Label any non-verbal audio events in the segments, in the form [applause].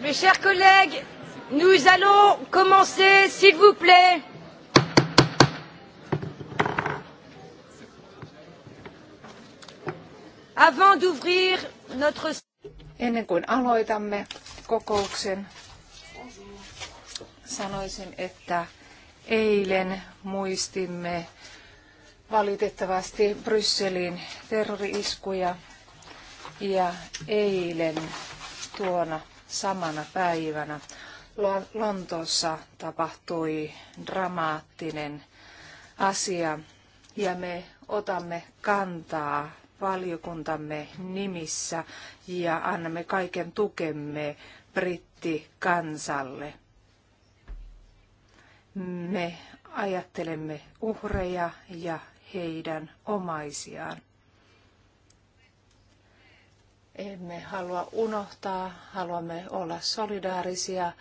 Mes chers collègues, nous allons commencer, s'il vous plaît. Avant d'ouvrir notre... Ennen kuin aloitamme kokouksen, sanoisin, että eilen muistimme valitettavasti Brysselin terrori-iskuja ja eilen tuona samana päivänä. Lontoossa tapahtui dramaattinen asia ja me otamme kantaa valiokuntamme nimissä ja annamme kaiken tukemme brittikansalle. Me ajattelemme uhreja ja heidän omaisiaan. Emme halua unohtaa, haluamme olla solidaarisia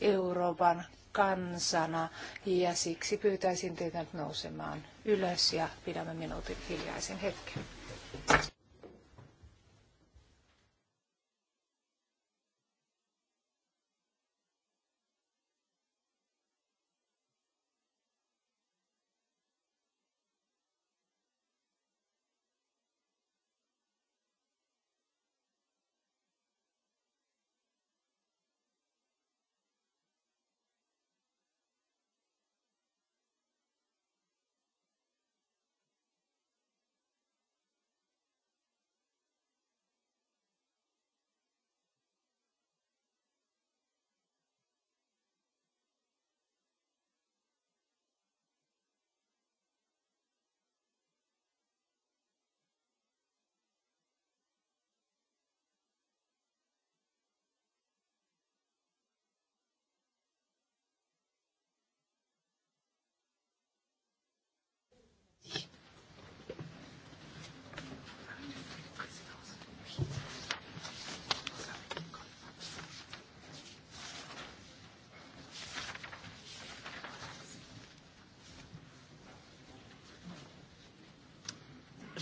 Euroopan kansana ja siksi pyytäisin teitä nyt nousemaan ylös ja pidämme minuutin hiljaisen hetken.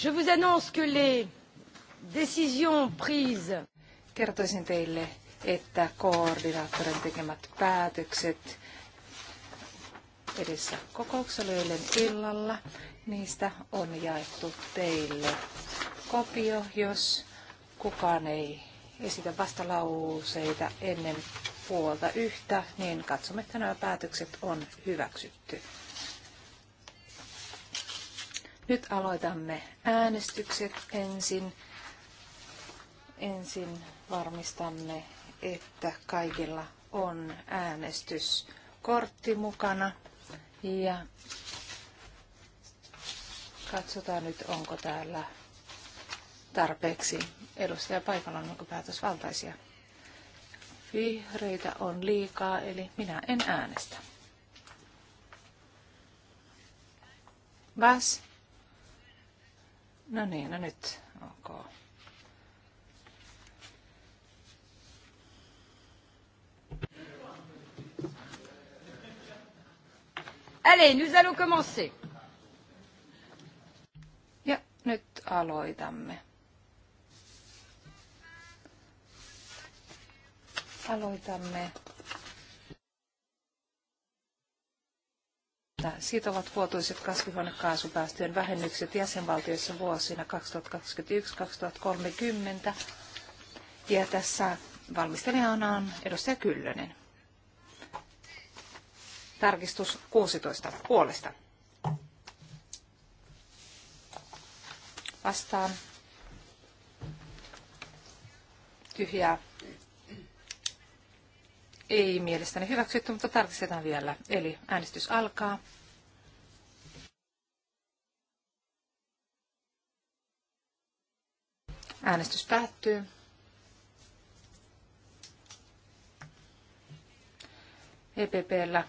Je vous annonce que les décisions prises. Kertoisin teille, että koordinaattorin tekemät päätökset edessä kokouksella eilen illalla, niistä on jaettu teille kopio, jos kukaan ei esitä vastalauseita ennen puolta yhtä, niin katsomme, että nämä päätökset on hyväksytty. Nyt aloitamme äänestykset ensin. Ensin varmistamme, että kaikilla on äänestyskortti mukana. Ja katsotaan nyt, onko täällä tarpeeksi edustaja paikalla, onko päätösvaltaisia. Vihreitä on liikaa, eli minä en äänestä. Vas? No niin, no nyt. Okay. Allez, nous allons commencer. Ja nyt aloitamme. Aloitamme että sitovat vuotuiset kasvihuonekaasupäästöjen vähennykset jäsenvaltioissa vuosina 2021-2030. Ja tässä valmistelijana on edustaja Kyllönen. Tarkistus 16 puolesta. Vastaan. Tyhjää. Ei mielestäni hyväksytty, mutta tarkistetaan vielä. Eli äänestys alkaa. Äänestys päättyy. EPPllä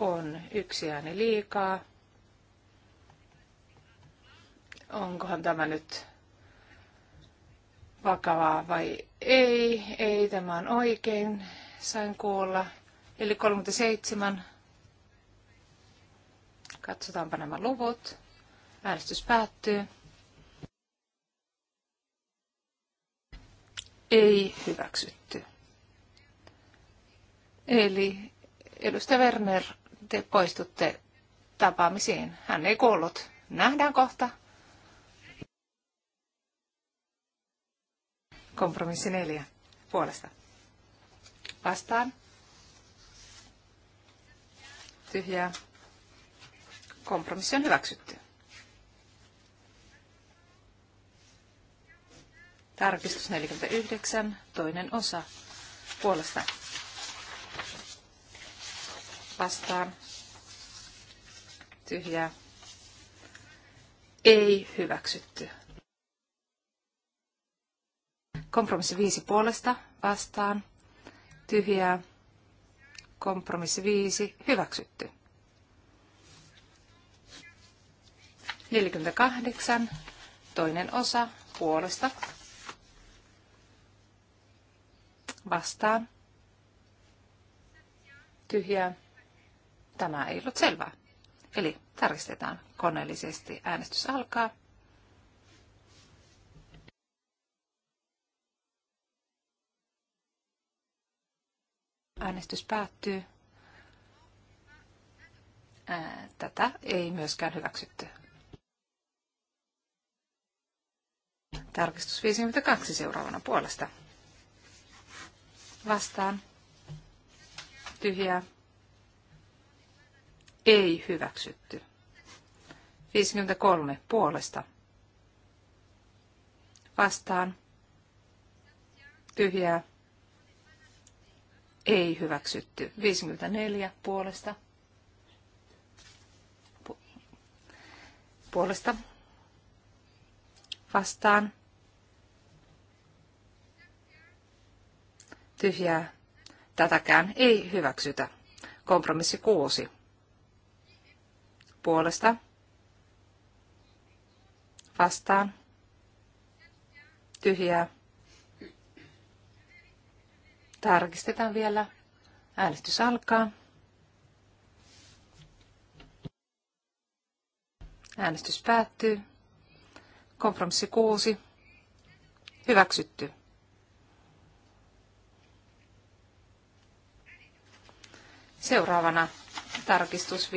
on yksi ääni liikaa. Onkohan tämä nyt vakavaa vai ei? Ei, tämä on oikein. Sain kuulla. Eli 37. Katsotaanpa nämä luvut. Äänestys päättyy. ei hyväksytty. Eli edustaja Werner, te poistutte tapaamisiin. Hän ei kuollut. Nähdään kohta. Kompromissi neljä. Puolesta. Vastaan. Tyhjää. Kompromissi on hyväksytty. Tarkistus 49, toinen osa puolesta. Vastaan. Tyhjää. Ei hyväksytty. Kompromissi 5 puolesta vastaan. Tyhjää. Kompromissi 5 hyväksytty. 48. Toinen osa puolesta vastaan. Tyhjää. Tämä ei ollut selvää. Eli tarkistetaan koneellisesti. Äänestys alkaa. Äänestys päättyy. Tätä ei myöskään hyväksytty. Tarkistus 52 seuraavana puolesta vastaan tyhjää ei hyväksytty. 53 puolesta vastaan tyhjää ei hyväksytty. 54 puolesta puolesta vastaan tyhjää, tätäkään ei hyväksytä. Kompromissi kuusi. Puolesta, vastaan, tyhjää. Tarkistetaan vielä. Äänestys alkaa. Äänestys päättyy. Kompromissi kuusi. Hyväksytty. Seuraavana tarkistus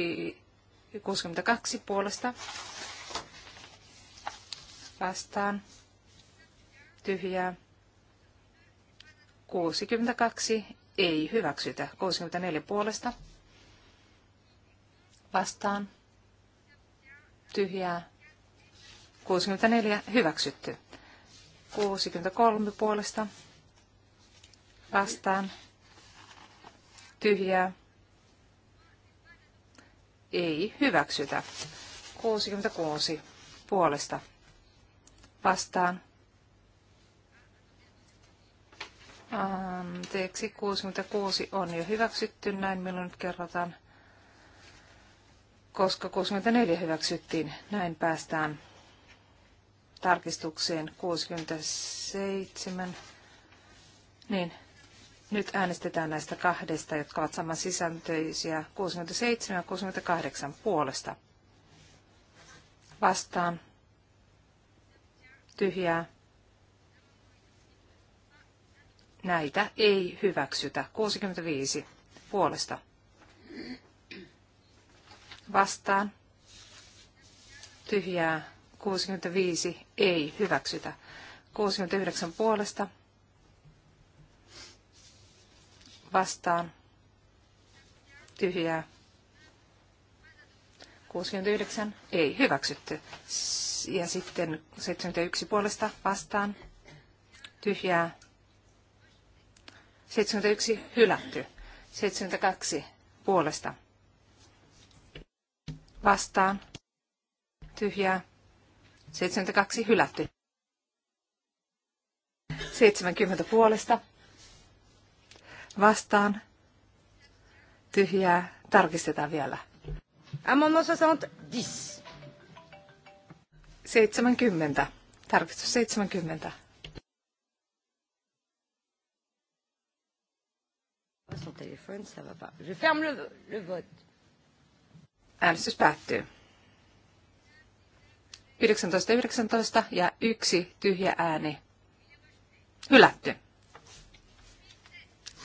62 puolesta vastaan tyhjää. 62 ei hyväksytä. 64 puolesta vastaan tyhjää. 64 hyväksytty. 63 puolesta vastaan tyhjää ei hyväksytä. 66 puolesta vastaan. Anteeksi, 66 on jo hyväksytty, näin minulle nyt kerrotaan, koska 64 hyväksyttiin. Näin päästään tarkistukseen 67. Niin, nyt äänestetään näistä kahdesta, jotka ovat saman sisältöisiä 67 ja 68 puolesta. Vastaan. Tyhjää. Näitä ei hyväksytä. 65 puolesta. Vastaan. Tyhjää. 65 ei hyväksytä. 69 puolesta vastaan tyhjää. 69 ei hyväksytty. Ja sitten 71 puolesta vastaan tyhjää. 71 hylätty. 72 puolesta vastaan tyhjää. 72 hylätty. 70 puolesta vastaan, tyhjää, tarkistetaan vielä. Amendment 70. 70. Tarkistus 70. Son téléphone, ça va pas. Je ferme le, le vote. Äänestys päättyy. 19.19 19 ja yksi tyhjä ääni. Hylätty.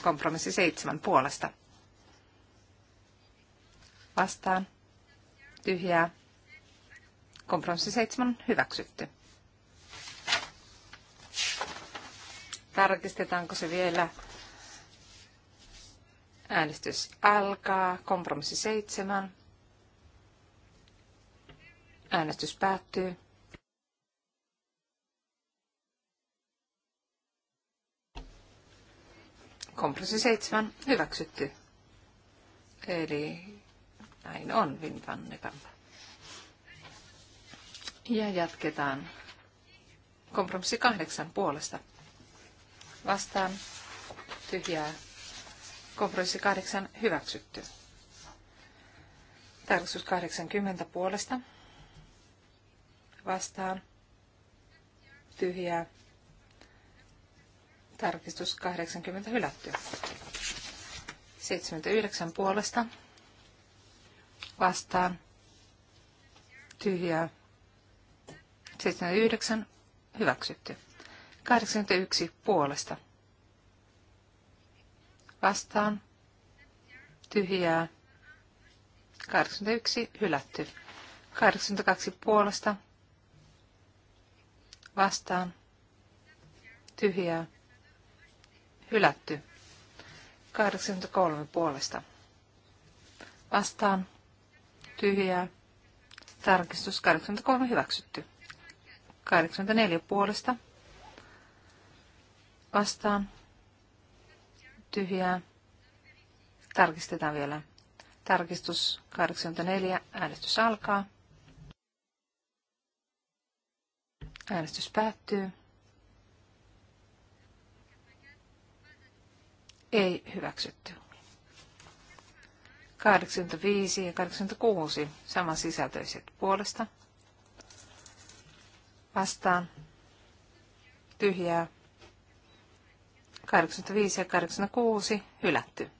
Kompromissi seitsemän puolesta. Vastaan. Tyhjää. Kompromissi seitsemän hyväksytty. Tarkistetaanko se vielä? Äänestys alkaa. Kompromissi seitsemän. Äänestys päättyy. Kompromissi seitsemän hyväksytty. Eli näin on Wim Ja jatketaan. Kompromissi kahdeksan puolesta. Vastaan tyhjää. Kompromissi kahdeksan hyväksytty. Tarkistus 80 puolesta. Vastaan tyhjää. Tarkistus 80 hylätty. 79 puolesta vastaan tyhjää. 79 hyväksytty. 81 puolesta vastaan tyhjää. 81 hylätty. 82 puolesta vastaan tyhjää. Hylätty. 83 puolesta. Vastaan. Tyhjää. Tarkistus 83 hyväksytty. 84 puolesta. Vastaan. Tyhjää. Tarkistetaan vielä. Tarkistus 84. Äänestys alkaa. Äänestys päättyy. Ei hyväksytty. 85 ja 86 samansisältöiset puolesta. Vastaan. Tyhjää. 85 ja 86 hylätty.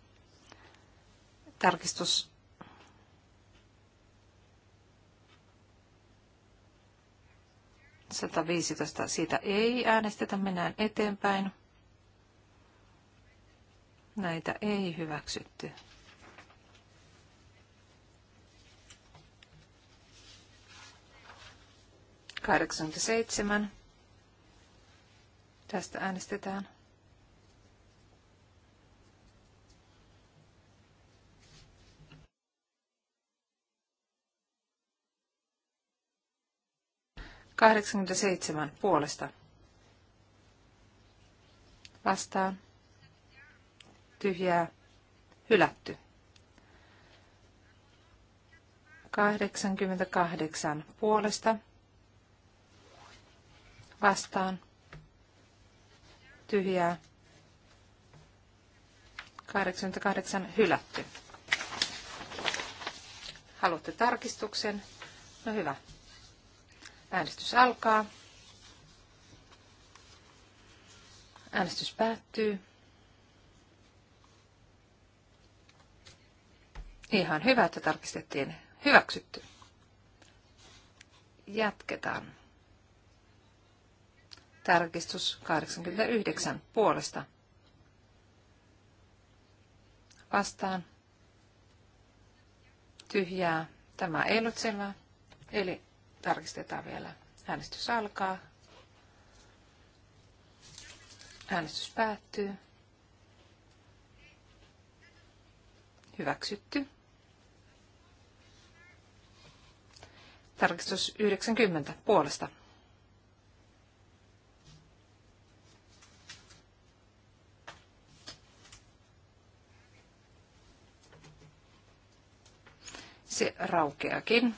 Tarkistus Sataviisitoista. Siitä ei äänestetä. Mennään eteenpäin. Näitä ei hyväksytty. Kahdeksankymmentäseitsemän. Tästä äänestetään. Kahdeksankymmentäseitsemän puolesta. Vastaan tyhjää, hylätty. 88 puolesta vastaan tyhjää. 88 hylätty. Haluatte tarkistuksen? No hyvä. Äänestys alkaa. Äänestys päättyy. Ihan hyvä, että tarkistettiin. Hyväksytty. Jatketaan. Tarkistus 89 puolesta. Vastaan. Tyhjää. Tämä ei ollut selvää. Eli tarkistetaan vielä. Äänestys alkaa. Äänestys päättyy. Hyväksytty. Tarkistus 90 puolesta. Se raukeakin.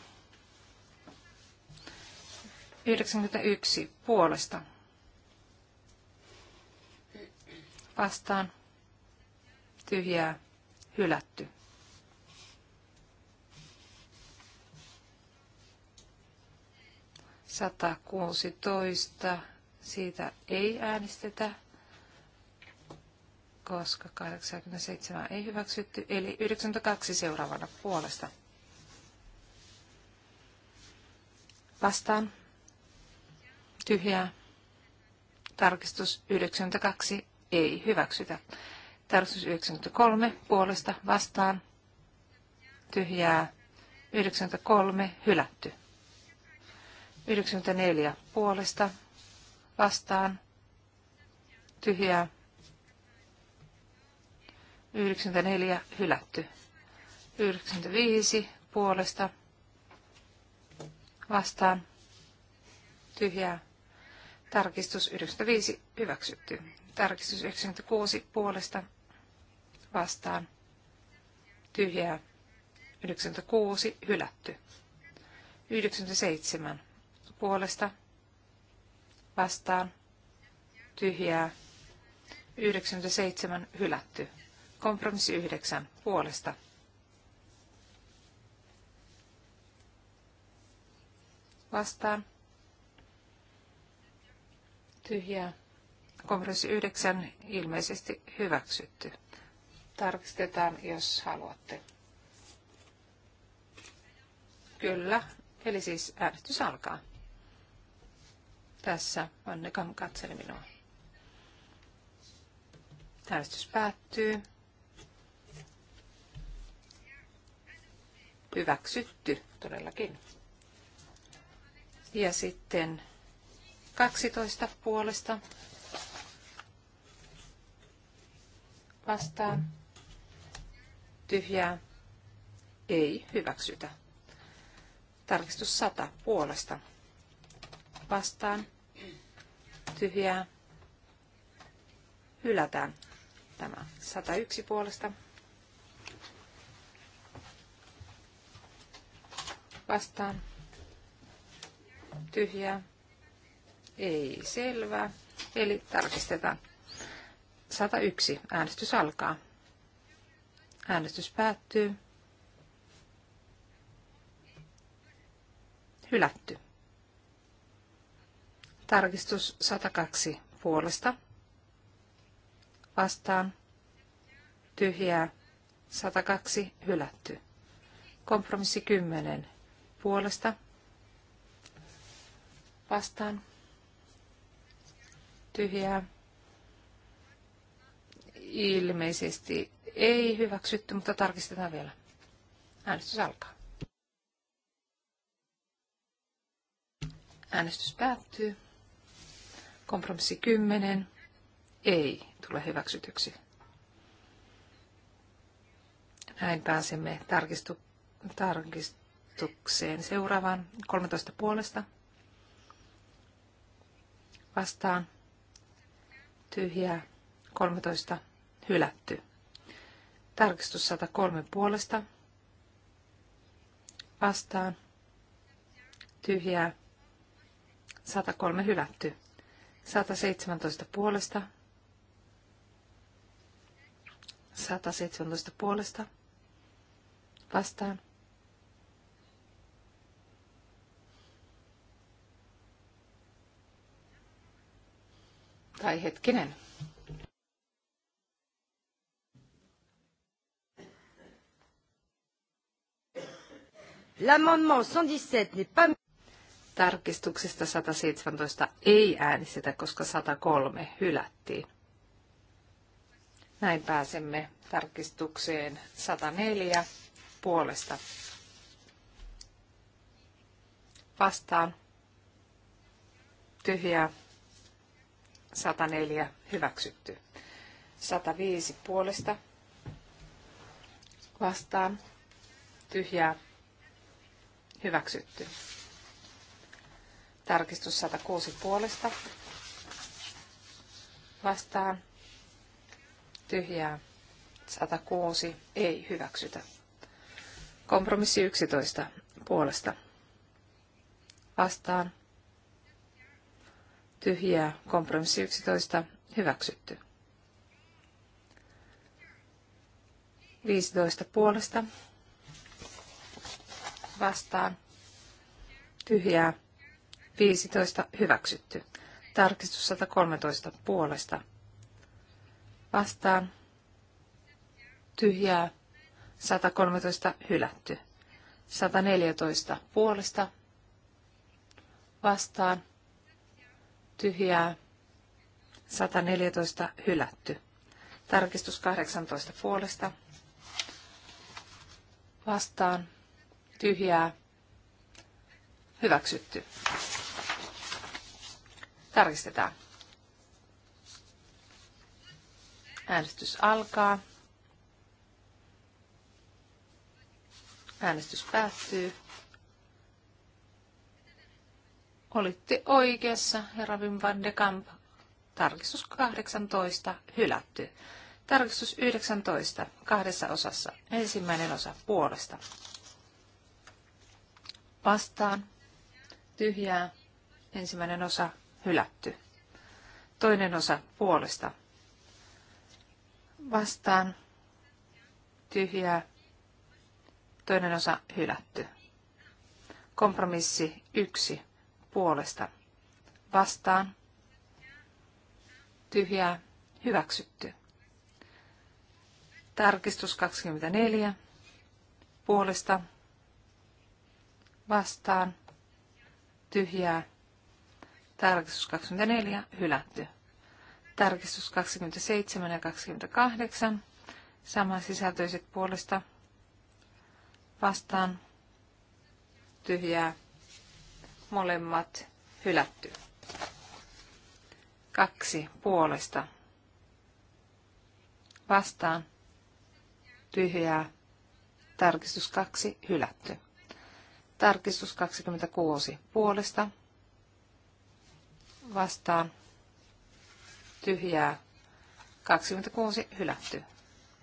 91 puolesta. Vastaan. Tyhjää. Hylätty. 116. Siitä ei äänestetä, koska 87 ei hyväksytty, eli 92 seuraavana puolesta. Vastaan. Tyhjää. Tarkistus 92 ei hyväksytä. Tarkistus 93 puolesta vastaan. Tyhjää. 93 hylätty. 94 puolesta vastaan tyhjää. 94 hylätty. 95 puolesta vastaan tyhjää. Tarkistus 95 hyväksytty. Tarkistus 96 puolesta vastaan tyhjää. 96 hylätty. 97 puolesta vastaan tyhjää 97 hylätty. Kompromissi 9 puolesta vastaan tyhjää. Kompromissi 9 ilmeisesti hyväksytty. Tarkistetaan, jos haluatte. Kyllä, eli siis äänestys alkaa. Tässä Annekam katseli minua. Äänestys päättyy. Hyväksytty todellakin. Ja sitten 12 puolesta vastaan. Tyhjää ei hyväksytä. Tarkistus 100 puolesta vastaan tyhjää, hylätään tämä 101 puolesta. Vastaan, tyhjää, ei selvää, eli tarkistetaan. 101. Äänestys alkaa. Äänestys päättyy. Hylätty. Tarkistus 102 puolesta. Vastaan. Tyhjää. 102 hylätty. Kompromissi 10 puolesta. Vastaan. Tyhjää. Ilmeisesti ei hyväksytty, mutta tarkistetaan vielä. Äänestys alkaa. Äänestys päättyy. Kompromissi 10 ei tule hyväksytyksi. Näin pääsemme tarkistu, tarkistukseen seuraavaan 13 puolesta. Vastaan tyhjää 13 hylätty. Tarkistus 103 puolesta. Vastaan tyhjää 103 hylätty. 117 puolesta. 117 puolesta. Vastaan. Tai hetkinen. L'amendement 117 n'est pas tarkistuksista 117 ei äänestetä, koska 103 hylättiin. Näin pääsemme tarkistukseen 104 puolesta. Vastaan. Tyhjää. 104 hyväksytty. 105 puolesta. Vastaan. Tyhjää. Hyväksytty. Tarkistus 106 puolesta. Vastaan. Tyhjää. 106 ei hyväksytä. Kompromissi 11 puolesta. Vastaan. Tyhjää. Kompromissi 11 hyväksytty. 15 puolesta. Vastaan. Tyhjää. 15 hyväksytty. Tarkistus 113 puolesta. Vastaan. Tyhjää. 113 hylätty. 114 puolesta. Vastaan. Tyhjää. 114 hylätty. Tarkistus 18 puolesta. Vastaan. Tyhjää. Hyväksytty. Tarkistetaan. Äänestys alkaa. Äänestys päättyy. Olitte oikeassa, herra Wim van de Kamp. Tarkistus 18, hylätty. Tarkistus 19, kahdessa osassa. Ensimmäinen osa puolesta. Vastaan. Tyhjää. Ensimmäinen osa hylätty. Toinen osa puolesta vastaan tyhjää, toinen osa hylätty. Kompromissi yksi puolesta vastaan tyhjää hyväksytty. Tarkistus 24 puolesta vastaan tyhjää Tarkistus 24 hylätty. Tarkistus 27 ja 28. Saman sisältöiset puolesta vastaan tyhjää. Molemmat hylätty. Kaksi puolesta vastaan tyhjää. Tarkistus 2 hylätty. Tarkistus 26 puolesta vastaan tyhjää 26 hylätty.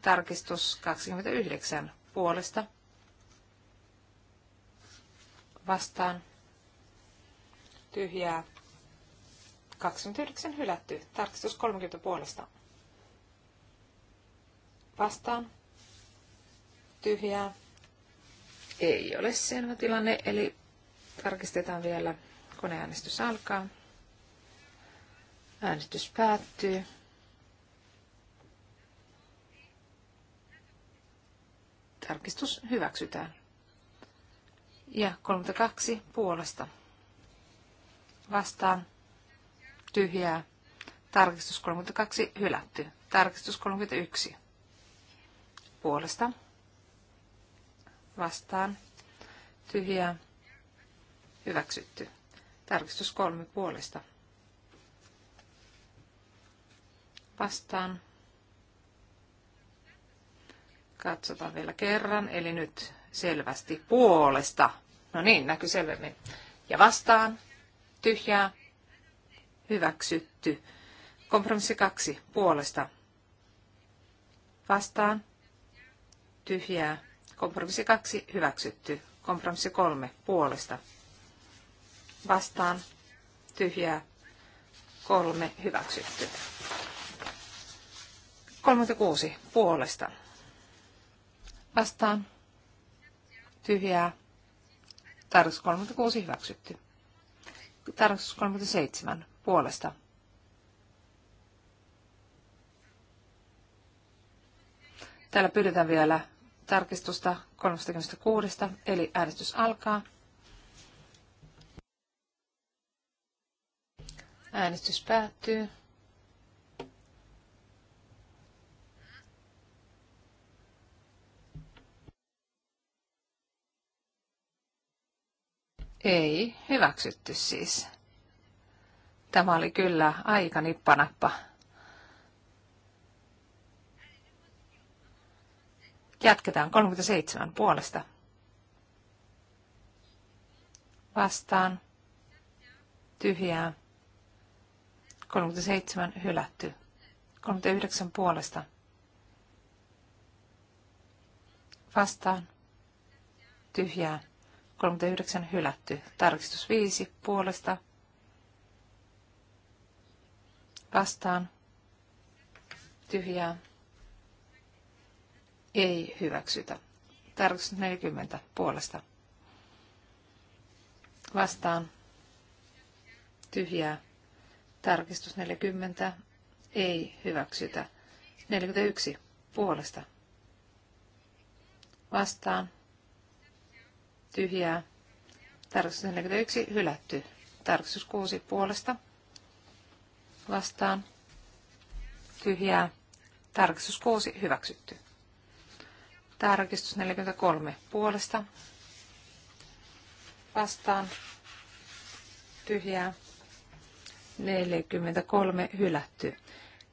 Tarkistus 29 puolesta vastaan tyhjää 29 hylätty. Tarkistus 30 puolesta vastaan tyhjää. Ei ole selvä tilanne, eli tarkistetaan vielä koneäänestys alkaa. Äänestys päättyy. Tarkistus hyväksytään. Ja 32 puolesta. Vastaan. Tyhjää. Tarkistus 32 hylätty. Tarkistus 31 puolesta. Vastaan. Tyhjää. Hyväksytty. Tarkistus 3 puolesta vastaan. Katsotaan vielä kerran, eli nyt selvästi puolesta. No niin, näkyy selvemmin. Ja vastaan, tyhjää, hyväksytty. Kompromissi kaksi, puolesta. Vastaan, tyhjää. Kompromissi kaksi, hyväksytty. Kompromissi kolme, puolesta. Vastaan, tyhjää. Kolme, hyväksytty. 36 puolesta. Vastaan. Tyhjää. Tarkoitus 36 hyväksytty. Tarkoitus 37 puolesta. Täällä pyydetään vielä tarkistusta 36, eli äänestys alkaa. Äänestys päättyy. Ei, hyväksytty siis. Tämä oli kyllä aika nippanappa. Jatketaan 37 puolesta. Vastaan. Tyhjää. 37 hylätty. 39 puolesta. Vastaan. Tyhjää 39 hylätty. Tarkistus 5 puolesta vastaan tyhjää ei hyväksytä. Tarkistus 40 puolesta vastaan tyhjää. Tarkistus 40 ei hyväksytä. 41 puolesta vastaan tyhjää. Tarkastus 41 hylätty. Tarkastus 6 puolesta vastaan tyhjää. Tarkastus 6 hyväksytty. Tarkistus 43 puolesta vastaan tyhjää. 43 hylätty.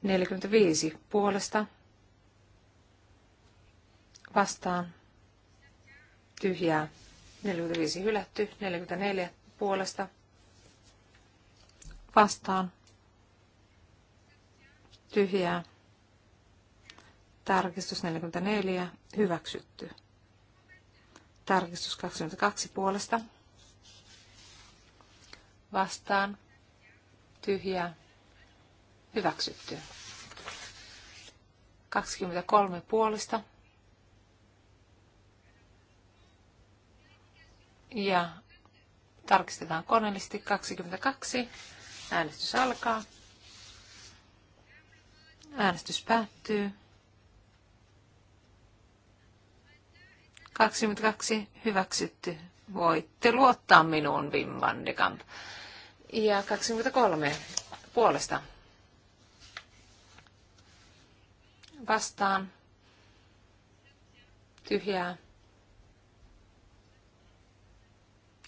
45 puolesta vastaan tyhjää 45 hylätty, 44 puolesta vastaan tyhjää. Tarkistus 44 hyväksytty. Tarkistus 22 puolesta vastaan tyhjää hyväksytty. 23 puolesta Ja tarkistetaan koneellisesti 22. Äänestys alkaa. Äänestys päättyy. 22 hyväksytty. Voitte luottaa minuun, Wim van de Kamp. Ja 23 puolesta. Vastaan. Tyhjää.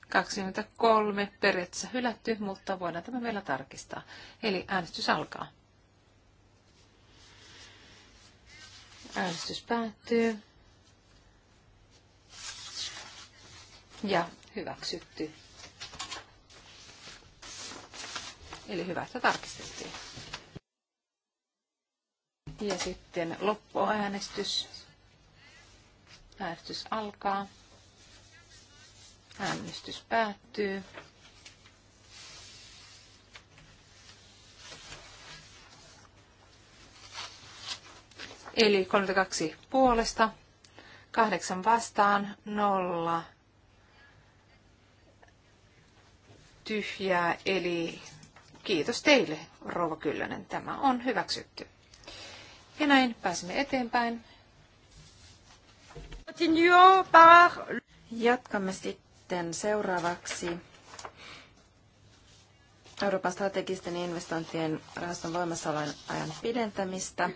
23 periaatteessa hylätty, mutta voidaan tämä vielä tarkistaa. Eli äänestys alkaa. Äänestys päättyy. Ja hyväksytty. Eli hyvä, että tarkistettiin. Ja sitten loppuäänestys. Äänestys alkaa. Äänestys päättyy. Eli 32 puolesta, 8 vastaan, 0 tyhjää, eli kiitos teille, Rouva Kyllönen, tämä on hyväksytty. Ja näin pääsemme eteenpäin. Jatkamme sitten sitten seuraavaksi Euroopan strategisten investointien rahaston voimassaolon ajan pidentämistä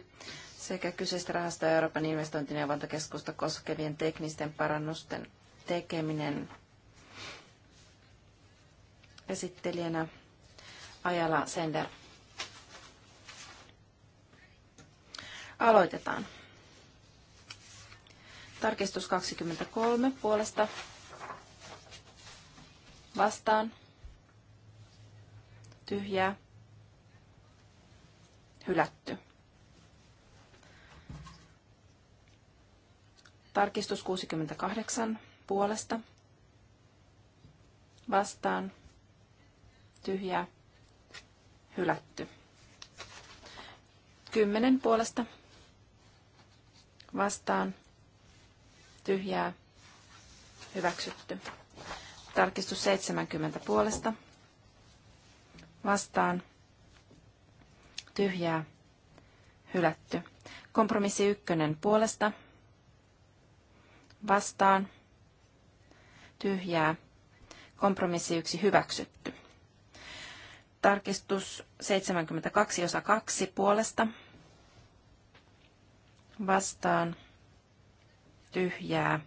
sekä kyseistä rahastoa Euroopan investointineuvontakeskusta koskevien teknisten parannusten tekeminen. Esittelijänä Ajala Sender. Aloitetaan. Tarkistus 23 puolesta vastaan, tyhjää, hylätty. Tarkistus 68 puolesta, vastaan, tyhjää, hylätty. 10 puolesta, vastaan, tyhjää, hyväksytty. Tarkistus 70 puolesta. Vastaan. Tyhjää. Hylätty. Kompromissi 1 puolesta. Vastaan. Tyhjää. Kompromissi 1 hyväksytty. Tarkistus 72 osa 2 puolesta. Vastaan. Tyhjää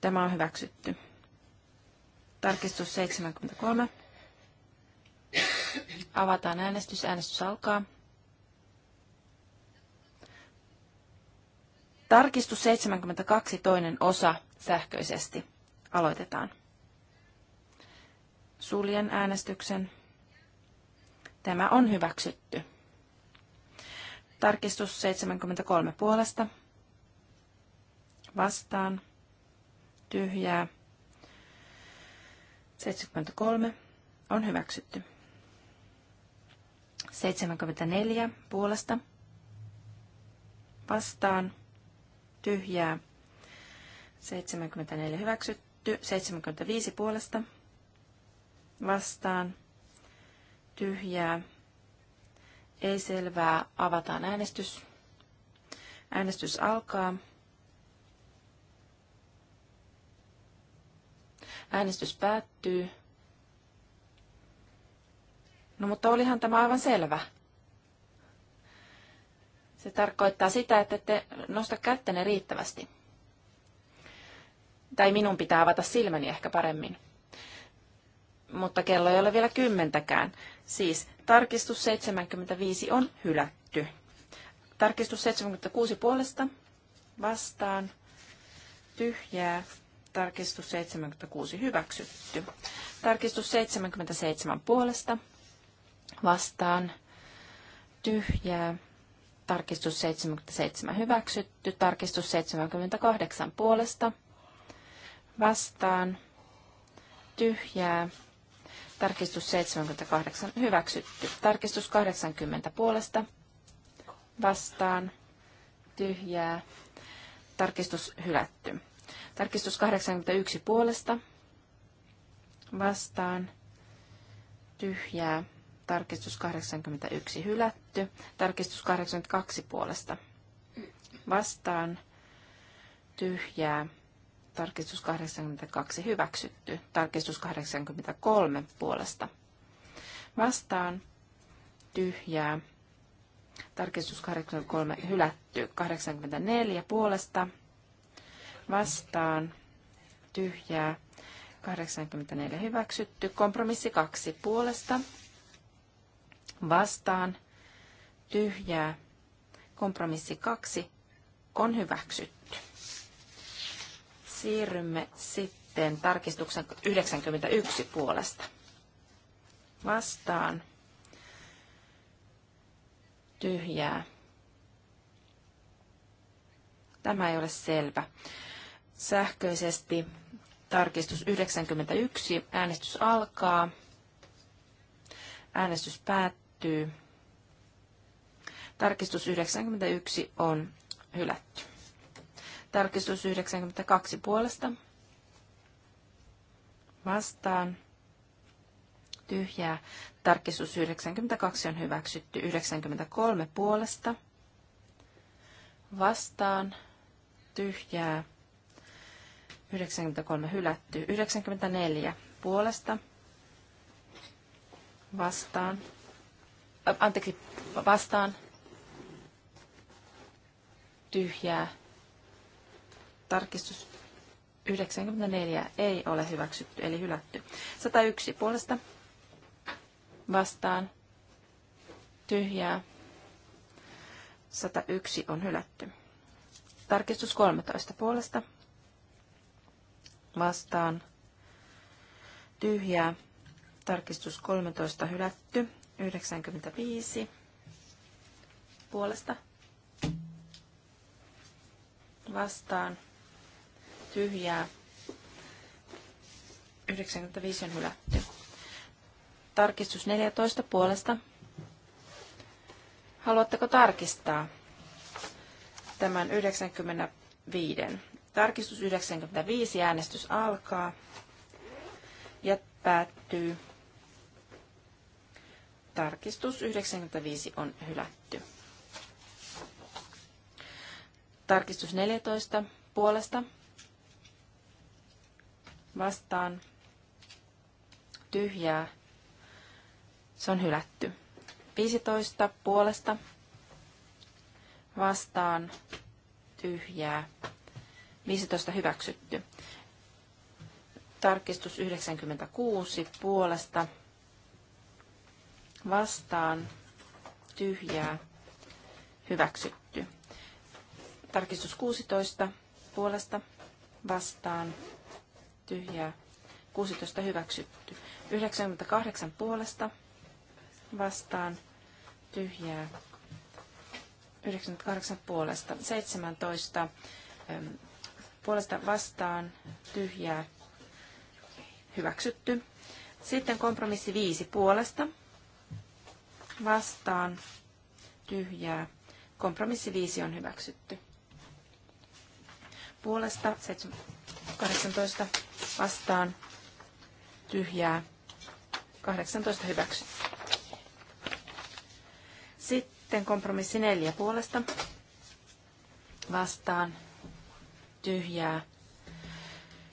Tämä on hyväksytty. Tarkistus 73. Avataan äänestys. Äänestys alkaa. Tarkistus 72, toinen osa sähköisesti. Aloitetaan. Suljen äänestyksen. Tämä on hyväksytty. Tarkistus 73 puolesta. Vastaan tyhjää. 73 on hyväksytty. 74 puolesta vastaan tyhjää. 74 hyväksytty. 75 puolesta vastaan tyhjää. Ei selvää. Avataan äänestys. Äänestys alkaa. Äänestys päättyy. No mutta olihan tämä aivan selvä. Se tarkoittaa sitä, että te nosta kättäne riittävästi. Tai minun pitää avata silmäni ehkä paremmin. Mutta kello ei ole vielä kymmentäkään. Siis tarkistus 75 on hylätty. Tarkistus 76 puolesta vastaan tyhjää Tarkistus 76 hyväksytty. Tarkistus 77 puolesta vastaan tyhjää. Tarkistus 77 hyväksytty. Tarkistus 78 puolesta vastaan tyhjää. Tarkistus 78 hyväksytty. Tarkistus 80 puolesta vastaan tyhjää. Tarkistus hylätty. Tarkistus 81 puolesta vastaan tyhjää. Tarkistus 81 hylätty. Tarkistus 82 puolesta vastaan tyhjää. Tarkistus 82 hyväksytty. Tarkistus 83 puolesta vastaan tyhjää. Tarkistus 83 hylätty. 84 puolesta vastaan, tyhjää, 84 hyväksytty. Kompromissi 2 puolesta, vastaan, tyhjää, kompromissi 2 on hyväksytty. Siirrymme sitten tarkistuksen 91 puolesta. Vastaan, tyhjää. Tämä ei ole selvä sähköisesti. Tarkistus 91. Äänestys alkaa. Äänestys päättyy. Tarkistus 91 on hylätty. Tarkistus 92 puolesta. Vastaan. Tyhjää. Tarkistus 92 on hyväksytty. 93 puolesta. Vastaan. Tyhjää 93 hylätty. 94 puolesta vastaan. Ä, anteeksi, vastaan. Tyhjää. Tarkistus 94 ei ole hyväksytty, eli hylätty. 101 puolesta vastaan. Tyhjää. 101 on hylätty. Tarkistus 13 puolesta vastaan tyhjää. Tarkistus 13 hylätty. 95 puolesta vastaan tyhjää. 95 on hylätty. Tarkistus 14 puolesta. Haluatteko tarkistaa tämän 95? Tarkistus 95, äänestys alkaa ja päättyy. Tarkistus 95 on hylätty. Tarkistus 14 puolesta vastaan tyhjää. Se on hylätty. 15 puolesta vastaan tyhjää. 15 hyväksytty. Tarkistus 96 puolesta vastaan tyhjää hyväksytty. Tarkistus 16 puolesta vastaan tyhjää 16 hyväksytty. 98 puolesta vastaan tyhjää 98 puolesta 17 puolesta vastaan tyhjää hyväksytty. Sitten kompromissi 5 puolesta vastaan tyhjää. Kompromissi 5 on hyväksytty. Puolesta 18 vastaan tyhjää. 18 hyväksytty. Sitten kompromissi 4 puolesta vastaan tyhjää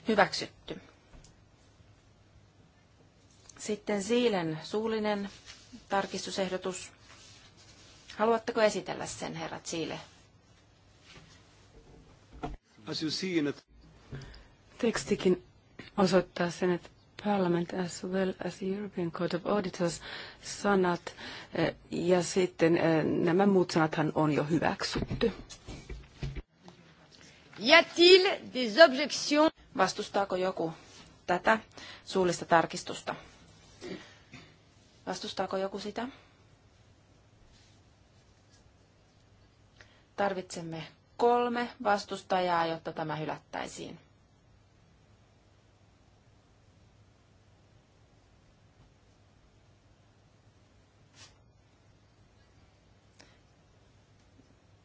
hyväksytty. Sitten Siilen suullinen tarkistusehdotus. Haluatteko esitellä sen, herrat Siile? Tekstikin osoittaa sen, että Parliament as well as European Court of Auditors sanat eh, ja sitten eh, nämä muut sanathan on jo hyväksytty. Y a-t-il des objections? Vastustaako joku tätä suullista tarkistusta? Vastustaako joku sitä? Tarvitsemme kolme vastustajaa, jotta tämä hylättäisiin.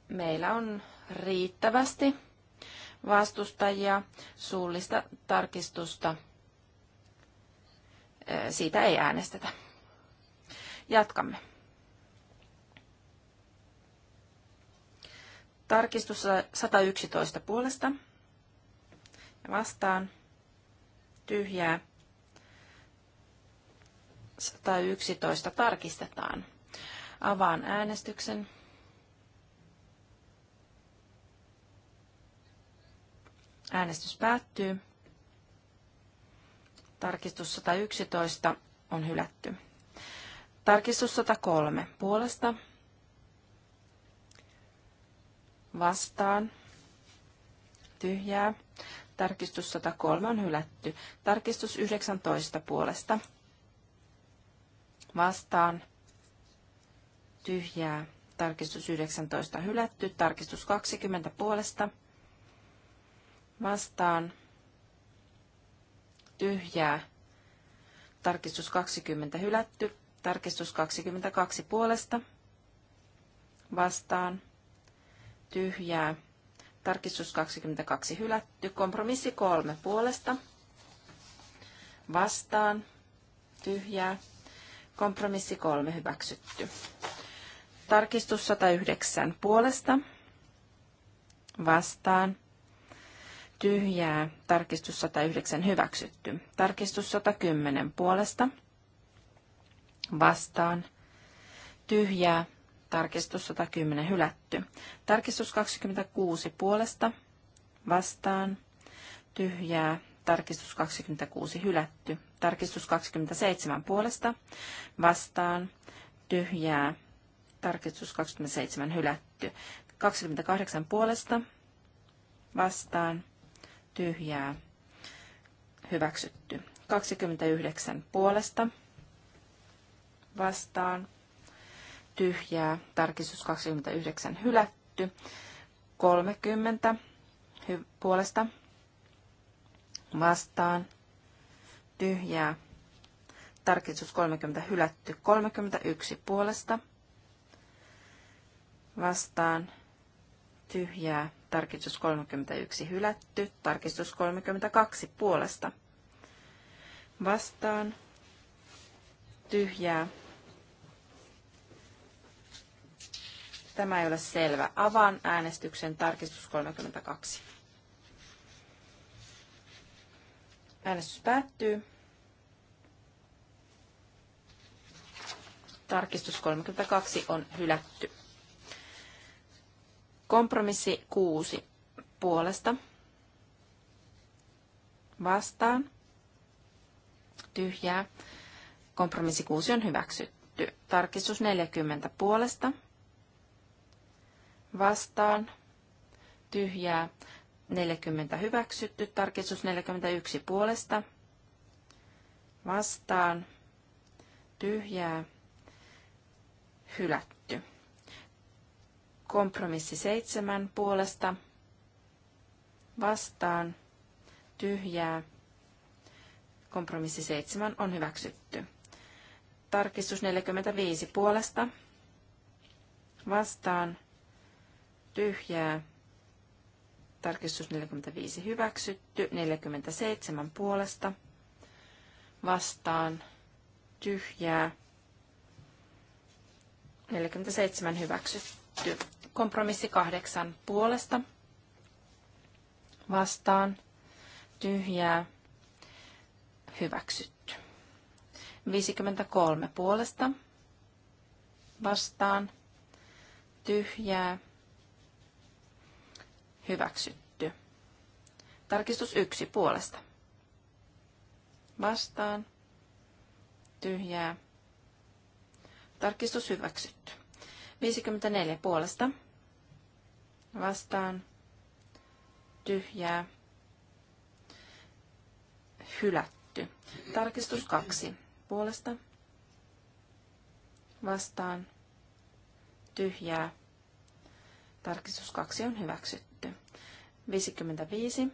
Meillä on riittävästi vastustajia suullista tarkistusta. Siitä ei äänestetä. Jatkamme. Tarkistus 111 puolesta. Ja vastaan tyhjää. 111 tarkistetaan. Avaan äänestyksen. Äänestys päättyy. Tarkistus 111 on hylätty. Tarkistus 103 puolesta. Vastaan. Tyhjää. Tarkistus 103 on hylätty. Tarkistus 19 puolesta. Vastaan. Tyhjää. Tarkistus 19 hylätty. Tarkistus 20 puolesta vastaan tyhjää. Tarkistus 20 hylätty. Tarkistus 22 puolesta vastaan tyhjää. Tarkistus 22 hylätty. Kompromissi 3 puolesta vastaan tyhjää. Kompromissi 3 hyväksytty. Tarkistus 109 puolesta vastaan tyhjää, tarkistus 109 hyväksytty. Tarkistus 110 puolesta, vastaan, tyhjää, tarkistus 110 hylätty. Tarkistus 26 puolesta, vastaan, tyhjää, tarkistus 26 hylätty. Tarkistus 27 puolesta, vastaan, tyhjää, tarkistus 27 hylätty. 28 puolesta, vastaan, tyhjää hyväksytty. 29 puolesta vastaan tyhjää, tarkistus 29 hylätty, 30 hy- puolesta vastaan tyhjää, tarkistus 30 hylätty, 31 puolesta vastaan tyhjää, tarkistus 31 hylätty, tarkistus 32 puolesta. Vastaan, tyhjää. Tämä ei ole selvä. Avaan äänestyksen tarkistus 32. Äänestys päättyy. Tarkistus 32 on hylätty. Kompromissi kuusi puolesta. Vastaan. Tyhjää. Kompromissi kuusi on hyväksytty. Tarkistus 40 puolesta. Vastaan. Tyhjää. 40 hyväksytty. Tarkistus 41 puolesta. Vastaan. Tyhjää. Hylätty Kompromissi seitsemän puolesta vastaan tyhjää. Kompromissi seitsemän on hyväksytty. Tarkistus 45 puolesta vastaan tyhjää. Tarkistus 45 hyväksytty. 47 puolesta vastaan tyhjää. 47 hyväksytty. Kompromissi kahdeksan puolesta vastaan tyhjää hyväksytty. 53 puolesta vastaan tyhjää hyväksytty. Tarkistus yksi puolesta vastaan tyhjää Tarkistus hyväksytty. 54 puolesta vastaan tyhjää hylätty. Tarkistus kaksi puolesta vastaan tyhjää. Tarkistus kaksi on hyväksytty. 55.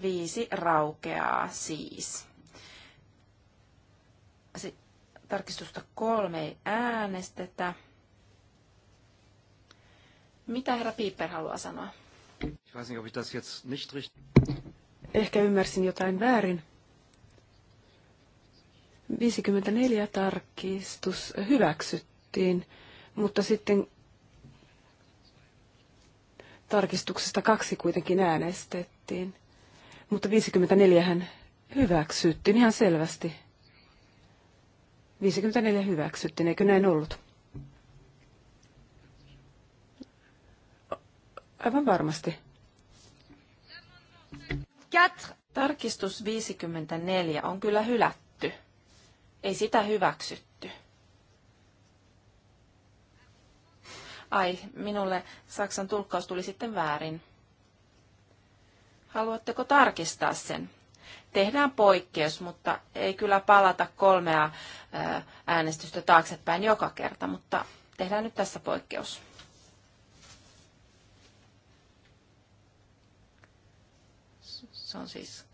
viisi raukeaa siis. Tarkistusta kolme ei äänestetä. Mitä herra Piper haluaa sanoa? Ich weiß nicht, ob ich das jetzt nicht richtig... Ehkä ymmärsin jotain väärin. 54 tarkistus hyväksyttiin, mutta sitten tarkistuksesta kaksi kuitenkin äänestettiin. Mutta 54 hän hyväksyttiin ihan selvästi. 54 hyväksyttiin, eikö näin ollut? Aivan varmasti. Tarkistus 54 on kyllä hylätty. Ei sitä hyväksytty. Ai, minulle Saksan tulkkaus tuli sitten väärin. Haluatteko tarkistaa sen? Tehdään poikkeus, mutta ei kyllä palata kolmea äänestystä taaksepäin joka kerta, mutta tehdään nyt tässä poikkeus. Se on siis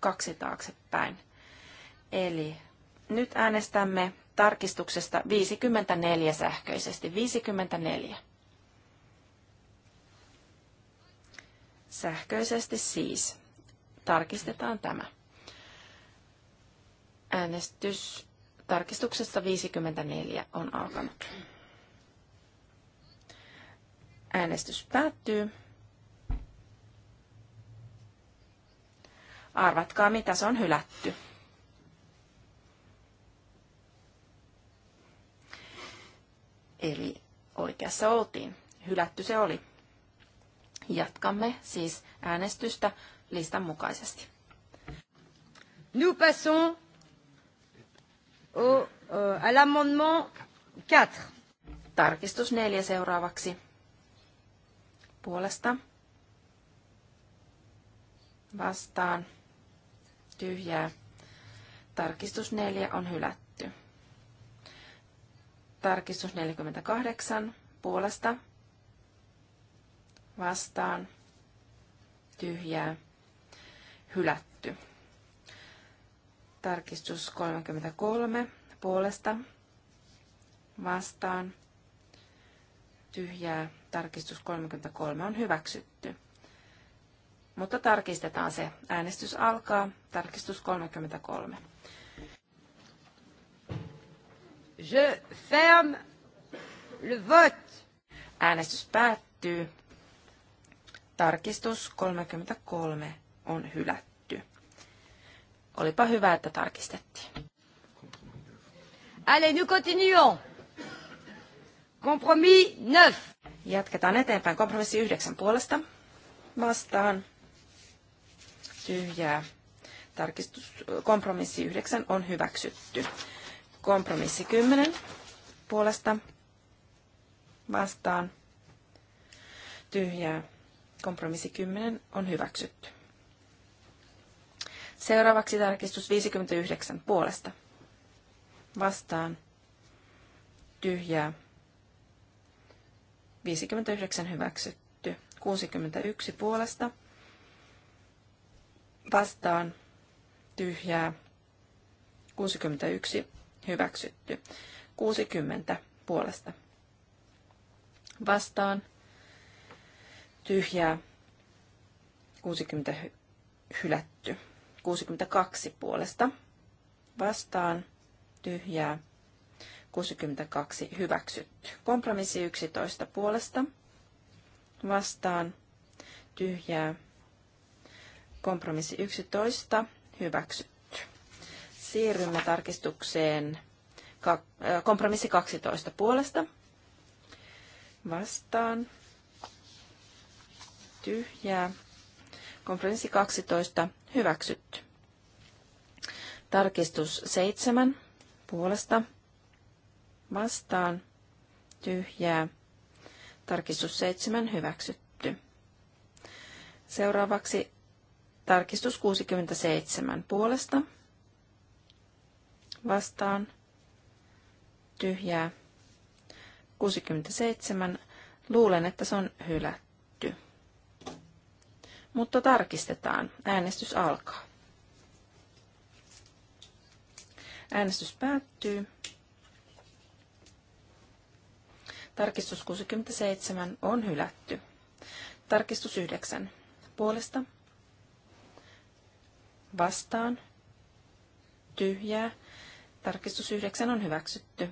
kaksi taaksepäin. Eli nyt äänestämme tarkistuksesta 54 sähköisesti. 54. Sähköisesti siis. Tarkistetaan tämä. Äänestys Tarkistuksessa 54 on alkanut. Äänestys päättyy. Arvatkaa, mitä se on hylätty. Eli oikeassa oltiin. Hylätty se oli. Jatkamme siis äänestystä listan mukaisesti. Nous passons au, euh, à l'amendement 4. Tarkistus neljä seuraavaksi. Puolesta. Vastaan. Tyhjää. Tarkistus neljä on hylätty. Tarkistus 48. Puolesta. Vastaan. Tyhjää. Hylätty. Tarkistus 33 puolesta vastaan. Tyhjää. Tarkistus 33 on hyväksytty. Mutta tarkistetaan se. Äänestys alkaa. Tarkistus 33. Je ferme le vote. Äänestys päättyy. Tarkistus 33 on hylätty. Olipa hyvä, että tarkistettiin. Allez, nous continuons. Kompromis 9. Jatketaan eteenpäin. Kompromissi 9 puolesta. Vastaan. Tyhjää. Tarkistus. Kompromissi 9 on hyväksytty. Kompromissi 10 puolesta. Vastaan. Tyhjää. Kompromissi 10 on hyväksytty. Seuraavaksi tarkistus 59 puolesta. Vastaan. Tyhjää. 59 hyväksytty. 61 puolesta. Vastaan. Tyhjää. 61 hyväksytty. 60 puolesta. Vastaan. Tyhjää. 60 hylätty. 62 puolesta vastaan tyhjää 62 hyväksytty. Kompromissi 11 puolesta vastaan tyhjää kompromissi 11 hyväksytty. Siirrymme tarkistukseen äh, kompromissi 12 puolesta vastaan tyhjää konferenssi 12 hyväksytty. Tarkistus 7 puolesta vastaan tyhjää. Tarkistus 7 hyväksytty. Seuraavaksi tarkistus 67 puolesta vastaan tyhjää. 67. Luulen, että se on hylätty mutta tarkistetaan. Äänestys alkaa. Äänestys päättyy. Tarkistus 67 on hylätty. Tarkistus 9. Puolesta. Vastaan. Tyhjää. Tarkistus 9 on hyväksytty.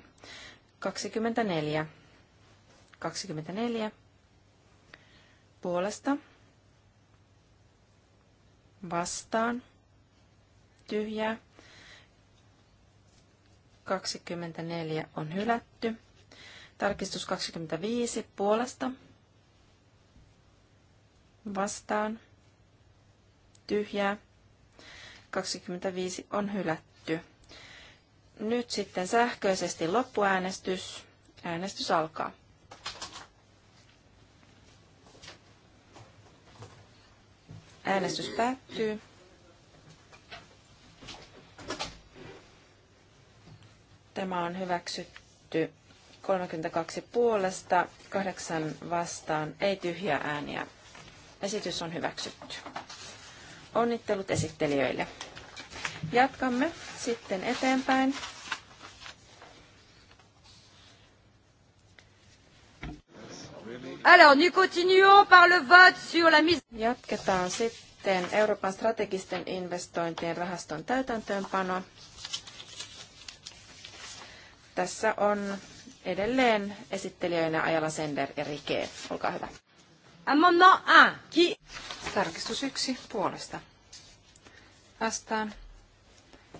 24. 24. Puolesta vastaan, tyhjää. 24 on hylätty. Tarkistus 25 puolesta, vastaan, tyhjää. 25 on hylätty. Nyt sitten sähköisesti loppuäänestys. Äänestys alkaa. Äänestys päättyy. Tämä on hyväksytty 32 puolesta, 8 vastaan, ei tyhjiä ääniä. Esitys on hyväksytty. Onnittelut esittelijöille. Jatkamme sitten eteenpäin. Alors, nous continuons par le vote sur la mise... Jatketaan sitten Euroopan strategisten investointien rahaston täytäntöönpanoa. Tässä on edelleen esittelijöinä Ajala Sender ja Rike. Olkaa hyvä. Amendment 1. Tarkistus 1 puolesta. Vastaan.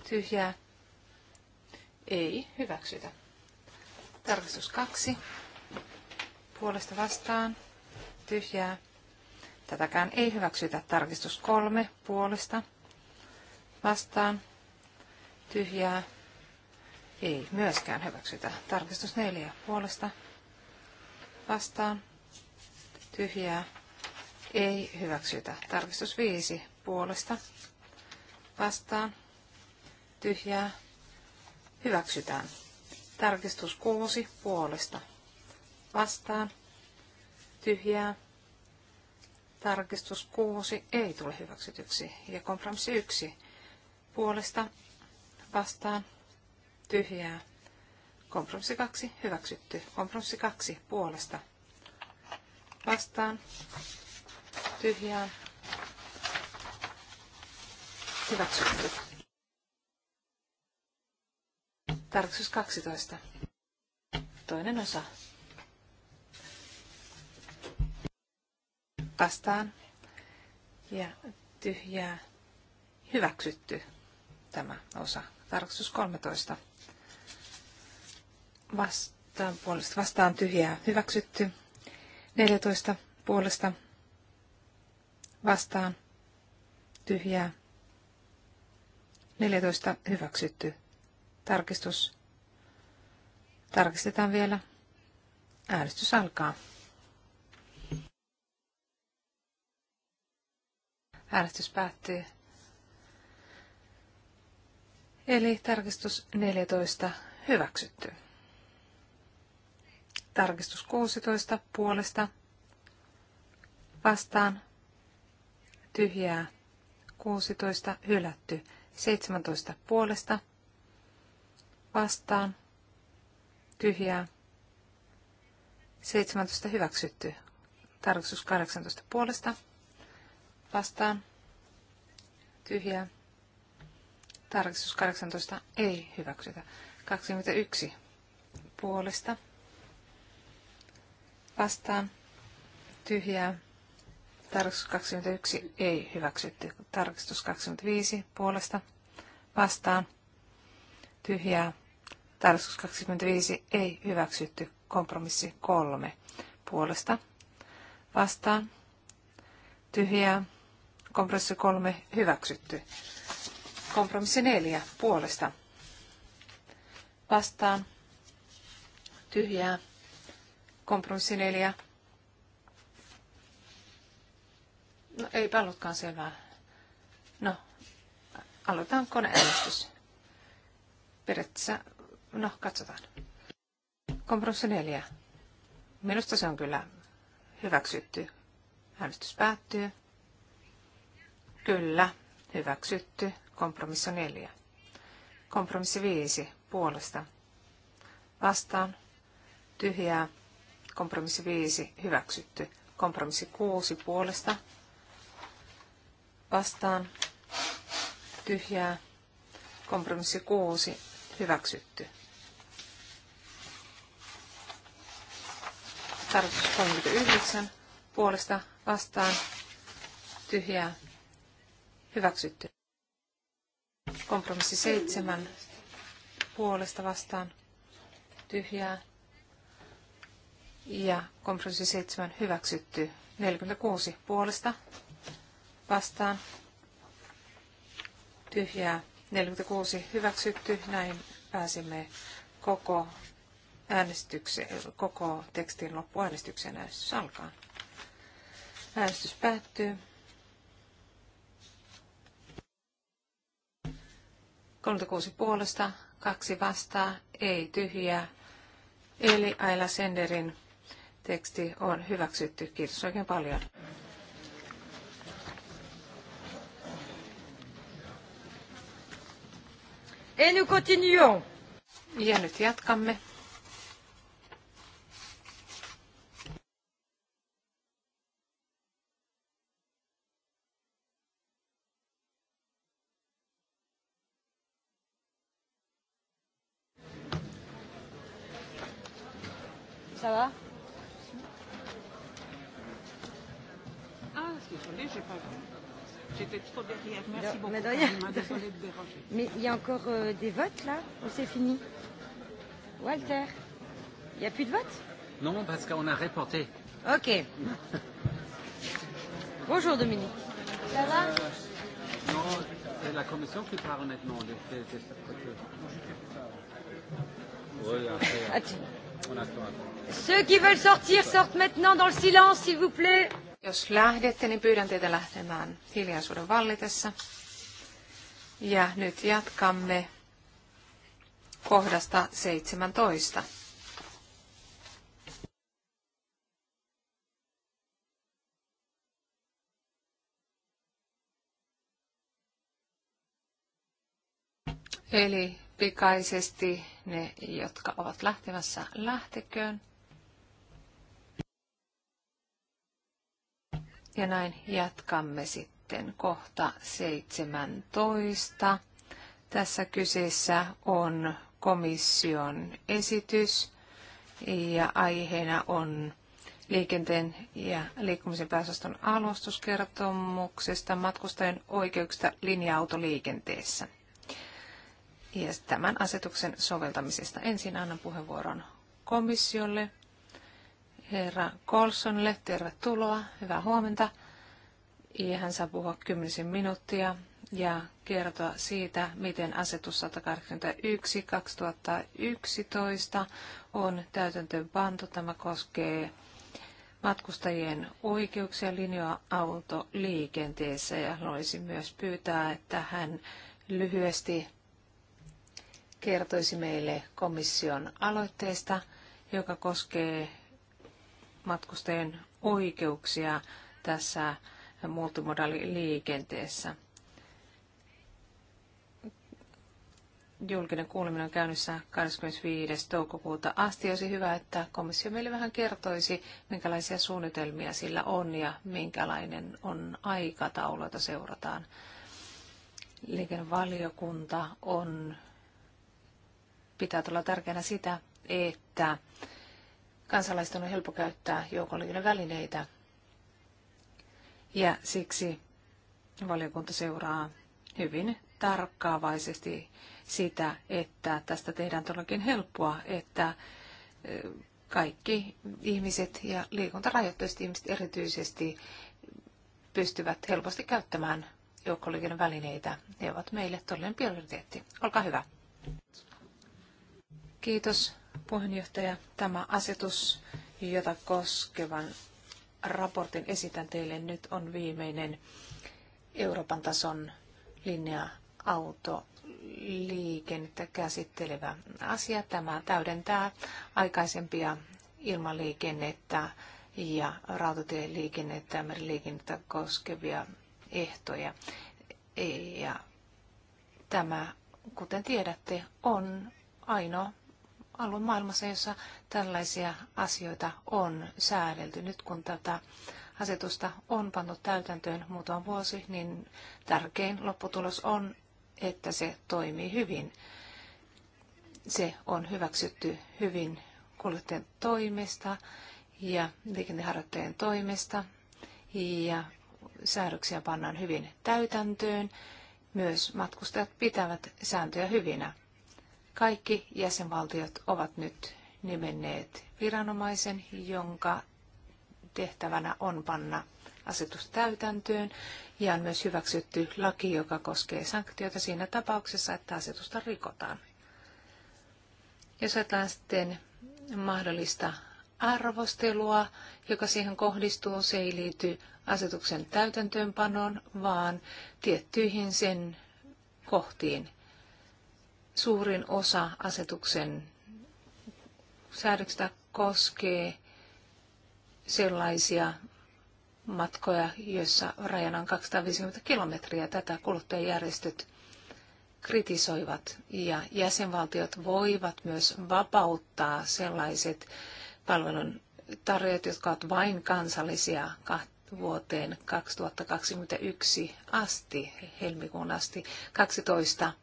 Tyhjää. Ei hyväksytä. Tarkistus 2 puolesta vastaan, tyhjää. Tätäkään ei hyväksytä. Tarkistus kolme puolesta vastaan, tyhjää. Ei myöskään hyväksytä. Tarkistus neljä puolesta vastaan, tyhjää. Ei hyväksytä. Tarkistus viisi puolesta vastaan, tyhjää. Hyväksytään. Tarkistus kuusi puolesta vastaan, tyhjää, tarkistus 6 ei tule hyväksytyksi ja kompromissi 1 puolesta vastaan, tyhjää, kompromissi 2 hyväksytty, kompromissi 2 puolesta vastaan, tyhjää, hyväksytty. Tarkistus 12. Toinen osa rakastaan ja tyhjää hyväksytty tämä osa. Tarkastus 13. Vastaan puolesta. Vastaan tyhjää hyväksytty. 14 puolesta. Vastaan tyhjää. 14 hyväksytty. Tarkistus. Tarkistetaan vielä. Äänestys alkaa. Äänestys päättyy. Eli tarkistus 14 hyväksytty. Tarkistus 16 puolesta vastaan tyhjää 16 hylätty 17 puolesta vastaan tyhjää 17 hyväksytty tarkistus 18 puolesta vastaan tyhjää. Tarkistus 18 ei hyväksytä. 21 puolesta vastaan tyhjää. Tarkistus 21 ei hyväksytty. Tarkistus 25 puolesta vastaan tyhjää. Tarkistus 25 ei hyväksytty. Kompromissi 3 puolesta vastaan tyhjää. Kompromissi kolme hyväksytty. Kompromissi neljä puolesta. Vastaan. Tyhjää. Kompromissi neljä. No ei ollutkaan selvää. No, aloitetaan koneäänestys. Periaatteessa, no katsotaan. Kompromissi neljä. Minusta se on kyllä hyväksytty. Äänestys päättyy. Kyllä, hyväksytty. Kompromissi neljä. Kompromissi viisi, puolesta. Vastaan, tyhjää. Kompromissi viisi, hyväksytty. Kompromissi kuusi, puolesta. Vastaan, tyhjää. Kompromissi kuusi, hyväksytty. Tarkoitus 39, puolesta vastaan, tyhjää, Hyväksytty. Kompromissi seitsemän puolesta vastaan tyhjää. Ja kompromissi seitsemän hyväksytty. 46 puolesta vastaan tyhjää. 46 hyväksytty. Näin pääsimme koko äänestykseen, koko tekstin loppuäänestykseen äänestys alkaa. Äänestys päättyy. 36 puolesta, kaksi vastaa, ei tyhjää. Eli Aila Senderin teksti on hyväksytty. Kiitos oikein paljon. Et nous continuons. Ja nyt jatkamme. Il y a encore euh, des votes là Ou c'est fini Walter, il n'y a plus de vote Non, parce qu'on a reporté. Ok. Bonjour Dominique. Ça va euh, Non, c'est la commission qui parle maintenant. De, de, de, Oui, après, Attends. on attend. Ceux qui veulent sortir sortent maintenant dans le silence, s'il vous plaît. Jos lähdette, niin pyydän teitä lähtemään hiljaisuuden vallitessa. Ja nyt jatkamme kohdasta 17. Eli pikaisesti ne, jotka ovat lähtemässä, lähteköön. Ja näin jatkamme sitten. Sitten kohta 17. Tässä kyseessä on komission esitys ja aiheena on liikenteen ja liikkumisen pääsaston alustuskertomuksesta matkustajien oikeuksista linja-autoliikenteessä ja tämän asetuksen soveltamisesta. Ensin annan puheenvuoron komissiolle, herra Kolsonille. Tervetuloa, hyvää huomenta ja hän saa puhua kymmenisen minuuttia ja kertoa siitä, miten asetus 181 2011 on täytäntöön pantu. Tämä koskee matkustajien oikeuksia linja-autoliikenteessä ja haluaisin myös pyytää, että hän lyhyesti kertoisi meille komission aloitteesta, joka koskee matkustajien oikeuksia tässä multimodaaliliikenteessä. Julkinen kuuleminen on käynnissä 25. toukokuuta asti. Olisi hyvä, että komissio meille vähän kertoisi, minkälaisia suunnitelmia sillä on ja minkälainen on aikataulu, jota seurataan. Liikennevaliokunta on, pitää tulla tärkeänä sitä, että kansalaiset on helppo käyttää joukkoliikennevälineitä ja siksi valiokunta seuraa hyvin tarkkaavaisesti sitä, että tästä tehdään todellakin helppoa, että kaikki ihmiset ja liikuntarajoitteiset ihmiset erityisesti pystyvät helposti käyttämään joukkoliikenteen välineitä. Ne ovat meille todellinen prioriteetti. Olkaa hyvä. Kiitos puheenjohtaja. Tämä asetus, jota koskevan raportin esitän teille nyt on viimeinen Euroopan tason linja-auto liikennettä käsittelevä asia. Tämä täydentää aikaisempia ilmaliikennettä ja rautatieliikennettä ja meriliikennettä koskevia ehtoja. Ja tämä, kuten tiedätte, on ainoa ollut maailmassa, jossa tällaisia asioita on säädelty. Nyt kun tätä asetusta on pantu täytäntöön muutama vuosi, niin tärkein lopputulos on, että se toimii hyvin. Se on hyväksytty hyvin kuljettajien toimesta ja liikenteharjoittajien toimesta ja säädöksiä pannaan hyvin täytäntöön. Myös matkustajat pitävät sääntöjä hyvinä. Kaikki jäsenvaltiot ovat nyt nimenneet viranomaisen, jonka tehtävänä on panna asetus täytäntöön ja on myös hyväksytty laki, joka koskee sanktioita siinä tapauksessa, että asetusta rikotaan. Jos ajatellaan sitten mahdollista arvostelua, joka siihen kohdistuu, se ei liity asetuksen täytäntöönpanoon, vaan tiettyihin sen kohtiin Suurin osa asetuksen säädöksistä koskee sellaisia matkoja, joissa rajana on 250 kilometriä. Tätä kuluttajajärjestöt kritisoivat ja jäsenvaltiot voivat myös vapauttaa sellaiset palvelun tarjoajat, jotka ovat vain kansallisia vuoteen 2021 asti, helmikuun asti. 12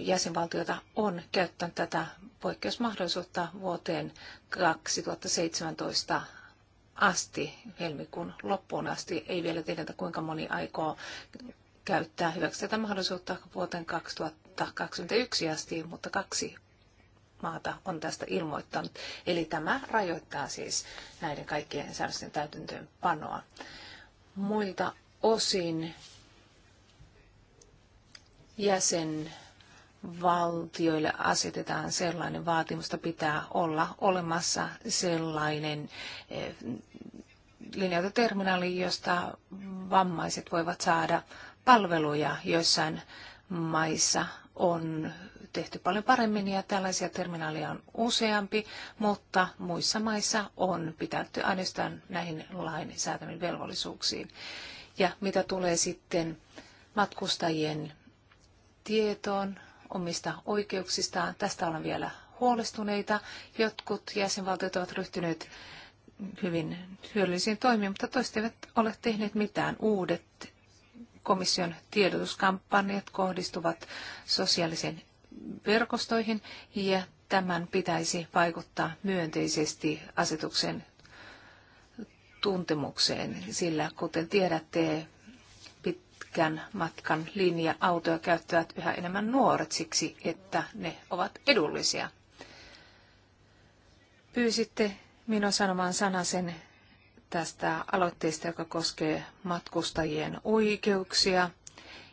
jäsenvaltiota on käyttänyt tätä poikkeusmahdollisuutta vuoteen 2017 asti, helmikuun loppuun asti. Ei vielä tiedetä, kuinka moni aikoo käyttää hyväksi tätä mahdollisuutta vuoteen 2021 asti, mutta kaksi maata on tästä ilmoittanut. Eli tämä rajoittaa siis näiden kaikkien säännösten täytäntöönpanoa. Muilta osin jäsenvaltioille asetetaan sellainen vaatimus, että pitää olla olemassa sellainen eh, linja-autoterminaali, josta vammaiset voivat saada palveluja. Joissain maissa on tehty paljon paremmin ja tällaisia terminaaleja on useampi, mutta muissa maissa on pitäytty ainoastaan näihin lain säätämiin velvollisuuksiin. Ja mitä tulee sitten matkustajien tietoon omista oikeuksistaan. Tästä ollaan vielä huolestuneita. Jotkut jäsenvaltiot ovat ryhtyneet hyvin hyödyllisiin toimiin, mutta toiset eivät ole tehneet mitään. Uudet komission tiedotuskampanjat kohdistuvat sosiaalisiin verkostoihin ja tämän pitäisi vaikuttaa myönteisesti asetuksen tuntemukseen, sillä kuten tiedätte, pitkän matkan linja-autoja käyttävät yhä enemmän nuoret siksi, että ne ovat edullisia. Pyysitte minua sanomaan sanasen tästä aloitteesta, joka koskee matkustajien oikeuksia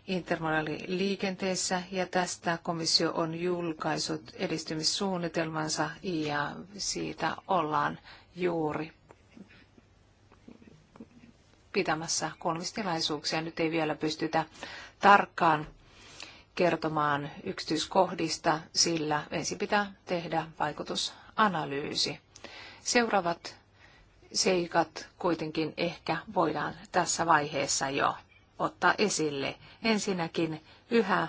intermodaaliliikenteessä, ja tästä komissio on julkaissut edistymissuunnitelmansa, ja siitä ollaan juuri pitämässä kuulemistilaisuuksia. Nyt ei vielä pystytä tarkkaan kertomaan yksityiskohdista, sillä ensin pitää tehdä vaikutusanalyysi. Seuraavat seikat kuitenkin ehkä voidaan tässä vaiheessa jo ottaa esille. Ensinnäkin yhä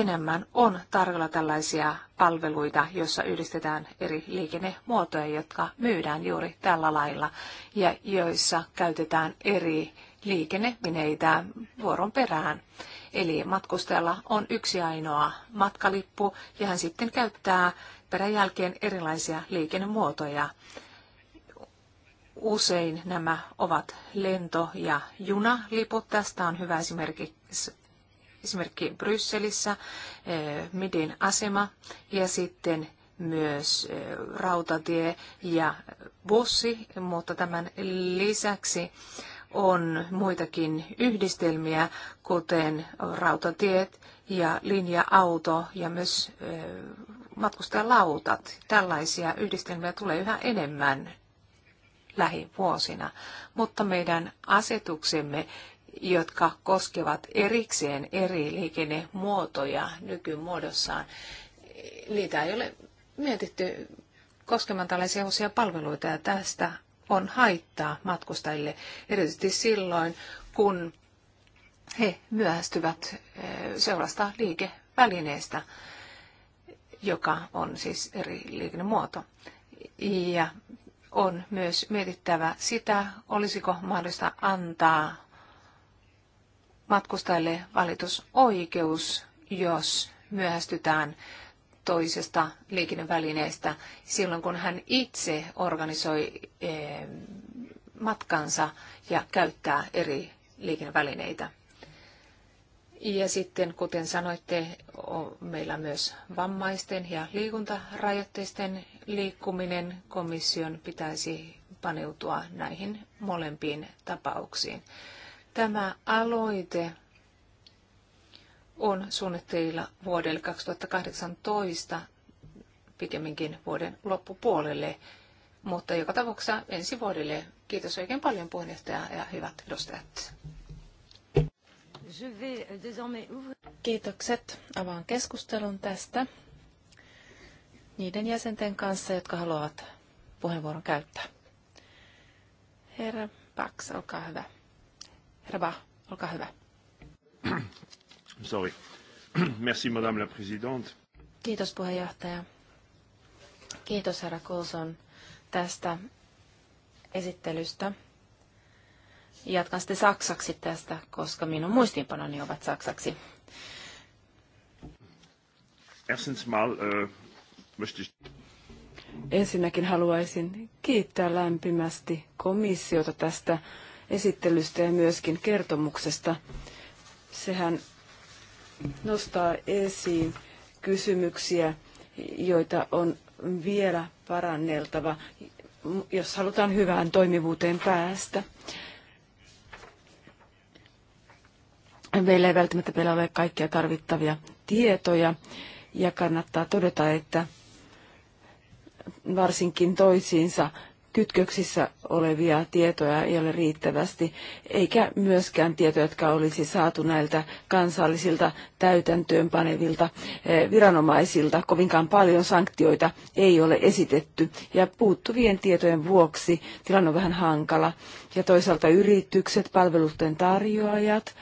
enemmän on tarjolla tällaisia palveluita, joissa yhdistetään eri liikennemuotoja, jotka myydään juuri tällä lailla ja joissa käytetään eri liikennevineitä vuoron perään. Eli matkustajalla on yksi ainoa matkalippu ja hän sitten käyttää peräjälkeen erilaisia liikennemuotoja. Usein nämä ovat lento- ja junaliput. Tästä on hyvä esimerkki esimerkiksi Brysselissä, eh, Midin asema ja sitten myös eh, rautatie ja bussi, mutta tämän lisäksi on muitakin yhdistelmiä, kuten rautatiet ja linja-auto ja myös eh, matkustajalautat. Tällaisia yhdistelmiä tulee yhä enemmän lähivuosina, mutta meidän asetuksemme jotka koskevat erikseen eri liikennemuotoja nykymuodossaan. Niitä ei ole mietitty koskemaan tällaisia uusia palveluita ja tästä on haittaa matkustajille, erityisesti silloin, kun he myöhästyvät eh, seurasta liikevälineestä, joka on siis eri liikennemuoto. Ja on myös mietittävä sitä, olisiko mahdollista antaa matkustajille valitusoikeus, jos myöhästytään toisesta liikennevälineestä silloin, kun hän itse organisoi eh, matkansa ja käyttää eri liikennevälineitä. Ja sitten, kuten sanoitte, meillä myös vammaisten ja liikuntarajoitteisten liikkuminen. Komission pitäisi paneutua näihin molempiin tapauksiin. Tämä aloite on suunnitteilla vuodelle 2018, pikemminkin vuoden loppupuolelle, mutta joka tapauksessa ensi vuodelle. Kiitos oikein paljon puheenjohtaja ja hyvät edustajat. Euh, Kiitokset. Avaan keskustelun tästä niiden jäsenten kanssa, jotka haluavat puheenvuoron käyttää. Herra Paks, olkaa hyvä. Herba, olkaa hyvä. Sorry. Merci, madame la présidente. Kiitos puheenjohtaja. Kiitos herra Coulson tästä esittelystä. Jatkan sitten saksaksi tästä, koska minun muistiinpanoni ovat saksaksi. mal, äh, ich... Ensinnäkin haluaisin kiittää lämpimästi komissiota tästä esittelystä ja myöskin kertomuksesta. Sehän nostaa esiin kysymyksiä, joita on vielä paranneltava, jos halutaan hyvään toimivuuteen päästä. Meillä ei välttämättä vielä ole kaikkia tarvittavia tietoja ja kannattaa todeta, että varsinkin toisiinsa kytköksissä olevia tietoja ei ole riittävästi, eikä myöskään tietoja, jotka olisi saatu näiltä kansallisilta täytäntöönpanevilta eh, viranomaisilta. Kovinkaan paljon sanktioita ei ole esitetty ja puuttuvien tietojen vuoksi tilanne on vähän hankala. Ja toisaalta yritykset, palveluiden tarjoajat,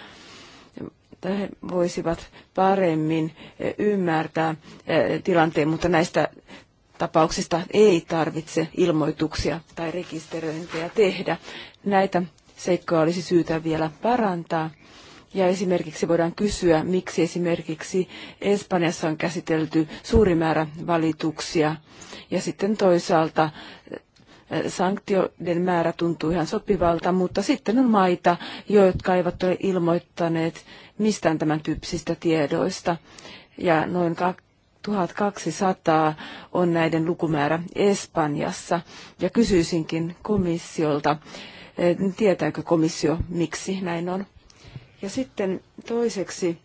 he eh, voisivat paremmin eh, ymmärtää tilanteen, mutta näistä tapauksista ei tarvitse ilmoituksia tai rekisteröintejä tehdä. Näitä seikkoja olisi syytä vielä parantaa. Ja esimerkiksi voidaan kysyä, miksi esimerkiksi Espanjassa on käsitelty suuri määrä valituksia ja sitten toisaalta sanktioiden määrä tuntuu ihan sopivalta, mutta sitten on maita, jotka eivät ole ilmoittaneet mistään tämän tyyppisistä tiedoista. Ja noin 1200 on näiden lukumäärä Espanjassa. Ja kysyisinkin komissiolta, eh, tietääkö komissio, miksi näin on? Ja sitten toiseksi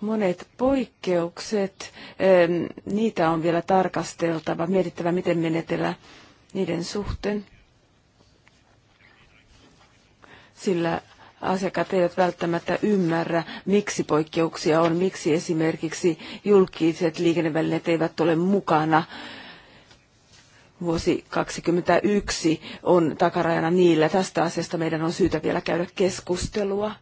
monet poikkeukset, niitä on vielä tarkasteltava, mietittävä, miten menetellä niiden suhteen. Sillä asiakkaat eivät välttämättä ymmärrä, miksi poikkeuksia on, miksi esimerkiksi julkiset liikennevälineet eivät ole mukana. Vuosi 2021 on takarajana niillä. Tästä asiasta meidän on syytä vielä käydä keskustelua.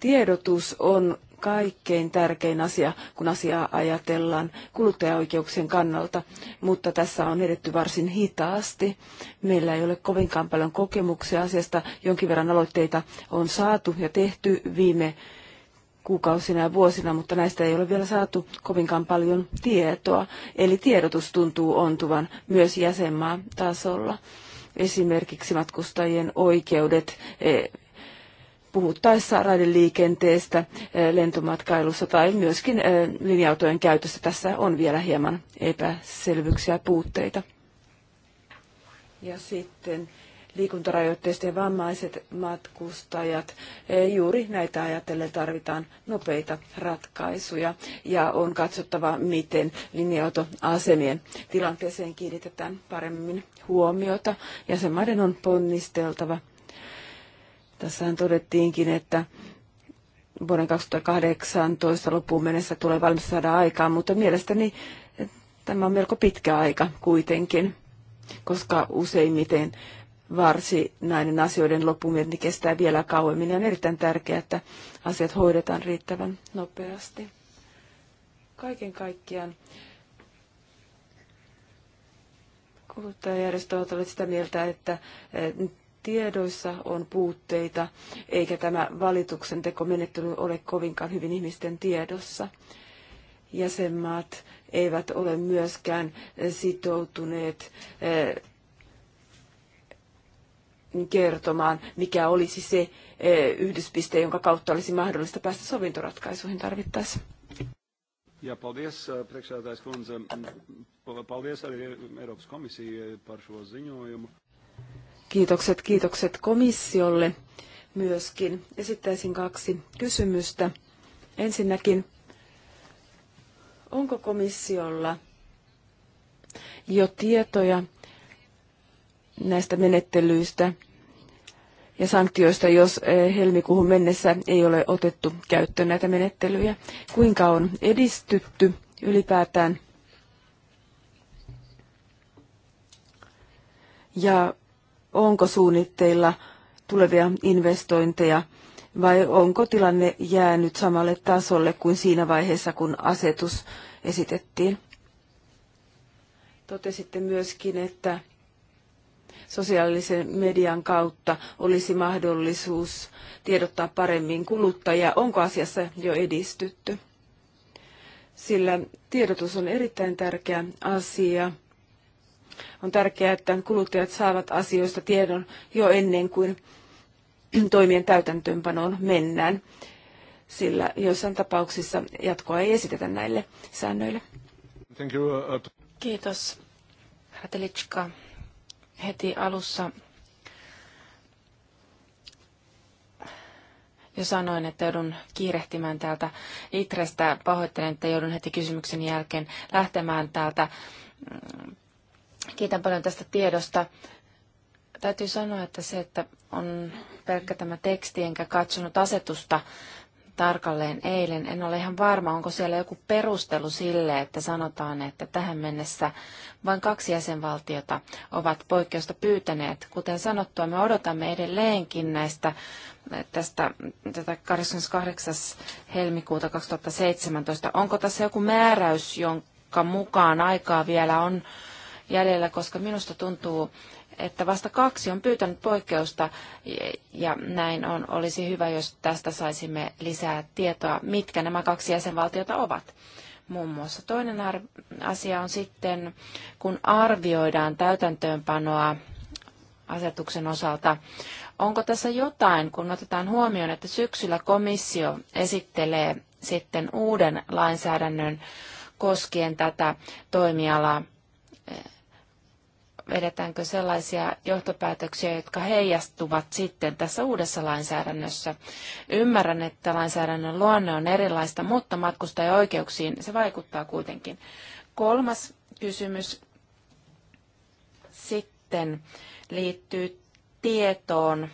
Tiedotus on kaikkein tärkein asia, kun asiaa ajatellaan kuluttajaoikeuksien kannalta, mutta tässä on edetty varsin hitaasti. Meillä ei ole kovinkaan paljon kokemuksia asiasta. Jonkin verran aloitteita on saatu ja tehty viime kuukausina ja vuosina, mutta näistä ei ole vielä saatu kovinkaan paljon tietoa. Eli tiedotus tuntuu ontuvan myös jäsenmaan tasolla esimerkiksi matkustajien oikeudet eh, puhuttaessa raideliikenteestä, eh, lentomatkailussa tai myöskin eh, linja-autojen käytössä. Tässä on vielä hieman epäselvyyksiä ja puutteita. Ja sitten liikuntarajoitteisten vammaiset matkustajat. Eh, juuri näitä ajatellen tarvitaan nopeita ratkaisuja ja on katsottava, miten linja-autoasemien tilanteeseen kiinnitetään paremmin huomiota. Jäsenmaiden on ponnisteltava Tässähän todettiinkin, että vuoden 2018 loppuun mennessä tulee valmis saada aikaa, mutta mielestäni tämä on melko pitkä aika kuitenkin, koska useimmiten varsinainen asioiden loppumieltä kestää vielä kauemmin ja on erittäin tärkeää, että asiat hoidetaan riittävän nopeasti. Kaiken kaikkiaan kuluttajajärjestöt ovat sitä mieltä, että eh, tiedoissa on puutteita, eikä tämä valituksen tekomenettely ole kovinkaan hyvin ihmisten tiedossa. Jäsenmaat eivät ole myöskään sitoutuneet eh, kertomaan, mikä olisi se eh, yhdyspiste, jonka kautta olisi mahdollista päästä sovintoratkaisuihin tarvittaessa. Jā, paldies, eh, priekšsēdājas kundze. Mm, paldies arī Eiropas komisijai par šo ziņojumu. Kiitokset, kiitokset komissiolle myöskin. Esittäisin kaksi kysymystä. Ensinnäkin, onko komissiolla jo tietoja näistä menettelyistä ja sanktioista, jos eh, helmikuuhun mennessä ei ole otettu käyttöön näitä menettelyjä? Kuinka on edistytty ylipäätään? Ja onko suunnitteilla tulevia investointeja vai onko tilanne jäänyt samalle tasolle kuin siinä vaiheessa, kun asetus esitettiin? Totesitte myöskin, että sosiaalisen median kautta olisi mahdollisuus tiedottaa paremmin kuluttajia. Onko asiassa jo edistytty? Sillä tiedotus on erittäin tärkeä asia on tärkeää, että kuluttajat saavat asioista tiedon jo ennen kuin [clears throat] toimien täytäntöönpanoon mennään, sillä joissain tapauksissa jatkoa ei esitetä näille säännöille. Uh, uh, Kiitos, Ratelitska. Heti alussa jo sanoin, että joudun kiirehtimään täältä Itrestä. Pahoittelen, että joudun heti kysymyksen jälkeen lähtemään täältä mm, Kiitän paljon tästä tiedosta. Täytyy sanoa, että se, että on pelkkä tämä teksti, enkä katsonut asetusta tarkalleen eilen. En ole ihan varma, onko siellä joku perustelu sille, että sanotaan, että tähän mennessä vain kaksi jäsenvaltiota ovat poikkeusta pyytäneet. Kuten sanottua, me odotamme edelleenkin näistä tästä tätä 28. helmikuuta 2017. Onko tässä joku määräys, jonka mukaan aikaa vielä on jäljellä, koska minusta tuntuu, että vasta kaksi on pyytänyt poikkeusta ja näin on. Olisi hyvä, jos tästä saisimme lisää tietoa, mitkä nämä kaksi jäsenvaltiota ovat. Muun muassa toinen asia on sitten, kun arvioidaan täytäntöönpanoa asetuksen osalta, onko tässä jotain, kun otetaan huomioon, että syksyllä komissio esittelee sitten uuden lainsäädännön koskien tätä toimialaa vedetäänkö sellaisia johtopäätöksiä, jotka heijastuvat sitten tässä uudessa lainsäädännössä. Ymmärrän, että lainsäädännön luonne on erilaista, mutta matkustajaoikeuksiin se vaikuttaa kuitenkin. Kolmas kysymys sitten liittyy tietoon.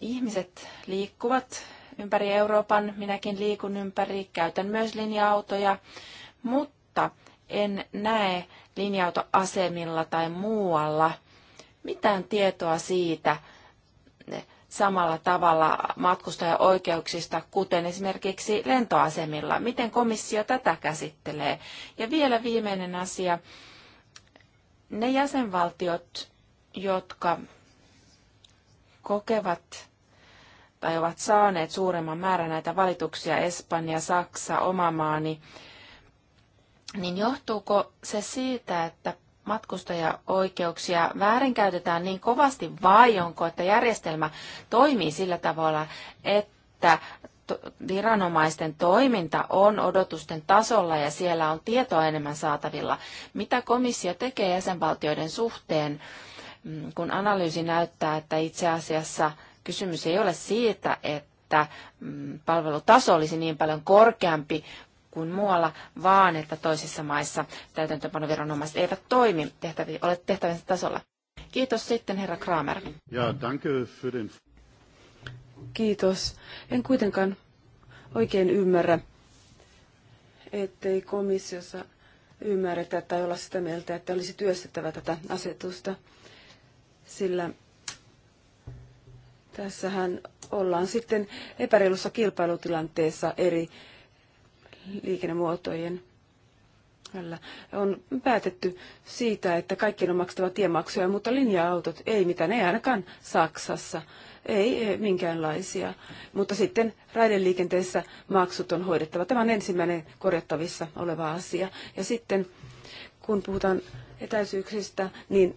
Ihmiset liikkuvat ympäri Euroopan, minäkin liikun ympäri, käytän myös linja-autoja, mutta en näe linja-autoasemilla tai muualla mitään tietoa siitä samalla tavalla matkustajaoikeuksista, kuten esimerkiksi lentoasemilla. Miten komissio tätä käsittelee? Ja vielä viimeinen asia. Ne jäsenvaltiot, jotka kokevat tai ovat saaneet suuremman määrän näitä valituksia, Espanja, Saksa, oma maani, niin niin johtuuko se siitä, että matkustajaoikeuksia väärinkäytetään niin kovasti vai onko, että järjestelmä toimii sillä tavalla, että viranomaisten toiminta on odotusten tasolla ja siellä on tietoa enemmän saatavilla. Mitä komissio tekee jäsenvaltioiden suhteen, mm, kun analyysi näyttää, että itse asiassa kysymys ei ole siitä, että mm, palvelutaso olisi niin paljon korkeampi, kuin muualla, vaan että toisissa maissa täytäntöpanoviranomaiset eivät toimi tehtäviä, ole tehtävänsä tasolla. Kiitos sitten herra Kramer. Ja, danke für den... Kiitos. En kuitenkaan oikein ymmärrä, ettei komissiossa ymmärretä tai olla sitä mieltä, että olisi työstettävä tätä asetusta, sillä tässähän ollaan sitten epäreilussa kilpailutilanteessa eri liikennemuotojen välillä. On päätetty siitä, että kaikkien on maksettava tiemaksuja, mutta linja-autot ei mitään, ei ainakaan Saksassa, ei minkäänlaisia. Mutta sitten raideliikenteessä maksut on hoidettava. Tämä on ensimmäinen korjattavissa oleva asia. Ja sitten kun puhutaan etäisyyksistä, niin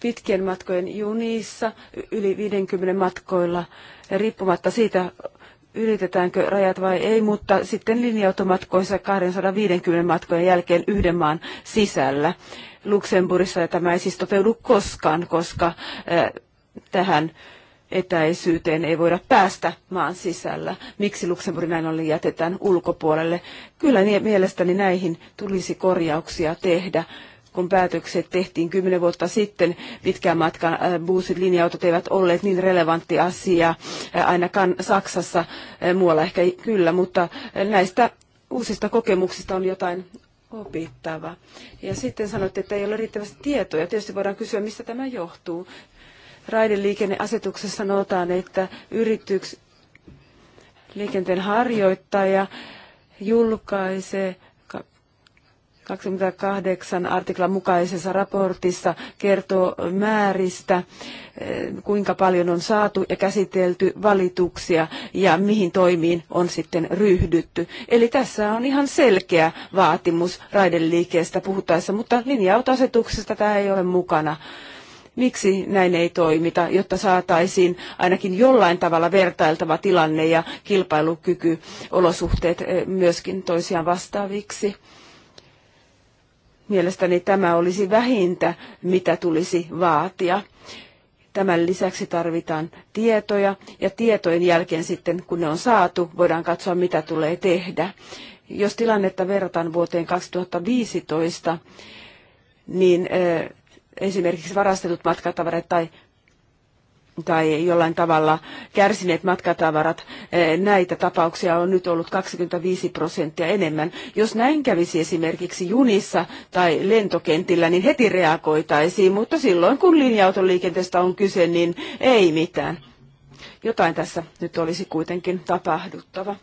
pitkien matkojen junissa yli 50 matkoilla, riippumatta siitä, ylitetäänkö rajat vai ei, mutta sitten linja-automatkoissa 250 matkojen jälkeen yhden maan sisällä. Luxemburgissa tämä ei siis toteudu koskaan, koska äh, tähän etäisyyteen ei voida päästä maan sisällä. Miksi Luxemburg näin ollen jätetään ulkopuolelle? Kyllä mielestäni näihin tulisi korjauksia tehdä kun päätökset tehtiin kymmenen vuotta sitten, pitkän matkan äh, buusit, linja-autot eivät olleet niin relevantti asia, äh, ainakaan Saksassa, äh, muualla ehkä kyllä, mutta näistä uusista kokemuksista on jotain opittava. Ja sitten sanoitte, että ei ole riittävästi tietoja. Tietysti voidaan kysyä, mistä tämä johtuu. Raideliikenneasetuksessa sanotaan, että yrityks, liikenteen harjoittaja julkaisee 28 artiklan mukaisessa raportissa kertoo määristä, eh, kuinka paljon on saatu ja käsitelty valituksia ja mihin toimiin on sitten ryhdytty. Eli tässä on ihan selkeä vaatimus raideliikeestä puhuttaessa, mutta linja-autoasetuksesta tämä ei ole mukana miksi näin ei toimita, jotta saataisiin ainakin jollain tavalla vertailtava tilanne ja kilpailukyky, olosuhteet eh, myöskin toisiaan vastaaviksi. Mielestäni tämä olisi vähintä, mitä tulisi vaatia. Tämän lisäksi tarvitaan tietoja ja tietojen jälkeen sitten, kun ne on saatu, voidaan katsoa, mitä tulee tehdä. Jos tilannetta verrataan vuoteen 2015, niin esimerkiksi varastetut matkatavarat tai tai jollain tavalla kärsineet matkatavarat. Eh, näitä tapauksia on nyt ollut 25 prosenttia enemmän. Jos näin kävisi esimerkiksi junissa tai lentokentillä, niin heti reagoitaisiin, mutta silloin kun linja-autoliikenteestä on kyse, niin ei mitään. Jotain tässä nyt olisi kuitenkin tapahduttava.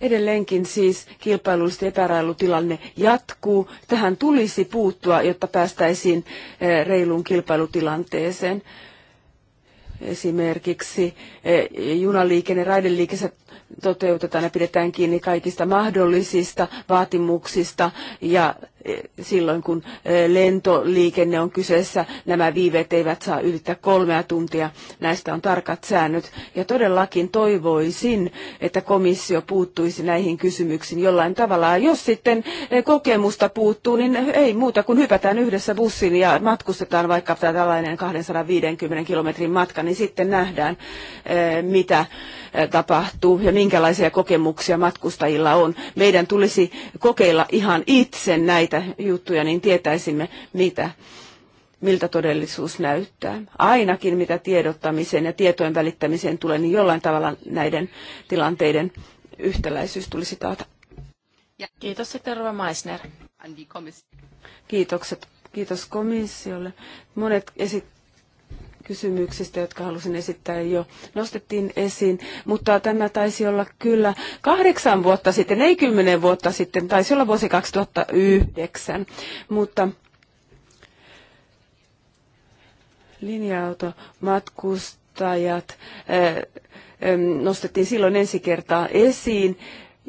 Edelleenkin siis kilpailullisesti epäräilutilanne jatkuu. Tähän tulisi puuttua, jotta päästäisiin eh, reiluun kilpailutilanteeseen. Esimerkiksi eh, junaliikenne, raideliikenne toteutetaan ja pidetään kiinni kaikista mahdollisista vaatimuksista ja silloin, kun eh, lentoliikenne on kyseessä. Nämä viiveet eivät saa ylittää kolmea tuntia. Näistä on tarkat säännöt. Ja todellakin toivoisin, että komissio puuttuisi näihin kysymyksiin jollain tavalla. Jos sitten eh, kokemusta puuttuu, niin ei muuta kuin hypätään yhdessä bussiin ja matkustetaan vaikka tällainen 250 kilometrin matka, niin sitten nähdään, eh, mitä tapahtuu ja minkälaisia kokemuksia matkustajilla on. Meidän tulisi kokeilla ihan itse näitä näitä juttuja, niin tietäisimme, mitä, miltä todellisuus näyttää. Ainakin mitä tiedottamiseen ja tietojen välittämiseen tulee, niin jollain tavalla näiden tilanteiden yhtäläisyys tulisi taata. Kiitos sitten Rova Meissner. Kiitokset. Kiitos komissiolle. Monet esit- kysymyksistä, jotka halusin esittää jo nostettiin esiin, mutta tämä taisi olla kyllä kahdeksan vuotta sitten, ei kymmenen vuotta sitten, taisi olla vuosi 2009, mutta linja auto matkustajat eh, nostettiin silloin ensi kertaa esiin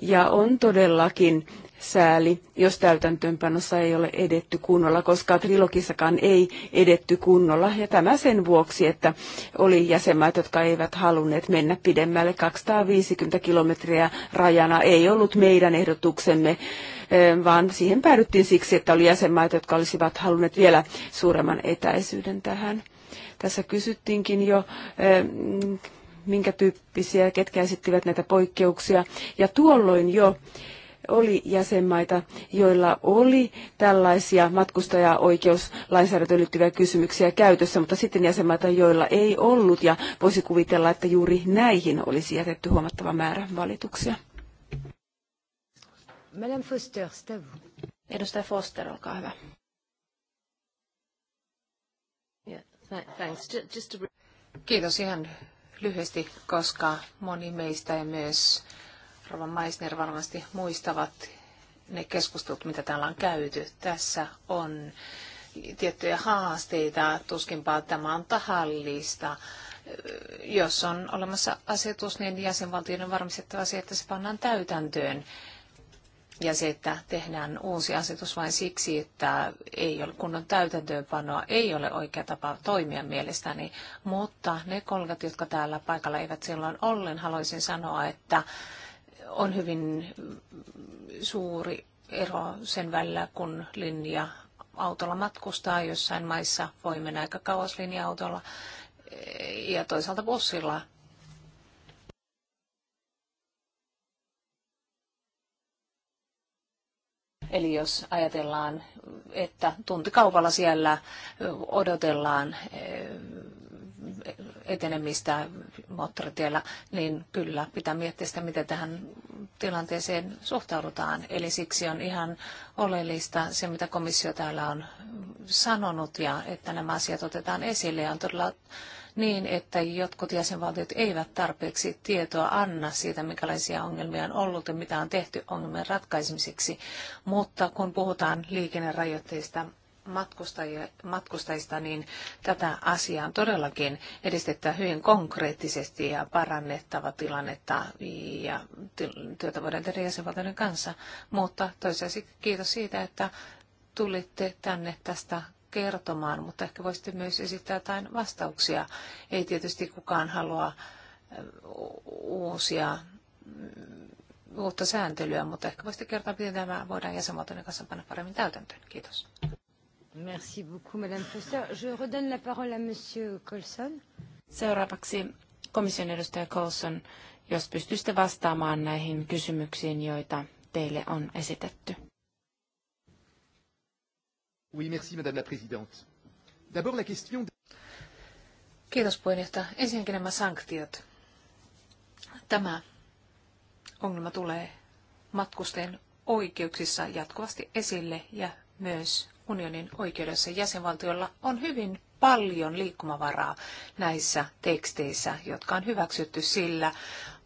ja on todellakin sääli, jos täytäntöönpanossa ei ole edetty kunnolla, koska trilogissakaan ei edetty kunnolla. Ja tämä sen vuoksi, että oli jäsenmaat, jotka eivät halunneet mennä pidemmälle. 250 kilometriä rajana ei ollut meidän ehdotuksemme, eh, vaan siihen päädyttiin siksi, että oli jäsenmaat, jotka olisivat halunneet vielä suuremman etäisyyden tähän. Tässä kysyttiinkin jo eh, minkä tyyppisiä, ketkä esittivät näitä poikkeuksia. Ja tuolloin jo oli jäsenmaita, joilla oli tällaisia matkustajaoikeuslainsäädäntöön liittyviä kysymyksiä käytössä, mutta sitten jäsenmaita, joilla ei ollut, ja voisi kuvitella, että juuri näihin olisi jätetty huomattava määrä valituksia. Madame Foster, Edustaja Foster, olkaa hyvä. Kiitos ihan lyhyesti, koska moni meistä ja myös Rova Maisner varmasti muistavat ne keskustelut, mitä täällä on käyty. Tässä on tiettyjä haasteita, tuskinpa tämä on tahallista. Jos on olemassa asetus, niin jäsenvaltioiden on varmistettava se, että se pannaan täytäntöön. Ja se, että tehdään uusi asetus vain siksi, että ei ole kunnon täytäntöönpanoa, ei ole oikea tapa toimia mielestäni. Mutta ne kolgat, jotka täällä paikalla eivät silloin ollen, haluaisin sanoa, että on hyvin suuri ero sen välillä, kun linja autolla matkustaa. Jossain maissa voi mennä aika kauas linja-autolla eh, ja toisaalta bussilla. Eli jos ajatellaan, että tuntikaupalla siellä odotellaan eh, etenemistä moottoritiellä, niin kyllä pitää miettiä sitä, miten tähän tilanteeseen suhtaudutaan. Eli siksi on ihan oleellista se, mitä komissio täällä on sanonut ja että nämä asiat otetaan esille. Ja on todella niin, että jotkut jäsenvaltiot eivät tarpeeksi tietoa anna siitä, minkälaisia ongelmia on ollut ja mitä on tehty ongelmien ratkaisemiseksi. Mutta kun puhutaan liikennerajoitteista, matkustajista, niin tätä asiaa on todellakin edistettävä hyvin konkreettisesti ja parannettava tilannetta ja työtä voidaan tehdä jäsenvaltioiden kanssa. Mutta toisaalta kiitos siitä, että tulitte tänne tästä kertomaan, mutta ehkä voisitte myös esittää jotain vastauksia. Ei tietysti kukaan halua uusia uutta sääntelyä, mutta ehkä voisitte kertoa, miten tämä voidaan jäsenvaltioiden kanssa panna paremmin täytäntöön. Kiitos. Merci beaucoup, Madame Foster. Je redonne la parole à Monsieur Colson. Seuraavaksi komission edustaja Colson, jos pystyisitte vastaamaan näihin kysymyksiin, joita teille on esitetty. Oui, merci, Madame la Présidente. D'abord la question... Kiitos puheenjohtaja. Ensinnäkin nämä sanktiot. Tämä ongelma tulee matkustajien oikeuksissa jatkuvasti esille ja myös unionin oikeudessa jäsenvaltioilla on hyvin paljon liikkumavaraa näissä teksteissä, jotka on hyväksytty sillä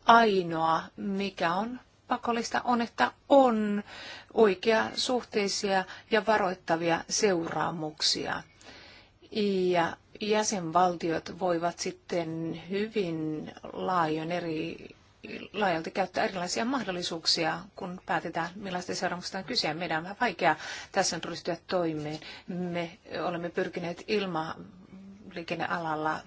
ainoa, mikä on pakollista on, että on oikea suhteisia ja varoittavia seuraamuksia. Ja jäsenvaltiot voivat sitten hyvin laajon eri laajalti käyttää erilaisia mahdollisuuksia, kun päätetään, millaista seuraamuksista on kyse. Meidän on vähän vaikea tässä nyt ryhtyä toimeen. Me olemme pyrkineet ilmaliikennealalla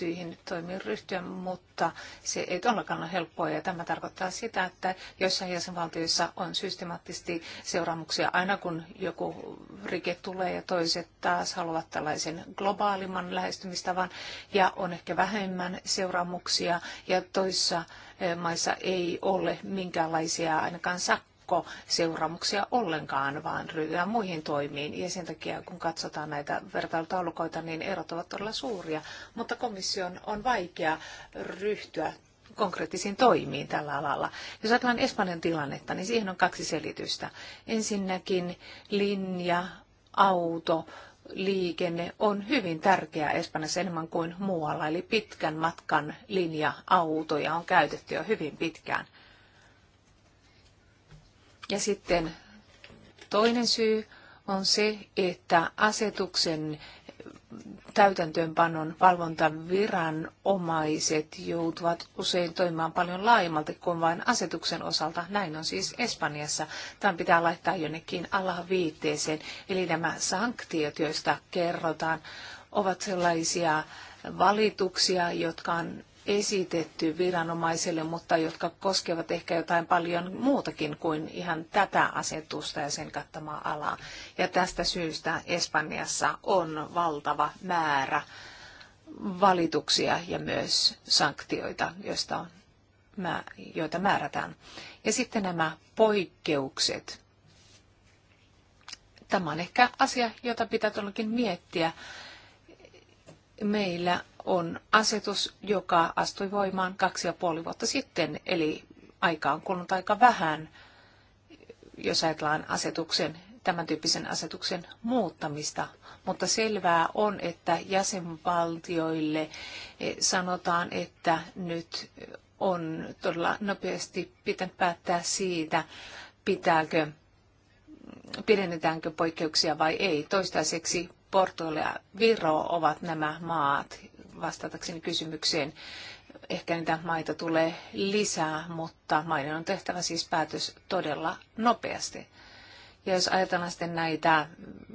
tiettyihin toimiin ryhtyä, mutta se ei todellakaan ole helppoa. Ja tämä tarkoittaa sitä, että joissain jäsenvaltioissa on systemaattisesti seuraamuksia aina kun joku rike tulee ja toiset taas haluavat tällaisen globaalimman lähestymistavan ja on ehkä vähemmän seuraamuksia ja toissa eh, maissa ei ole minkäänlaisia ainakaan sakkoja joukko seuraamuksia ollenkaan, vaan ryhdytään muihin toimiin. Ja sen takia, kun katsotaan näitä vertailutaulukoita, niin erot ovat todella suuria. Mutta komission on vaikea ryhtyä konkreettisiin toimiin tällä alalla. Jos ajatellaan Espanjan tilannetta, niin siihen on kaksi selitystä. Ensinnäkin linja, auto, liikenne on hyvin tärkeää Espanjassa enemmän kuin muualla, eli pitkän matkan linja-autoja on käytetty jo hyvin pitkään. Ja sitten toinen syy on se, että asetuksen täytäntöönpanon valvontaviranomaiset joutuvat usein toimimaan paljon laajemmalti kuin vain asetuksen osalta. Näin on siis Espanjassa. Tämä pitää laittaa jonnekin alaviitteeseen. Eli nämä sanktiot, joista kerrotaan, ovat sellaisia valituksia, jotka on esitetty viranomaisille, mutta jotka koskevat ehkä jotain paljon muutakin kuin ihan tätä asetusta ja sen kattamaa alaa. Ja tästä syystä Espanjassa on valtava määrä valituksia ja myös sanktioita, joista on, joita määrätään. Ja sitten nämä poikkeukset. Tämä on ehkä asia, jota pitää tuollakin miettiä. Meillä on asetus, joka astui voimaan kaksi ja puoli vuotta sitten, eli aika on kulunut aika vähän, jos ajatellaan asetuksen, tämän tyyppisen asetuksen muuttamista. Mutta selvää on, että jäsenvaltioille eh, sanotaan, että nyt on todella nopeasti pitänyt päättää siitä, pitääkö, pidennetäänkö poikkeuksia vai ei. Toistaiseksi Portugal ja Viro ovat nämä maat, vastatakseni kysymykseen. Ehkä niitä maita tulee lisää, mutta maiden on tehtävä siis päätös todella nopeasti. Ja jos ajatellaan sitten näitä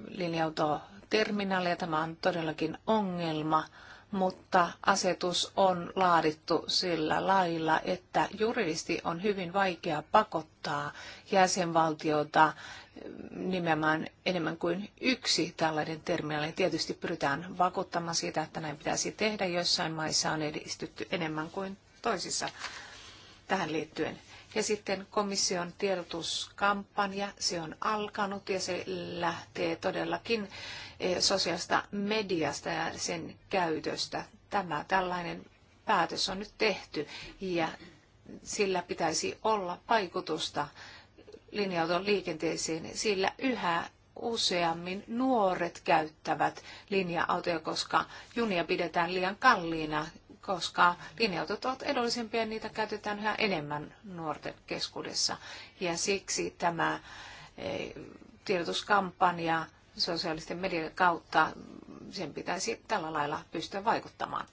linja-autoterminaaleja, tämä on todellakin ongelma, mutta asetus on laadittu sillä lailla, että juridisesti on hyvin vaikea pakottaa jäsenvaltiota nimenomaan enemmän kuin yksi tällainen terminaali. Tietysti pyritään vakuuttamaan siitä, että näin pitäisi tehdä. Joissain maissa on edistytty enemmän kuin toisissa tähän liittyen. Ja sitten komission tiedotuskampanja, se on alkanut ja se lähtee todellakin eh, sosiaalista mediasta ja sen käytöstä. Tämä tällainen päätös on nyt tehty ja sillä pitäisi olla vaikutusta linja-auton liikenteeseen, sillä yhä useammin nuoret käyttävät linja-autoja, koska junia pidetään liian kalliina, koska linja-autot ovat edullisempia ja niitä käytetään yhä enemmän nuorten keskuudessa. Ja siksi tämä e, tiedotuskampanja sosiaalisten medioiden kautta, sen pitäisi tällä lailla pystyä vaikuttamaan.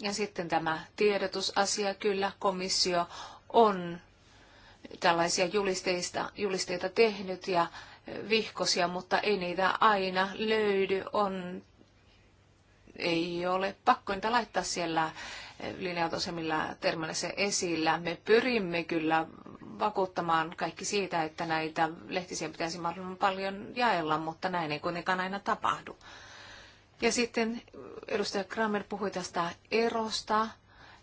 Ja sitten tämä tiedotusasia, kyllä komissio on tällaisia julisteista, julisteita tehnyt ja vihkosia, mutta ei niitä aina löydy. On, ei ole pakko niitä laittaa siellä linja-autosemilla terminaalissa esillä. Me pyrimme kyllä vakuuttamaan kaikki siitä, että näitä lehtisiä pitäisi mahdollisimman paljon jaella, mutta näin ei kuitenkaan aina tapahdu. Ja sitten edustaja Kramer puhui tästä erosta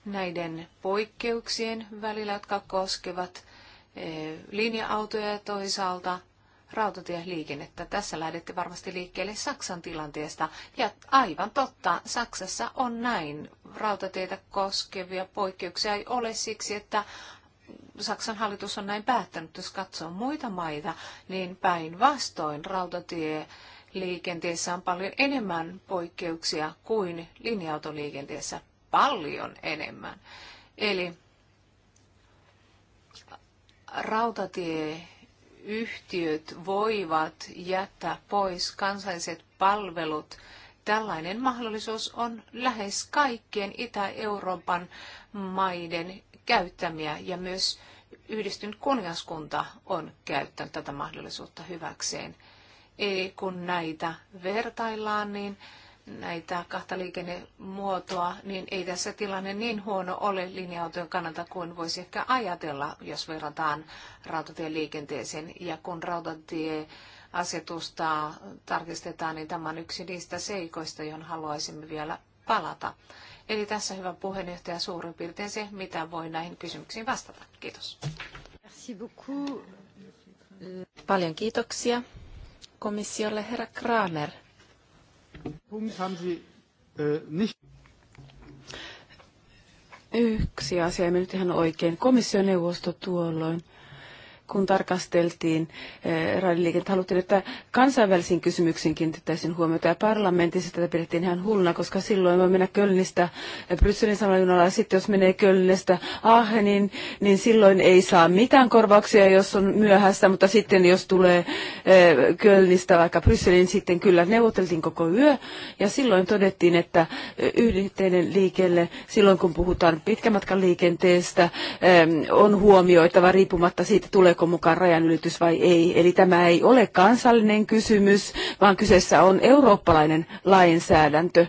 näiden poikkeuksien välillä, jotka koskevat eh, linja-autoja ja toisaalta rautatieliikennettä. Tässä lähdette varmasti liikkeelle Saksan tilanteesta. Ja aivan totta, Saksassa on näin. Rautateitä koskevia poikkeuksia ei ole siksi, että Saksan hallitus on näin päättänyt. Jos katsoo muita maita, niin päinvastoin rautatie liikenteessä on paljon enemmän poikkeuksia kuin linja-autoliikenteessä. Paljon enemmän. Eli rautatieyhtiöt voivat jättää pois kansalliset palvelut. Tällainen mahdollisuus on lähes kaikkien Itä-Euroopan maiden käyttämiä ja myös yhdistynyt kuningaskunta on käyttänyt tätä mahdollisuutta hyväkseen kun näitä vertaillaan, niin näitä kahta liikennemuotoa, niin ei tässä tilanne niin huono ole linja-autojen kannalta kuin voisi ehkä ajatella, jos verrataan rautatien liikenteeseen. Ja kun rautatieasetusta asetusta tarkistetaan, niin tämä on yksi niistä seikoista, johon haluaisimme vielä palata. Eli tässä hyvä puheenjohtaja suurin piirtein se, mitä voi näihin kysymyksiin vastata. Kiitos. Paljon kiitoksia komissiolle herra Kramer. Äh, Yksi asia ei mennyt ihan oikein. Komissioneuvosto tuolloin kun tarkasteltiin eh, raidiliikennettä, haluttiin, että kansainvälisiin kysymyksiin kiinnitettäisiin huomiota. Ja parlamentissa tätä pidettiin ihan hulluna, koska silloin voi mennä Kölnistä eh, Brysselin samalla ja sitten jos menee Kölnistä Aaheniin, niin silloin ei saa mitään korvauksia, jos on myöhässä, mutta sitten jos tulee eh, Kölnistä vaikka Brysselin, sitten kyllä neuvoteltiin koko yö. Ja silloin todettiin, että yhteinen liikelle, silloin kun puhutaan pitkämatkan liikenteestä, on huomioitava riippumatta siitä, tulee tuleeko mukaan rajanylitys vai ei. Eli tämä ei ole kansallinen kysymys, vaan kyseessä on eurooppalainen lainsäädäntö.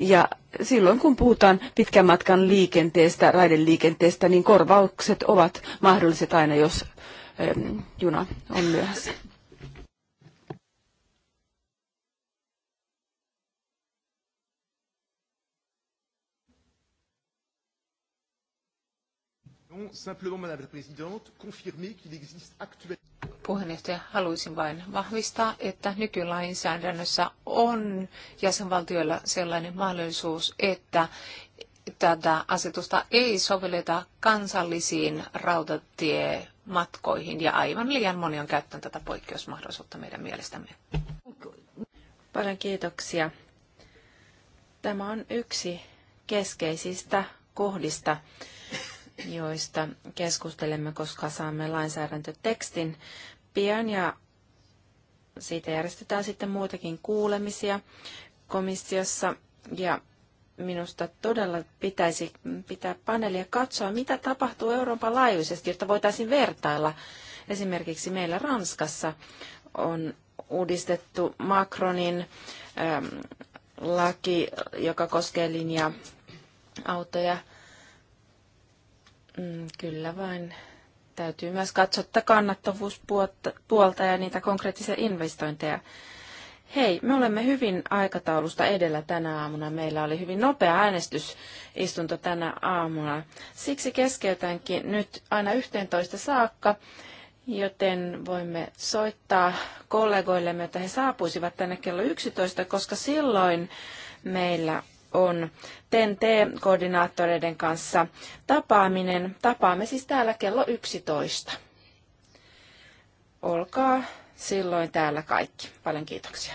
Ja silloin kun puhutaan pitkän matkan liikenteestä, raideliikenteestä, niin korvaukset ovat mahdolliset aina, jos juna on myöhässä. Puheenjohtaja, haluaisin vain vahvistaa, että nykylainsäädännössä on jäsenvaltioilla sellainen mahdollisuus, että tätä asetusta ei sovelleta kansallisiin rautatiematkoihin ja aivan liian moni on käyttänyt tätä poikkeusmahdollisuutta meidän mielestämme. Paljon kiitoksia. Tämä on yksi keskeisistä kohdista joista keskustelemme, koska saamme lainsäädäntötekstin pian ja siitä järjestetään sitten muitakin kuulemisia komissiossa ja minusta todella pitäisi pitää paneelia katsoa, mitä tapahtuu Euroopan laajuisesti, jotta voitaisiin vertailla. Esimerkiksi meillä Ranskassa on uudistettu Macronin ähm, laki, joka koskee linja-autoja – Mm, kyllä vain. Täytyy myös katsoa kannattavuuspuolta ja niitä konkreettisia investointeja. Hei, me olemme hyvin aikataulusta edellä tänä aamuna. Meillä oli hyvin nopea äänestysistunto tänä aamuna. Siksi keskeytänkin nyt aina 11 saakka, joten voimme soittaa kollegoillemme, että he saapuisivat tänne kello 11, koska silloin meillä on TEN-T-koordinaattoreiden kanssa tapaaminen. Tapaamme siis täällä kello 11. Olkaa silloin täällä kaikki. Paljon kiitoksia.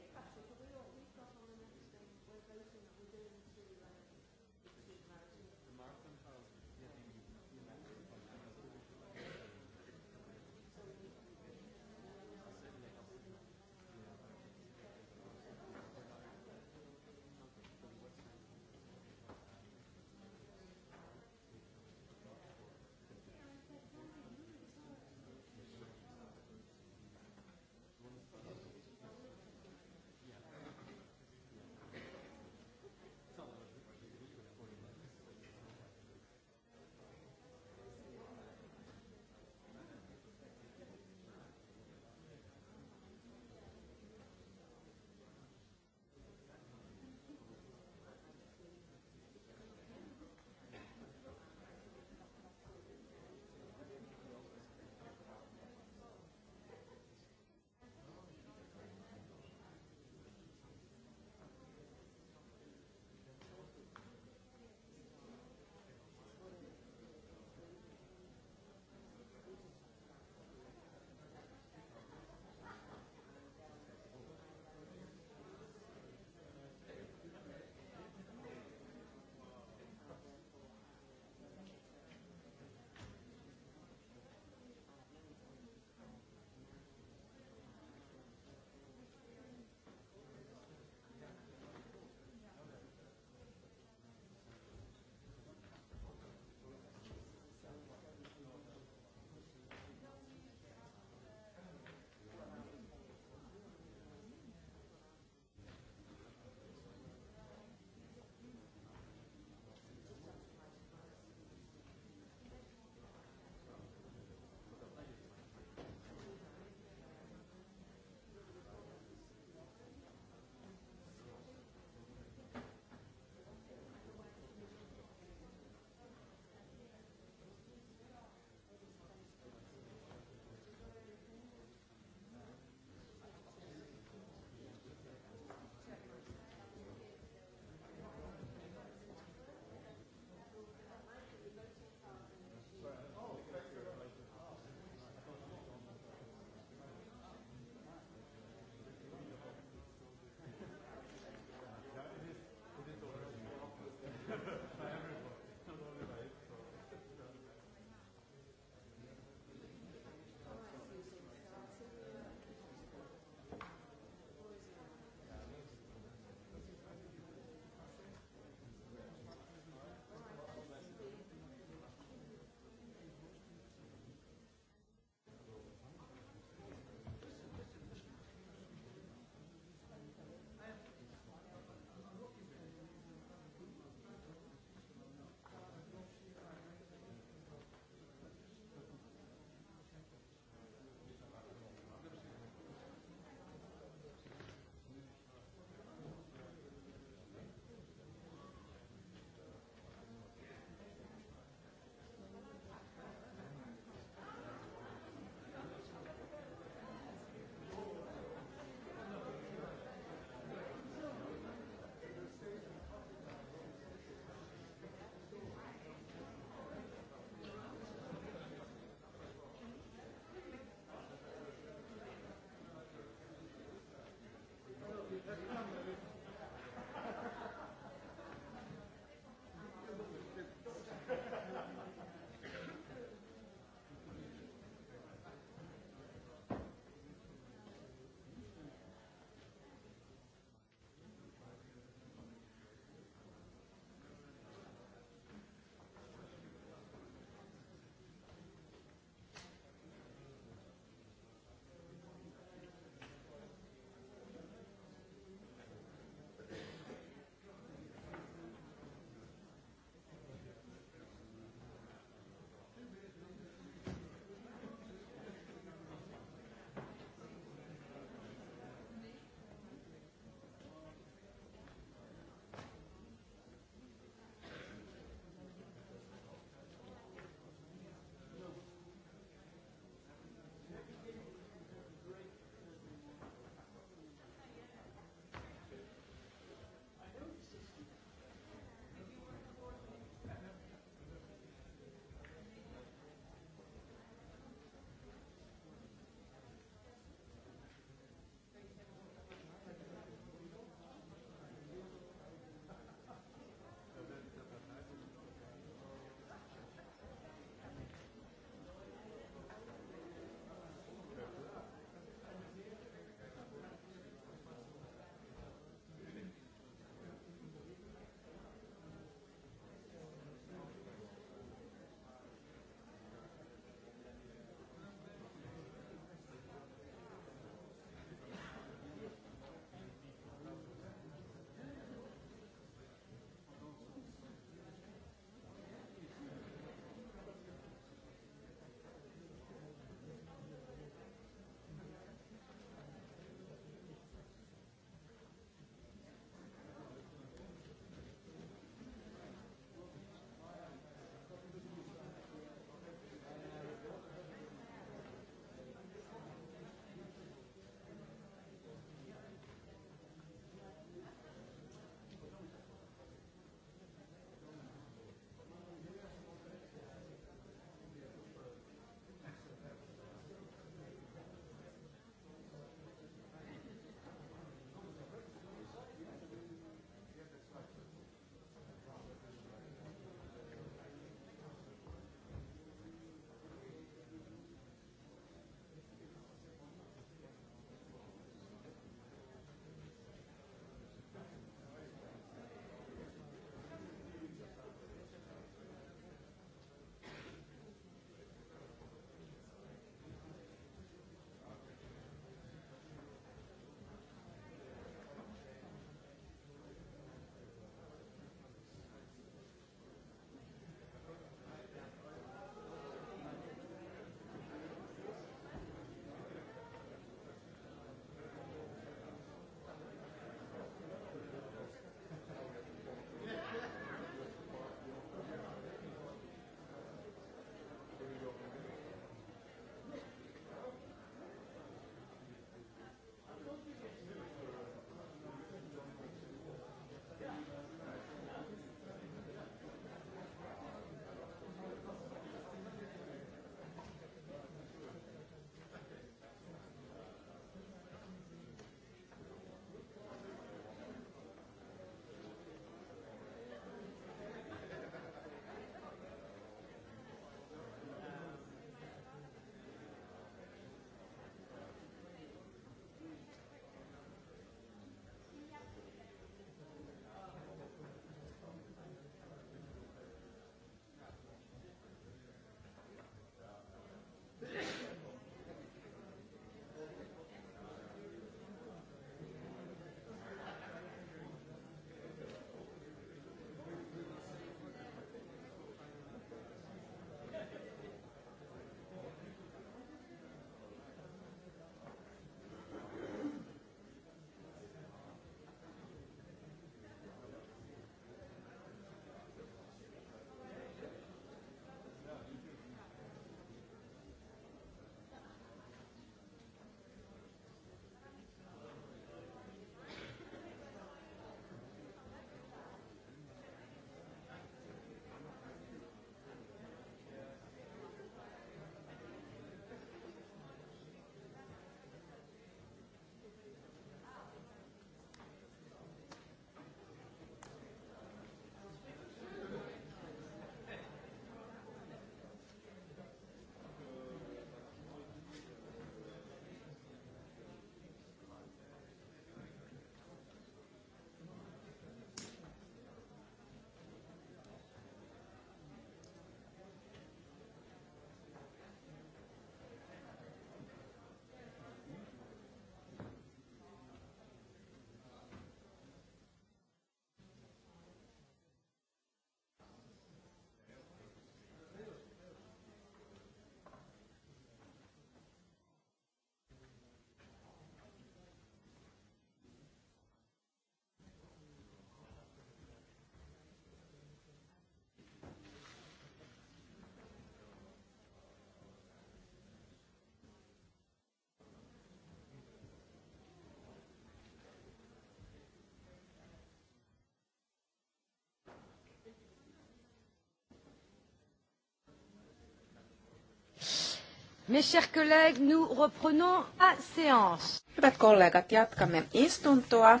Mes chers collègues, nous reprenons la séance. Hyvät kollegat, jatkamme istuntoa.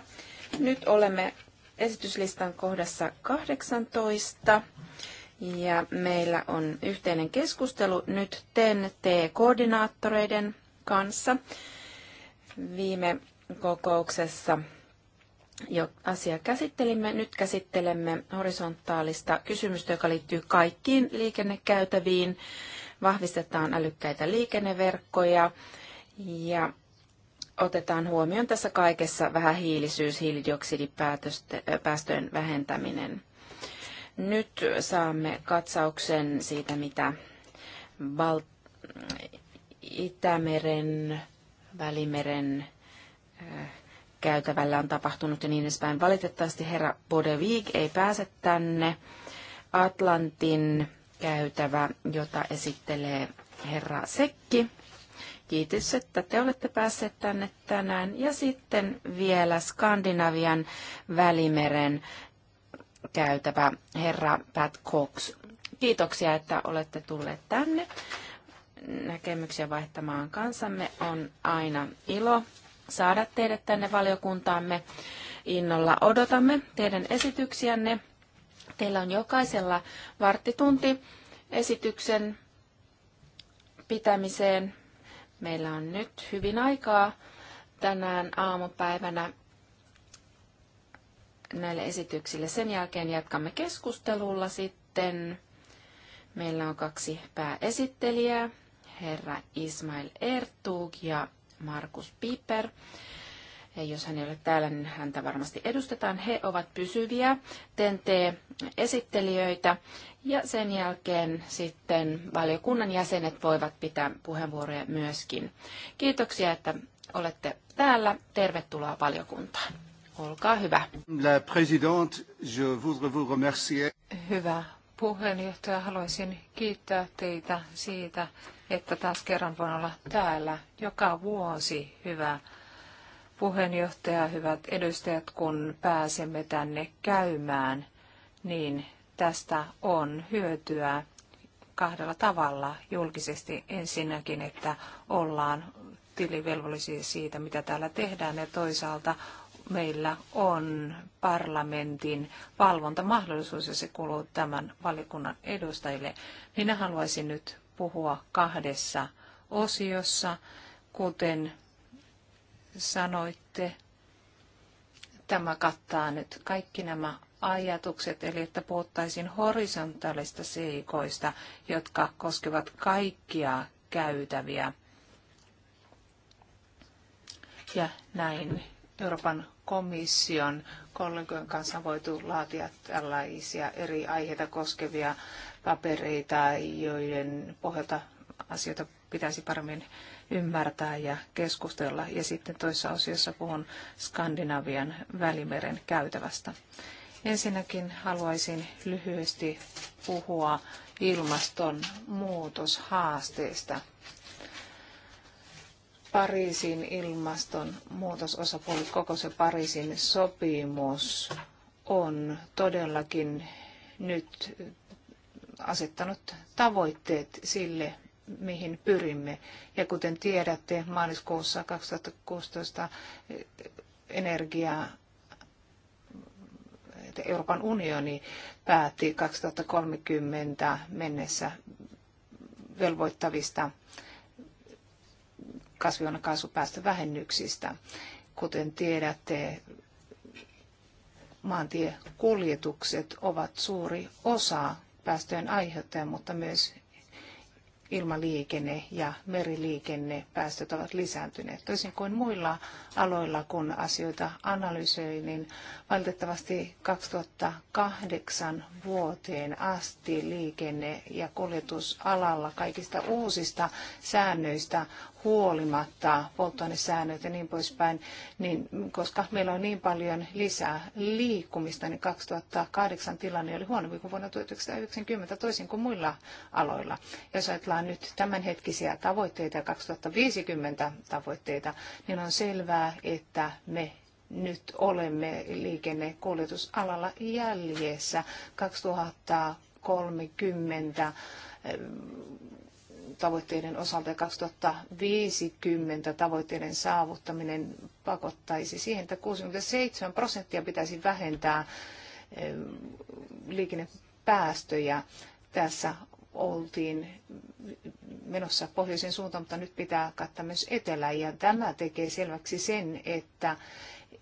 Nyt olemme esityslistan kohdassa 18 ja meillä on yhteinen keskustelu nyt TEN-T-koordinaattoreiden kanssa. Viime kokouksessa jo asia käsittelimme. Nyt käsittelemme horisontaalista kysymystä, joka liittyy kaikkiin liikennekäytäviin vahvistetaan älykkäitä liikenneverkkoja ja otetaan huomioon tässä kaikessa vähähiilisyys, hiilidioksidipäästöjen vähentäminen. Nyt saamme katsauksen siitä, mitä Bal- Itämeren, Välimeren äh, käytävällä on tapahtunut ja niin edespäin. Valitettavasti herra Bodevig ei pääse tänne. Atlantin käytävä, jota esittelee herra Sekki. Kiitos, että te olette päässeet tänne tänään. Ja sitten vielä Skandinavian välimeren käytävä herra Pat Cox. Kiitoksia, että olette tulleet tänne. Näkemyksiä vaihtamaan kansamme on aina ilo saada teidät tänne valiokuntaamme. Innolla odotamme teidän esityksiänne Teillä on jokaisella varttitunti esityksen pitämiseen. Meillä on nyt hyvin aikaa tänään aamupäivänä näille esityksille. Sen jälkeen jatkamme keskustelulla sitten. Meillä on kaksi pääesittelijää, herra Ismail Ertug ja Markus Piper. Ja jos hän ei ole täällä, niin häntä varmasti edustetaan. He ovat pysyviä TNT-esittelijöitä ja sen jälkeen sitten valiokunnan jäsenet voivat pitää puheenvuoroja myöskin. Kiitoksia, että olette täällä. Tervetuloa valiokuntaan. Olkaa hyvä. La présidente, je voudrais vous remercier. Hyvä puheenjohtaja, haluaisin kiittää teitä siitä, että taas kerran voin olla täällä joka vuosi, hyvä puheenjohtaja, hyvät edustajat, kun pääsemme tänne käymään, niin tästä on hyötyä kahdella tavalla julkisesti. Ensinnäkin, että ollaan tilivelvollisia siitä, mitä täällä tehdään, ja toisaalta meillä on parlamentin valvontamahdollisuus, ja se kuuluu tämän valikunnan edustajille. Minä haluaisin nyt puhua kahdessa osiossa, kuten sanoitte, tämä kattaa nyt kaikki nämä ajatukset, eli että puhuttaisiin horisontaalista seikoista, jotka koskevat kaikkia käytäviä. Ja näin Euroopan komission kollegojen kanssa on voitu laatia tällaisia eri aiheita koskevia papereita, joiden pohjalta asioita pitäisi paremmin ymmärtää ja keskustella. Ja sitten toisessa osiossa puhun Skandinavian välimeren käytävästä. Ensinnäkin haluaisin lyhyesti puhua ilmastonmuutoshaasteesta. Pariisin ilmastonmuutososapuolet, koko se Pariisin sopimus on todellakin nyt asettanut tavoitteet sille, mihin pyrimme. Ja kuten tiedätte, maaliskuussa 2016 eh, energia Euroopan unioni päätti 2030 mennessä velvoittavista kasvihuonekaasupäästövähennyksistä. Kuten tiedätte, maantiekuljetukset ovat suuri osa päästöjen aiheuttaja, mutta myös ilmaliikenne ja meriliikenne päästöt ovat lisääntyneet. Toisin kuin muilla aloilla, kun asioita analysoi, niin valitettavasti 2008 vuoteen asti liikenne- ja kuljetusalalla kaikista uusista säännöistä huolimatta, polttoainesäännöt ja niin poispäin, niin koska meillä on niin paljon lisää liikkumista, niin 2008 tilanne oli huonompi kuin vuonna 1990 toisin kuin muilla aloilla. Jos ajatellaan nyt tämänhetkisiä tavoitteita ja 2050 tavoitteita, niin on selvää, että me nyt olemme liikennekuljetusalalla jäljessä 2030 tavoitteiden osalta ja 2050 tavoitteiden saavuttaminen pakottaisi siihen, että 67 prosenttia pitäisi vähentää liikennepäästöjä. Tässä oltiin menossa pohjoisen suuntaan, mutta nyt pitää kattaa myös etelä. Ja tämä tekee selväksi sen, että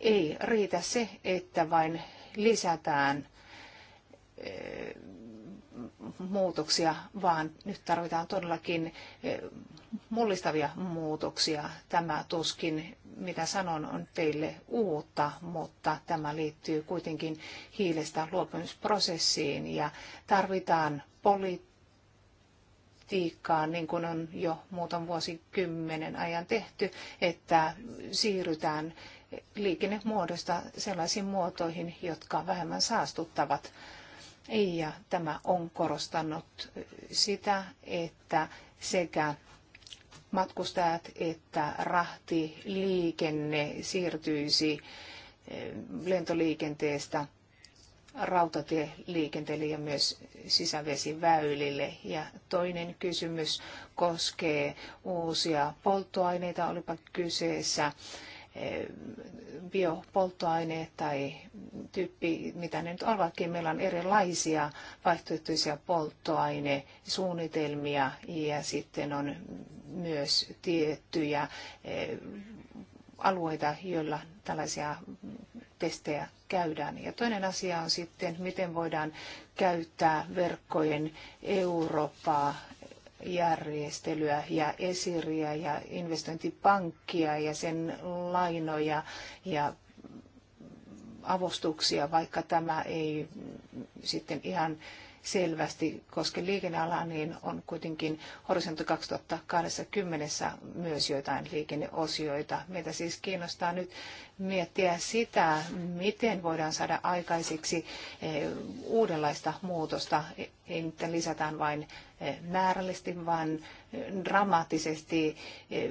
ei riitä se, että vain lisätään muutoksia, vaan nyt tarvitaan todellakin eh, mullistavia muutoksia. Tämä tuskin, mitä sanon, on teille uutta, mutta tämä liittyy kuitenkin hiilestä luopumisprosessiin ja tarvitaan politiikkaa, niin kuin on jo muutaman vuosikymmenen ajan tehty, että siirrytään liikennemuodosta sellaisiin muotoihin, jotka vähemmän saastuttavat ja tämä on korostanut sitä, että sekä matkustajat että rahtiliikenne siirtyisi eh, lentoliikenteestä rautatieliikenteelle ja myös sisävesiväylille. Ja toinen kysymys koskee uusia polttoaineita, olipa kyseessä Eh, biopolttoaineet tai tyyppi, mitä ne nyt ovatkin. Meillä on erilaisia vaihtoehtoisia polttoainesuunnitelmia ja sitten on myös tiettyjä eh, alueita, joilla tällaisia testejä käydään. Ja toinen asia on sitten, miten voidaan käyttää verkkojen Eurooppaa järjestelyä ja esiriä ja investointipankkia ja sen lainoja ja avustuksia, vaikka tämä ei sitten ihan selvästi koske liikennealaa, niin on kuitenkin horisontti 2020 myös joitain liikenneosioita. Meitä siis kiinnostaa nyt miettiä sitä, miten voidaan saada aikaiseksi eh, uudenlaista muutosta, ei lisätään vain määrällisesti, vaan dramaattisesti eh,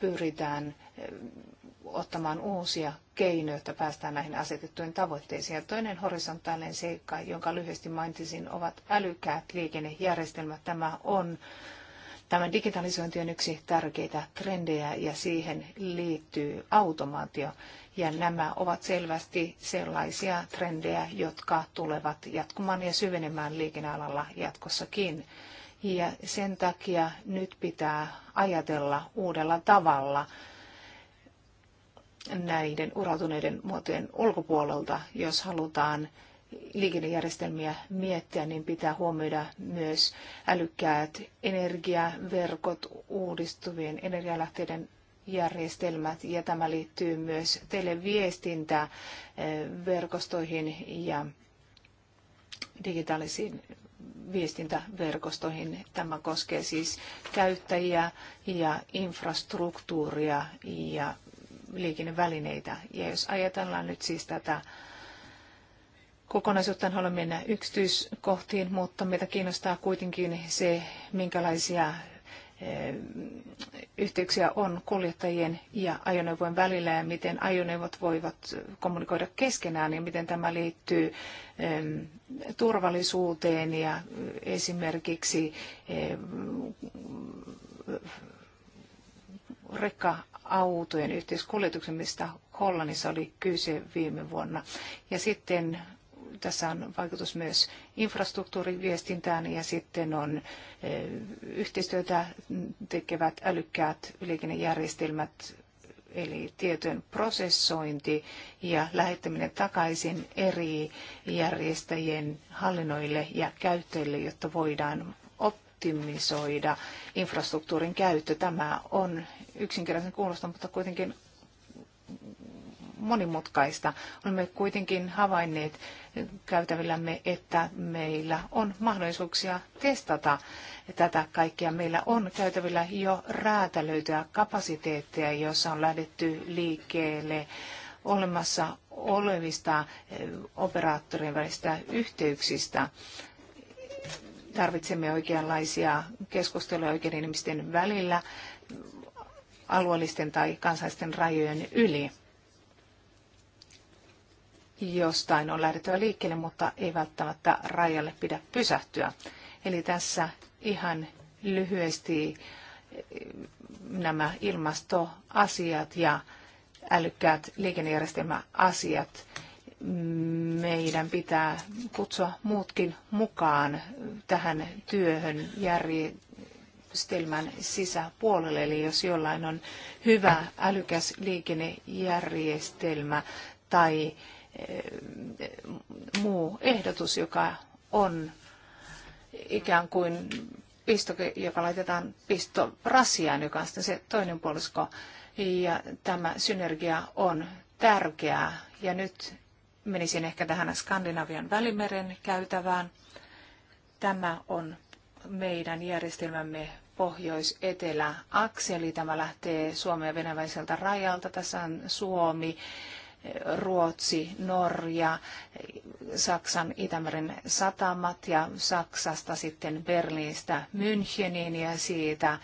pyritään eh, ottamaan uusia keinoja, että päästään näihin asetettujen tavoitteisiin. Ja toinen horisontaalinen seikka, jonka lyhyesti mainitsin, ovat älykkäät liikennejärjestelmät. Tämä on Tämä digitalisointi on yksi tärkeitä trendejä ja siihen liittyy automaatio. Ja nämä ovat selvästi sellaisia trendejä, jotka tulevat jatkumaan ja syvenemään liikennealalla jatkossakin. Ja sen takia nyt pitää ajatella uudella tavalla näiden urautuneiden muotojen ulkopuolelta, jos halutaan liikennejärjestelmiä miettiä, niin pitää huomioida myös älykkäät energiaverkot, uudistuvien energialähteiden järjestelmät ja tämä liittyy myös televiestintäverkostoihin ja digitaalisiin viestintäverkostoihin. Tämä koskee siis käyttäjiä ja infrastruktuuria ja liikennevälineitä. Ja jos ajatellaan nyt siis tätä kokonaisuutta, en niin mennä yksityiskohtiin, mutta meitä kiinnostaa kuitenkin se, minkälaisia Eh, yhteyksiä on kuljettajien ja ajoneuvojen välillä ja miten ajoneuvot voivat kommunikoida keskenään ja miten tämä liittyy turvallisuuteen ja esimerkiksi rekka-autojen yhteiskuljetuksen, mistä Hollannissa oli kyse viime vuonna. Ja sitten tässä on vaikutus myös infrastruktuuriviestintään ja sitten on eh, yhteistyötä tekevät älykkäät liikennejärjestelmät, eli tietojen prosessointi ja lähettäminen takaisin eri järjestäjien hallinnoille ja käyttäjille, jotta voidaan optimisoida infrastruktuurin käyttö. Tämä on yksinkertaisen kuulosta, mutta kuitenkin monimutkaista. Olemme kuitenkin havainneet käytävillämme, että meillä on mahdollisuuksia testata tätä kaikkea. Meillä on käytävillä jo räätälöityä kapasiteetteja, joissa on lähdetty liikkeelle olemassa olevista eh, operaattorien välistä yhteyksistä tarvitsemme oikeanlaisia keskusteluja oikeiden ihmisten välillä alueellisten tai kansallisten rajojen yli jostain on lähdettävä liikkeelle, mutta ei välttämättä rajalle pidä pysähtyä. Eli tässä ihan lyhyesti eh, nämä ilmastoasiat ja älykkäät liikennejärjestelmäasiat. Meidän pitää kutsua muutkin mukaan tähän työhön järjestelmän sisäpuolelle. Eli jos jollain on hyvä älykäs liikennejärjestelmä tai Eh, muu ehdotus, joka on ikään kuin pisto, joka laitetaan rasiaan, joka on sitten se toinen puolisko. Ja tämä synergia on tärkeää. Ja nyt menisin ehkä tähän Skandinavian välimeren käytävään. Tämä on meidän järjestelmämme pohjois-etelä-akseli. Tämä lähtee Suomen ja venäläiseltä rajalta. Tässä on Suomi, Ruotsi, Norja, Saksan Itämeren satamat ja Saksasta sitten Berliinistä Müncheniin ja siitä eh,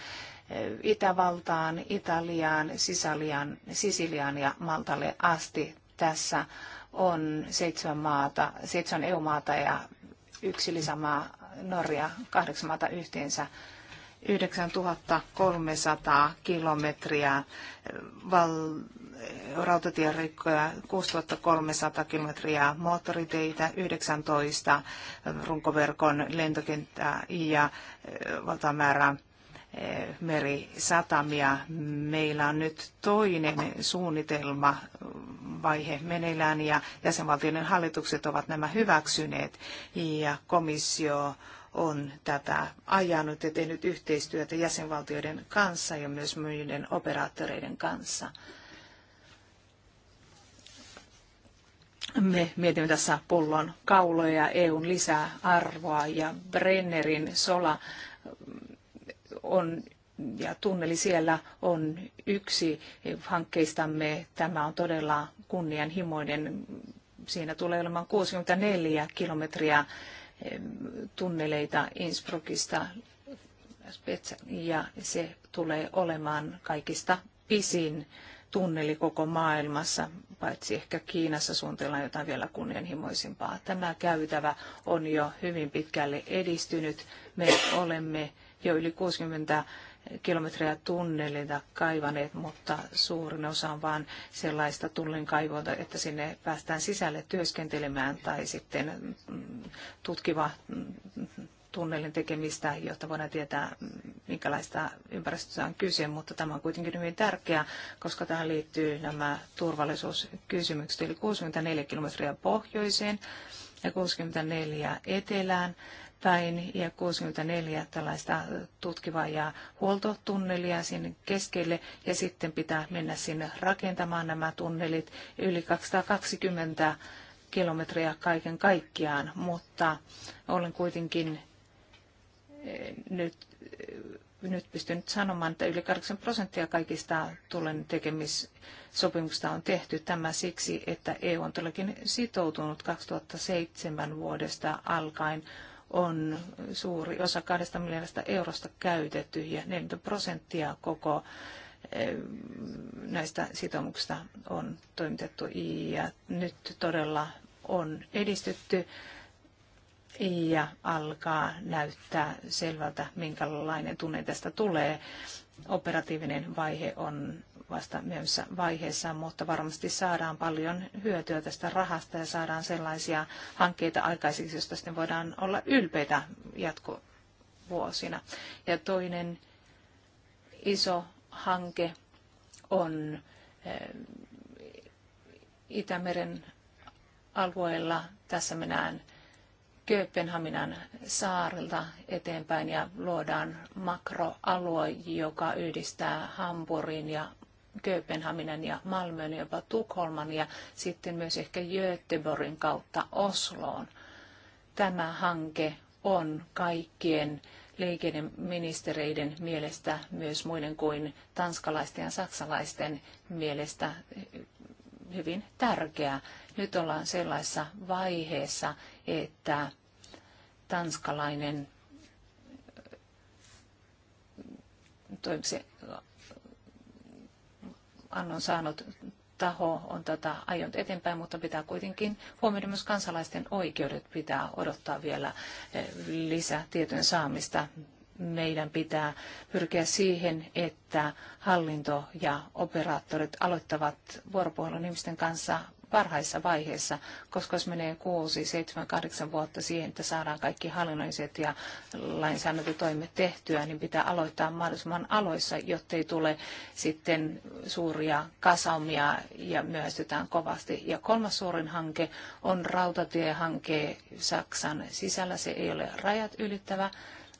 Itävaltaan, Italiaan, Sisalian, Sisiliaan ja Maltalle asti. Tässä on seitsemän, maata, seitsemän EU-maata ja yksi lisämaa Norja, kahdeksan maata yhteensä. 9300 kilometriä eh, val- rautatierikkoja 6300 kilometriä, moottoriteitä 19, runkoverkon lentokenttää ja eh, valtamäärä eh, merisatamia. Meillä on nyt toinen suunnitelma vaihe meneillään ja jäsenvaltioiden hallitukset ovat nämä hyväksyneet ja komissio on tätä ajanut ja tehnyt yhteistyötä jäsenvaltioiden kanssa ja myös myiden operaattoreiden kanssa. me mietimme tässä pullon kauloja ja EUn lisää arvoa ja Brennerin sola mm, on ja tunneli siellä on yksi hankkeistamme. Tämä on todella kunnianhimoinen. Siinä tulee olemaan 64 kilometriä mm, tunneleita Innsbruckista ja se tulee olemaan kaikista pisin tunneli koko maailmassa, paitsi ehkä Kiinassa suunnitellaan jotain vielä kunnianhimoisimpaa. Tämä käytävä on jo hyvin pitkälle edistynyt. Me olemme jo yli 60 kilometriä tunnelita kaivaneet, mutta suurin osa on vain sellaista tunnelin kaivoa, että sinne päästään sisälle työskentelemään tai sitten mm, tutkiva mm, tunnelin tekemistä, jotta voidaan tietää, minkälaista ympäristöstä on kyse, mutta tämä on kuitenkin hyvin tärkeää, koska tähän liittyy nämä turvallisuuskysymykset, eli 64 kilometriä pohjoiseen ja 64 etelään päin ja 64 tällaista tutkivaa ja huoltotunnelia sinne keskelle ja sitten pitää mennä sinne rakentamaan nämä tunnelit yli 220 kilometriä kaiken kaikkiaan, mutta olen kuitenkin nyt, nyt pystyn nyt sanomaan, että yli 8 prosenttia kaikista tulen tekemissopimuksista on tehty. Tämä siksi, että EU on todellakin sitoutunut 2007 vuodesta alkaen on suuri osa kahdesta miljardista eurosta käytetty ja 40 prosenttia koko e, näistä sitoumuksista on toimitettu ja nyt todella on edistytty ja alkaa näyttää selvältä, minkälainen tunne tästä tulee. Operatiivinen vaihe on vasta myöhemmässä vaiheessa, mutta varmasti saadaan paljon hyötyä tästä rahasta ja saadaan sellaisia hankkeita aikaisiksi, joista sitten voidaan olla ylpeitä jatkovuosina. Ja toinen iso hanke on eh, Itämeren alueella. Tässä me näen Kööpenhaminan saarelta eteenpäin ja luodaan makroalue, joka yhdistää Hamburgin ja Kööpenhaminan ja Malmön, jopa Tukholman ja sitten myös ehkä Göteborgin kautta Osloon. Tämä hanke on kaikkien liikenneministereiden mielestä, myös muiden kuin tanskalaisten ja saksalaisten mielestä hyvin tärkeä. Nyt ollaan sellaisessa vaiheessa, että tanskalainen annon saanut taho on tätä ajonut eteenpäin, mutta pitää kuitenkin huomioida myös kansalaisten oikeudet. Pitää odottaa vielä eh, lisätietojen saamista. Meidän pitää pyrkiä siihen, että hallinto ja operaattorit aloittavat vuoropuhelun ihmisten kanssa varhaisessa vaiheessa, koska jos menee 6, 7, 8 vuotta siihen, että saadaan kaikki hallinnolliset ja lainsäädäntötoimet tehtyä, niin pitää aloittaa mahdollisimman aloissa, jottei tule sitten suuria kasaumia ja myöhästytään kovasti. Ja kolmas suurin hanke on rautatiehanke Saksan sisällä. Se ei ole rajat ylittävä,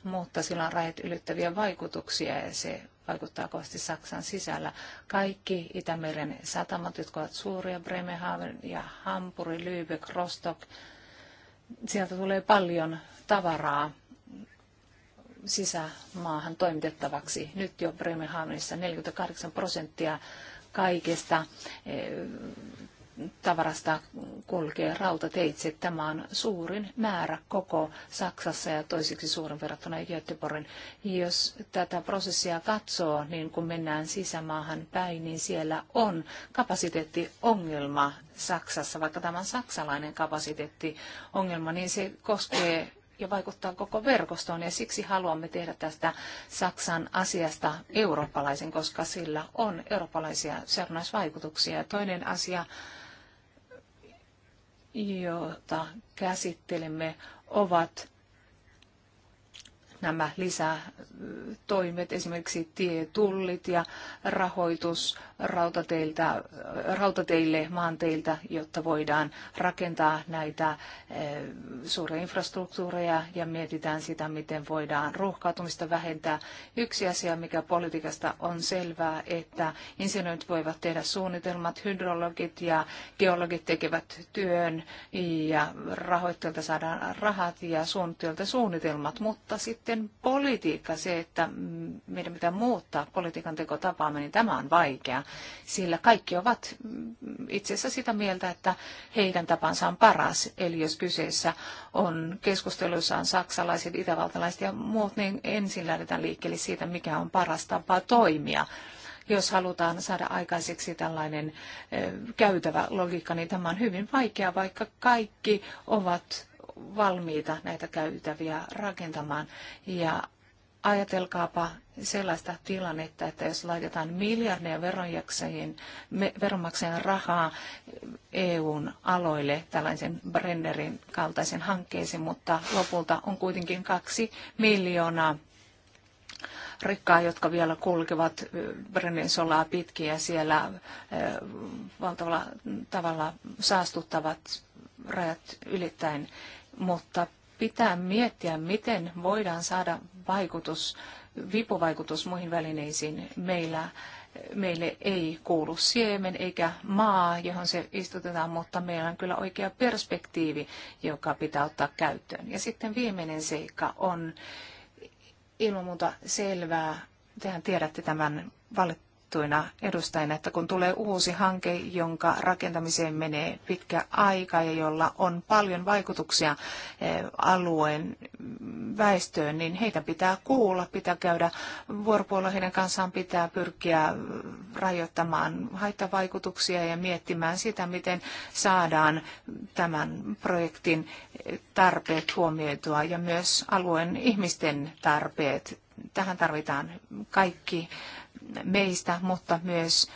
mutta sillä on rajat ylittäviä vaikutuksia ja se vaikuttaa kovasti Saksan sisällä. Kaikki Itämeren satamat, jotka ovat suuria, Bremenhaven ja Hampuri, Lübeck, Rostock, sieltä tulee paljon tavaraa sisämaahan toimitettavaksi. Nyt jo Bremenhavenissa 48 prosenttia kaikesta eh, tavarasta kulkee rautateitse. Tämä on suurin määrä koko Saksassa ja toiseksi suurin verrattuna Göteborgin. Jos tätä prosessia katsoo, niin kun mennään sisämaahan päin, niin siellä on kapasiteettiongelma Saksassa, vaikka tämä on saksalainen kapasiteettiongelma, niin se koskee ja vaikuttaa koko verkostoon ja siksi haluamme tehdä tästä Saksan asiasta eurooppalaisen, koska sillä on eurooppalaisia seurannaisvaikutuksia. Toinen asia jota käsittelemme, ovat nämä lisätoimet, esimerkiksi tietullit ja rahoitus rautateiltä, rautateille, maanteilta, jotta voidaan rakentaa näitä eh, suuria infrastruktuureja ja mietitään sitä, miten voidaan ruuhkautumista vähentää. Yksi asia, mikä politiikasta on selvää, että insinöörit voivat tehdä suunnitelmat, hydrologit ja geologit tekevät työn ja rahoittajilta saadaan rahat ja suunnittelijoilta suunnitelmat, mutta sitten sitten politiikka, se, että meidän pitää muuttaa politiikan tekotapaamme, niin tämä on vaikea, sillä kaikki ovat itse asiassa sitä mieltä, että heidän tapansa on paras. Eli jos kyseessä on keskusteluissa on saksalaiset, itävaltalaiset ja muut, niin ensin lähdetään liikkeelle siitä, mikä on paras tapa toimia jos halutaan saada aikaiseksi tällainen käytävä logiikka, niin tämä on hyvin vaikea, vaikka kaikki ovat valmiita näitä käytäviä rakentamaan. Ja ajatelkaapa sellaista tilannetta, että jos laitetaan miljardeja veronmaksajien, rahaa EUn aloille tällaisen Brennerin kaltaisen hankkeeseen, mutta lopulta on kuitenkin kaksi miljoonaa rikkaa, jotka vielä kulkevat Brennerin solaa pitkin ja siellä valtavalla tavalla saastuttavat rajat ylittäen mutta pitää miettiä, miten voidaan saada vaikutus, vipuvaikutus muihin välineisiin. Meillä, meille ei kuulu siemen eikä maa, johon se istutetaan, mutta meillä on kyllä oikea perspektiivi, joka pitää ottaa käyttöön. Ja sitten viimeinen seikka on ilman muuta selvää, tehän tiedätte tämän valit valittuina edustajina, että kun tulee uusi hanke, jonka rakentamiseen menee pitkä aika ja jolla on paljon vaikutuksia eh, alueen väestöön, niin heitä pitää kuulla, pitää käydä vuoropuolella heidän kanssaan, pitää pyrkiä rajoittamaan haittavaikutuksia ja miettimään sitä, miten saadaan tämän projektin tarpeet huomioitua ja myös alueen ihmisten tarpeet. Tähän tarvitaan kaikki meistä, mutta myös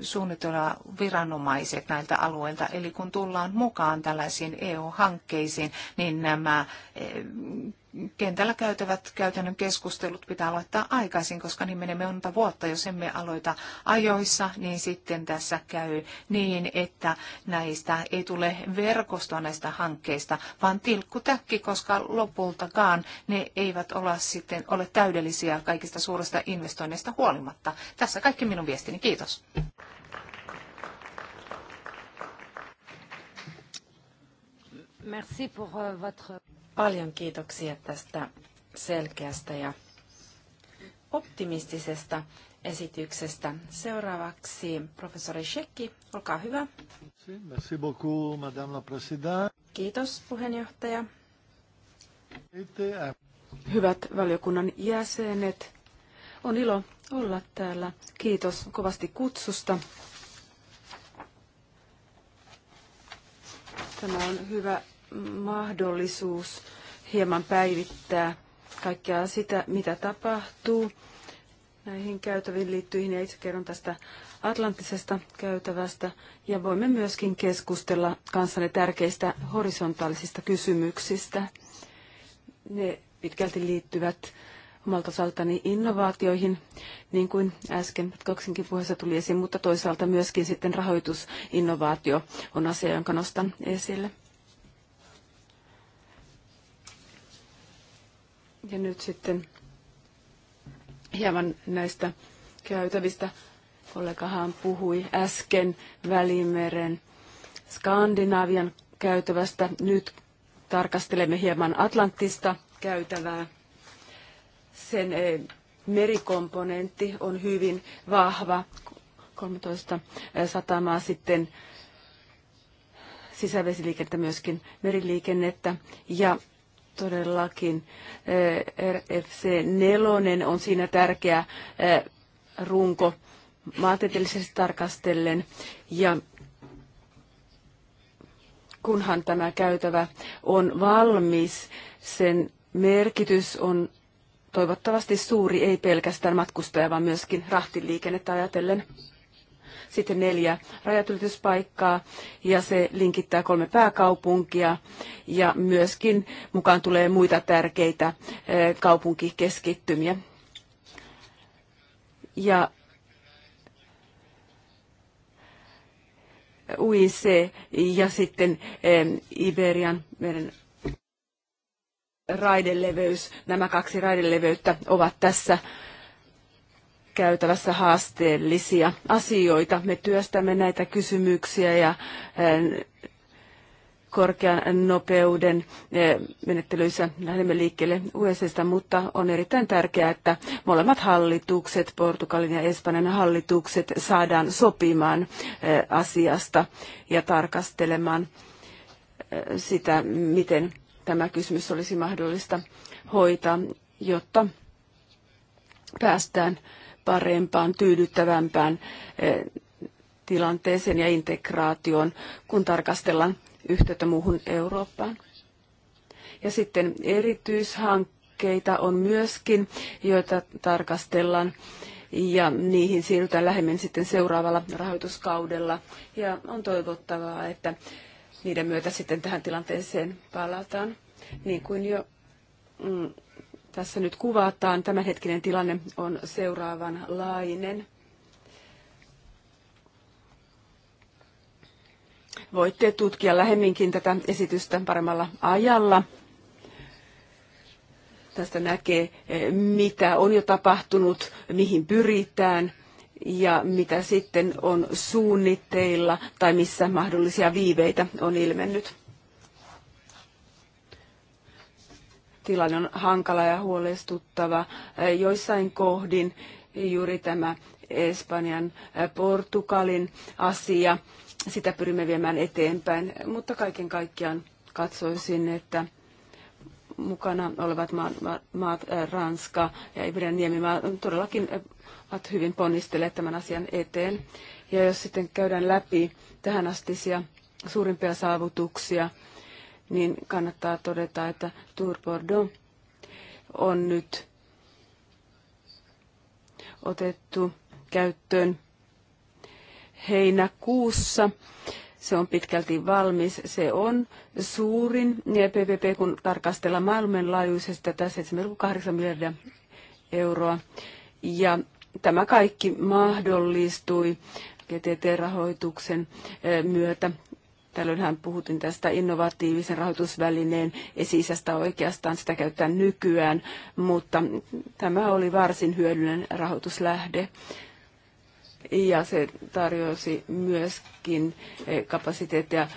suunnitella viranomaiset näiltä alueilta. Eli kun tullaan mukaan tällaisiin EU-hankkeisiin, niin nämä eh, kentällä käytävät käytännön keskustelut pitää aloittaa aikaisin, koska niin menemme monta vuotta. Jos emme aloita ajoissa, niin sitten tässä käy niin, että näistä ei tule verkostoa näistä hankkeista, vaan tilkkutäkki, koska lopultakaan ne eivät ole sitten ole täydellisiä kaikista suurista investoinneista huolimatta. Tässä kaikki minun viestini. Kiitos. Merci pour euh, votre... Paljon kiitoksia tästä selkeästä ja optimistisesta esityksestä. Seuraavaksi professori Shekki, olkaa hyvä. Merci beaucoup, madame la présidente. Kiitos puheenjohtaja. Eh, Hyvät valiokunnan jäsenet, on ilo olla täällä. Kiitos kovasti kutsusta. Tämä on hyvä mahdollisuus hieman päivittää kaikkea sitä, mitä tapahtuu näihin käytäviin liittyihin. Ja itse kerron tästä Atlanttisesta käytävästä ja voimme myöskin keskustella kanssanne tärkeistä horisontaalisista kysymyksistä. Ne pitkälti liittyvät omalta osaltani innovaatioihin, niin kuin äsken kaksinkin puheessa tuli esiin, mutta toisaalta myöskin sitten rahoitusinnovaatio on asia, jonka nostan esille. Ja nyt sitten hieman näistä käytävistä. Kollegahan puhui äsken Välimeren Skandinavian käytävästä. Nyt tarkastelemme hieman Atlanttista käytävää. Sen eh, merikomponentti on hyvin vahva. 13 eh, satamaa sitten sisävesiliikennettä myöskin meriliikennettä ja Todellakin eh, RFC 4 on siinä tärkeä eh, runko maantieteellisesti tarkastellen. Ja kunhan tämä käytävä on valmis, sen merkitys on toivottavasti suuri, ei pelkästään matkustaja, vaan myöskin rahtiliikennettä ajatellen sitten neljä rajatylityspaikkaa ja se linkittää kolme pääkaupunkia ja myöskin mukaan tulee muita tärkeitä eh, kaupunkikeskittymiä. Ja UIC ja sitten Iberian meidän raideleveys, nämä kaksi raideleveyttä ovat tässä käytävässä haasteellisia asioita. Me työstämme näitä kysymyksiä ja eh, korkean nopeuden eh, menettelyissä lähdemme liikkeelle USA, mutta on erittäin tärkeää, että molemmat hallitukset, Portugalin ja Espanjan hallitukset, saadaan sopimaan eh, asiasta ja tarkastelemaan sitä, miten tämä kysymys olisi mahdollista hoitaa, jotta päästään parempaan, tyydyttävämpään eh, tilanteeseen ja integraatioon, kun tarkastellaan yhteyttä muuhun Eurooppaan. Ja sitten erityishankkeita on myöskin, joita tarkastellaan ja niihin siirrytään lähemmin sitten seuraavalla rahoituskaudella. Ja on toivottavaa, että niiden myötä sitten tähän tilanteeseen palataan. Niin kuin jo mm, tässä nyt kuvataan. Tämänhetkinen tilanne on seuraavanlainen. Voitte tutkia lähemminkin tätä esitystä paremmalla ajalla. Tästä näkee, mitä on jo tapahtunut, mihin pyritään ja mitä sitten on suunnitteilla tai missä mahdollisia viiveitä on ilmennyt. tilanne on hankala ja huolestuttava joissain kohdin juuri tämä Espanjan, Portugalin asia. Sitä pyrimme viemään eteenpäin, mutta kaiken kaikkiaan katsoisin, että mukana olevat maat, maat Ranska ja Iberian niemimaa todellakin ovat hyvin ponnistelleet tämän asian eteen. Ja jos sitten käydään läpi tähän asti suurimpia saavutuksia, niin kannattaa todeta, että Tour Bordeaux on nyt otettu käyttöön heinäkuussa. Se on pitkälti valmis. Se on suurin PPP, kun tarkastellaan maailmanlaajuisesti tätä 7,8 miljardia euroa. Ja tämä kaikki mahdollistui GTT-rahoituksen eh, myötä Tällöinhän puhutin tästä innovatiivisen rahoitusvälineen esisästä oikeastaan, sitä käyttää nykyään, mutta tämä oli varsin hyödyllinen rahoituslähde. Ja se tarjosi myöskin e, kapasiteettia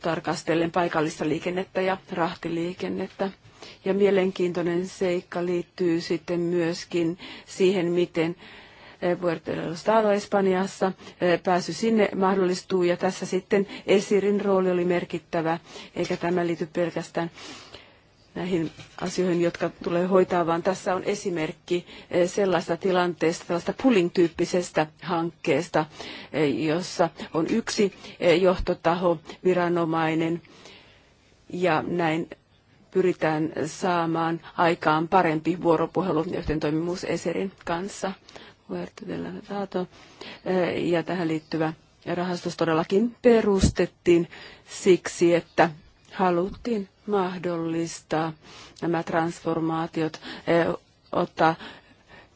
tarkastellen paikallista liikennettä ja rahtiliikennettä. Ja mielenkiintoinen seikka liittyy sitten myöskin siihen, miten Eh, Puerto del Estado Espanjassa. Eh, pääsy sinne mahdollistuu ja tässä sitten Esirin rooli oli merkittävä, eikä tämä liity pelkästään näihin asioihin, jotka tulee hoitaa, vaan tässä on esimerkki eh, sellaista tilanteesta, tällaista pulling-tyyppisestä hankkeesta, jossa on yksi johtotaho, viranomainen, ja näin pyritään saamaan aikaan parempi vuoropuhelu yhteen toimivuus Eserin kanssa. Huerta de la eh, ja tähän liittyvä rahastus todellakin perustettiin siksi, että haluttiin mahdollistaa nämä transformaatiot, eh, ottaa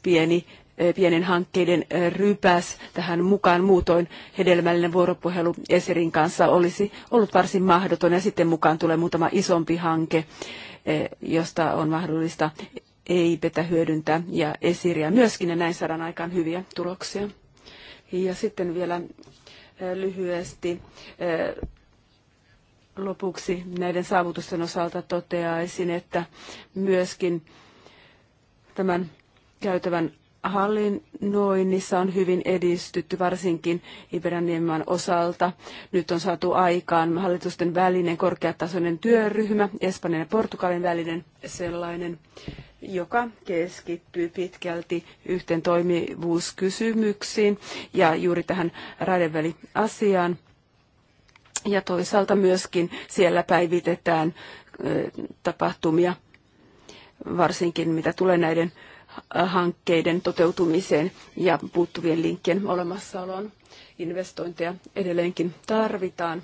pieni eh, pienen hankkeiden rypäs tähän mukaan. Muutoin hedelmällinen vuoropuhelu Eserin kanssa olisi ollut varsin mahdoton ja sitten mukaan tulee muutama isompi hanke, josta on mahdollista ei petä hyödyntää ja esiriä myöskin, ja näin saadaan aikaan hyviä tuloksia. Ja sitten vielä lyhyesti lopuksi näiden saavutusten osalta toteaisin, että myöskin tämän käytävän hallinnoinnissa on hyvin edistytty, varsinkin Iberaniemman osalta. Nyt on saatu aikaan hallitusten välinen korkeatasoinen työryhmä, Espanjan ja Portugalin välinen sellainen joka keskittyy pitkälti yhteen toimivuuskysymyksiin ja juuri tähän raideväliasiaan. Ja toisaalta myöskin siellä päivitetään tapahtumia, varsinkin mitä tulee näiden hankkeiden toteutumiseen ja puuttuvien linkkien olemassaoloon. Investointeja edelleenkin tarvitaan.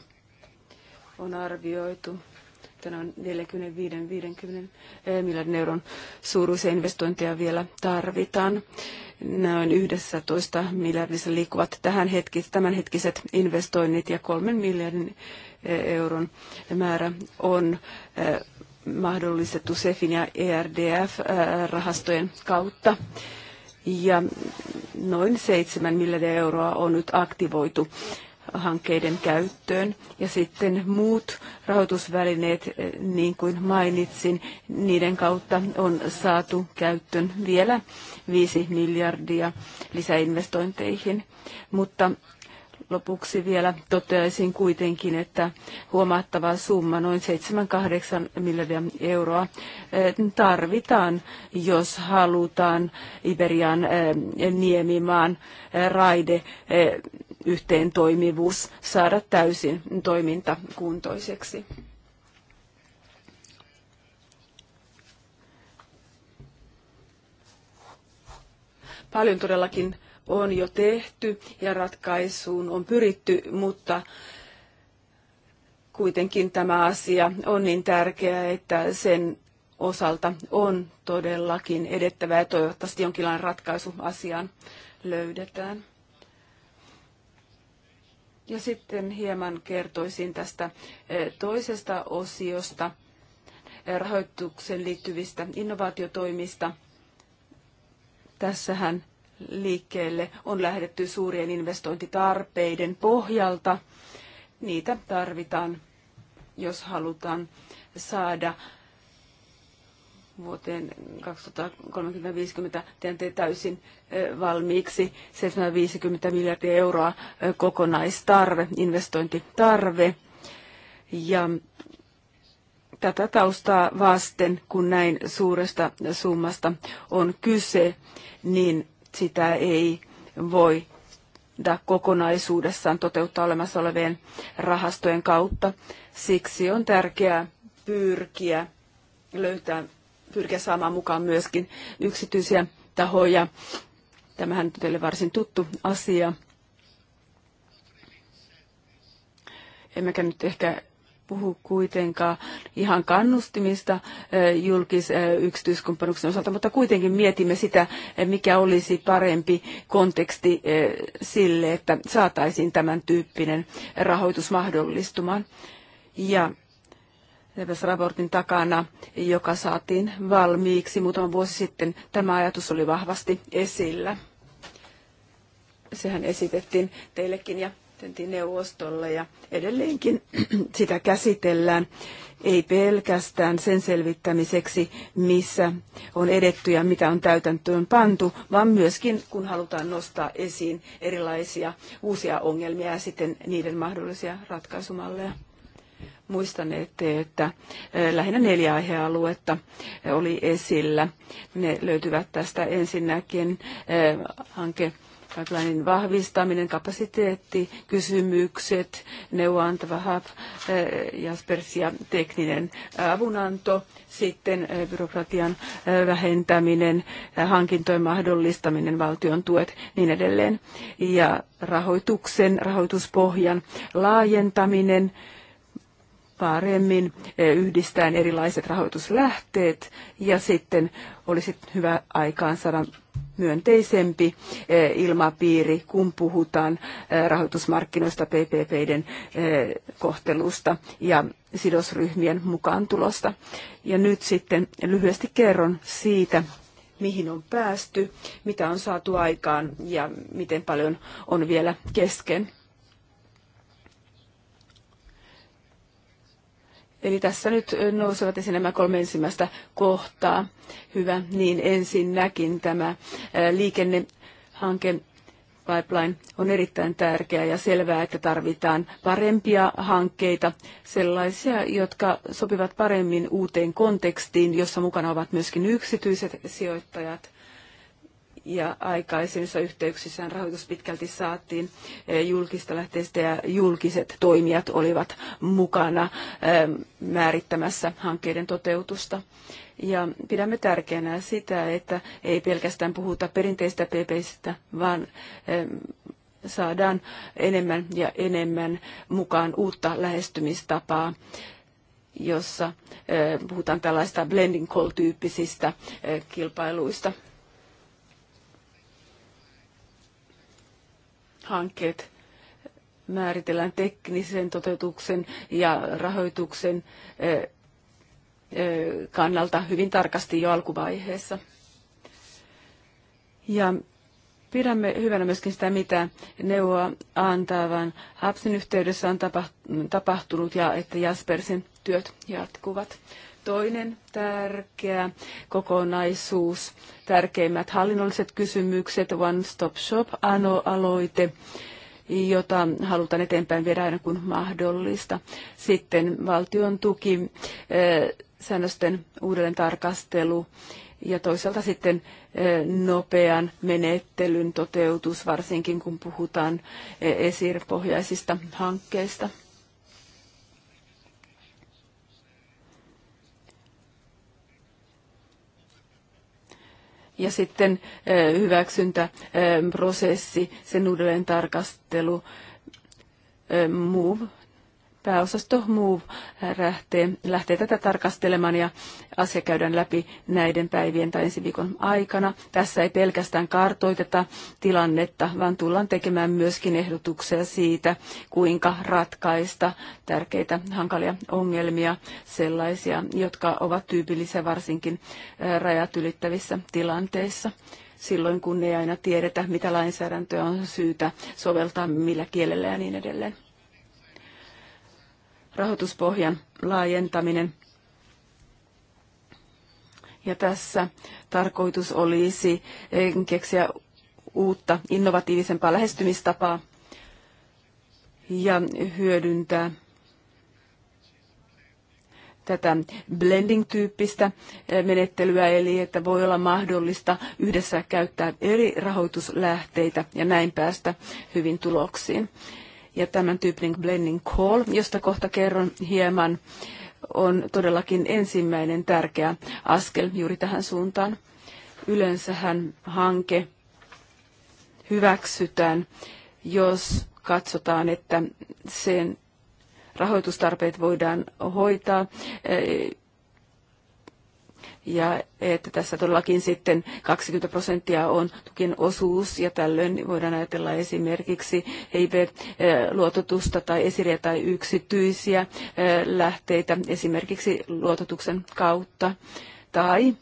On arvioitu, tänään 45-50 eh, miljardin euron suuruisia investointeja vielä tarvitaan. Noin 11 miljardissa liikkuvat tähän hetki, tämänhetkiset investoinnit ja kolmen miljardin eh, euron määrä on eh, mahdollistettu SEFin ja ERDF-rahastojen kautta. Ja noin 7 miljardia euroa on nyt aktivoitu hankkeiden käyttöön. Ja sitten muut rahoitusvälineet, eh, niin kuin mainitsin, niiden kautta on saatu käyttöön vielä 5 miljardia lisäinvestointeihin. Mutta lopuksi vielä toteaisin kuitenkin, että huomattava summa, noin 7-8 miljardia euroa, eh, tarvitaan, jos halutaan Iberian eh, niemimaan raide yhteen toimivuus saada täysin toimintakuntoiseksi. Paljon todellakin on jo tehty ja ratkaisuun on pyritty, mutta kuitenkin tämä asia on niin tärkeä, että sen osalta on todellakin edettävä ja toivottavasti jonkinlainen ratkaisu asiaan löydetään. Ja sitten hieman kertoisin tästä eh, toisesta osiosta eh, rahoitukseen liittyvistä innovaatiotoimista. Tässähän liikkeelle on lähdetty suurien investointitarpeiden pohjalta. Niitä tarvitaan, jos halutaan saada vuoteen 2030-50 tilanteen täysin valmiiksi 750 miljardia euroa kokonaistarve, investointitarve. Ja tätä taustaa vasten, kun näin suuresta summasta on kyse, niin sitä ei voi kokonaisuudessaan toteuttaa olemassa olevien rahastojen kautta. Siksi on tärkeää pyrkiä löytää pyrkiä saamaan mukaan myöskin yksityisiä tahoja. Tämähän on teille varsin tuttu asia. Emmekä nyt ehkä puhu kuitenkaan ihan kannustimista julkis-yksityiskumppanuksen osalta, mutta kuitenkin mietimme sitä, mikä olisi parempi konteksti sille, että saataisiin tämän tyyppinen rahoitus mahdollistumaan. Ja raportin takana, joka saatiin valmiiksi muutama vuosi sitten. Tämä ajatus oli vahvasti esillä. Sehän esitettiin teillekin ja neuvostolle ja edelleenkin [clears throat] sitä käsitellään ei pelkästään sen selvittämiseksi, missä on edetty ja mitä on täytäntöön pantu, vaan myöskin kun halutaan nostaa esiin erilaisia uusia ongelmia ja sitten niiden mahdollisia ratkaisumalleja muistanette, että eh, lähinnä neljä aihealuetta eh, oli esillä. Ne löytyvät tästä ensinnäkin eh, hanke pipelinin vahvistaminen, kapasiteetti, kysymykset, neuvoantava hub, Jaspers ja tekninen avunanto, sitten byrokratian vähentäminen, hankintojen mahdollistaminen, valtion tuet, niin edelleen. Ja rahoituksen, rahoituspohjan laajentaminen, paremmin eh, yhdistään erilaiset rahoituslähteet ja sitten olisi hyvä aikaan saada myönteisempi eh, ilmapiiri, kun puhutaan eh, rahoitusmarkkinoista, PPPiden kohtelusta ja sidosryhmien mukaan tulosta. Ja nyt sitten lyhyesti kerron siitä, mihin on päästy, mitä on saatu aikaan ja miten paljon on vielä kesken. Eli tässä nyt nousevat esiin nämä kolme ensimmäistä kohtaa. Hyvä, niin ensinnäkin tämä liikennehanke pipeline on erittäin tärkeä ja selvää, että tarvitaan parempia hankkeita, sellaisia, jotka sopivat paremmin uuteen kontekstiin, jossa mukana ovat myöskin yksityiset sijoittajat ja aikaisemmissa yhteyksissään rahoitus pitkälti saatiin e, julkista lähteistä ja julkiset toimijat olivat mukana e, määrittämässä hankkeiden toteutusta. Ja pidämme tärkeänä sitä, että ei pelkästään puhuta perinteistä PPistä, vaan e, saadaan enemmän ja enemmän mukaan uutta lähestymistapaa jossa puhutaan tällaista blending call-tyyppisistä kilpailuista hankkeet määritellään teknisen toteutuksen ja rahoituksen kannalta hyvin tarkasti jo alkuvaiheessa. Ja pidämme hyvänä myöskin sitä, mitä neuvoa antavan HAPSin yhteydessä on tapahtunut ja että Jaspersin työt jatkuvat. Toinen tärkeä kokonaisuus, tärkeimmät hallinnolliset kysymykset, One Stop Shop, ANO-aloite, jota halutaan eteenpäin viedä aina kun mahdollista. Sitten valtion tuki, eh, säännösten uudelleen tarkastelu ja toisaalta sitten eh, nopean menettelyn toteutus, varsinkin kun puhutaan eh, esirpohjaisista hankkeista. ja sitten hyväksyntäprosessi, sen uudelleen tarkastelu, move pääosasto MOVE lähtee, lähtee tätä tarkastelemaan ja asia käydään läpi näiden päivien tai ensi viikon aikana. Tässä ei pelkästään kartoiteta tilannetta, vaan tullaan tekemään myöskin ehdotuksia siitä, kuinka ratkaista tärkeitä hankalia ongelmia, sellaisia, jotka ovat tyypillisiä varsinkin rajat ylittävissä tilanteissa silloin, kun ei aina tiedetä, mitä lainsäädäntöä on syytä soveltaa, millä kielellä ja niin edelleen rahoituspohjan laajentaminen. Ja tässä tarkoitus olisi eh, keksiä uutta innovatiivisempaa lähestymistapaa ja hyödyntää tätä blending-tyyppistä eh, menettelyä, eli että voi olla mahdollista yhdessä käyttää eri rahoituslähteitä ja näin päästä hyvin tuloksiin ja tämän tyyppinen blending call, josta kohta kerron hieman, on todellakin ensimmäinen tärkeä askel juuri tähän suuntaan. Yleensähän hanke hyväksytään, jos katsotaan, että sen rahoitustarpeet voidaan hoitaa ja että tässä todellakin sitten 20 prosenttia on tukin osuus ja tällöin voidaan ajatella esimerkiksi EIB-luototusta tai esiriä tai yksityisiä lähteitä esimerkiksi luototuksen kautta tai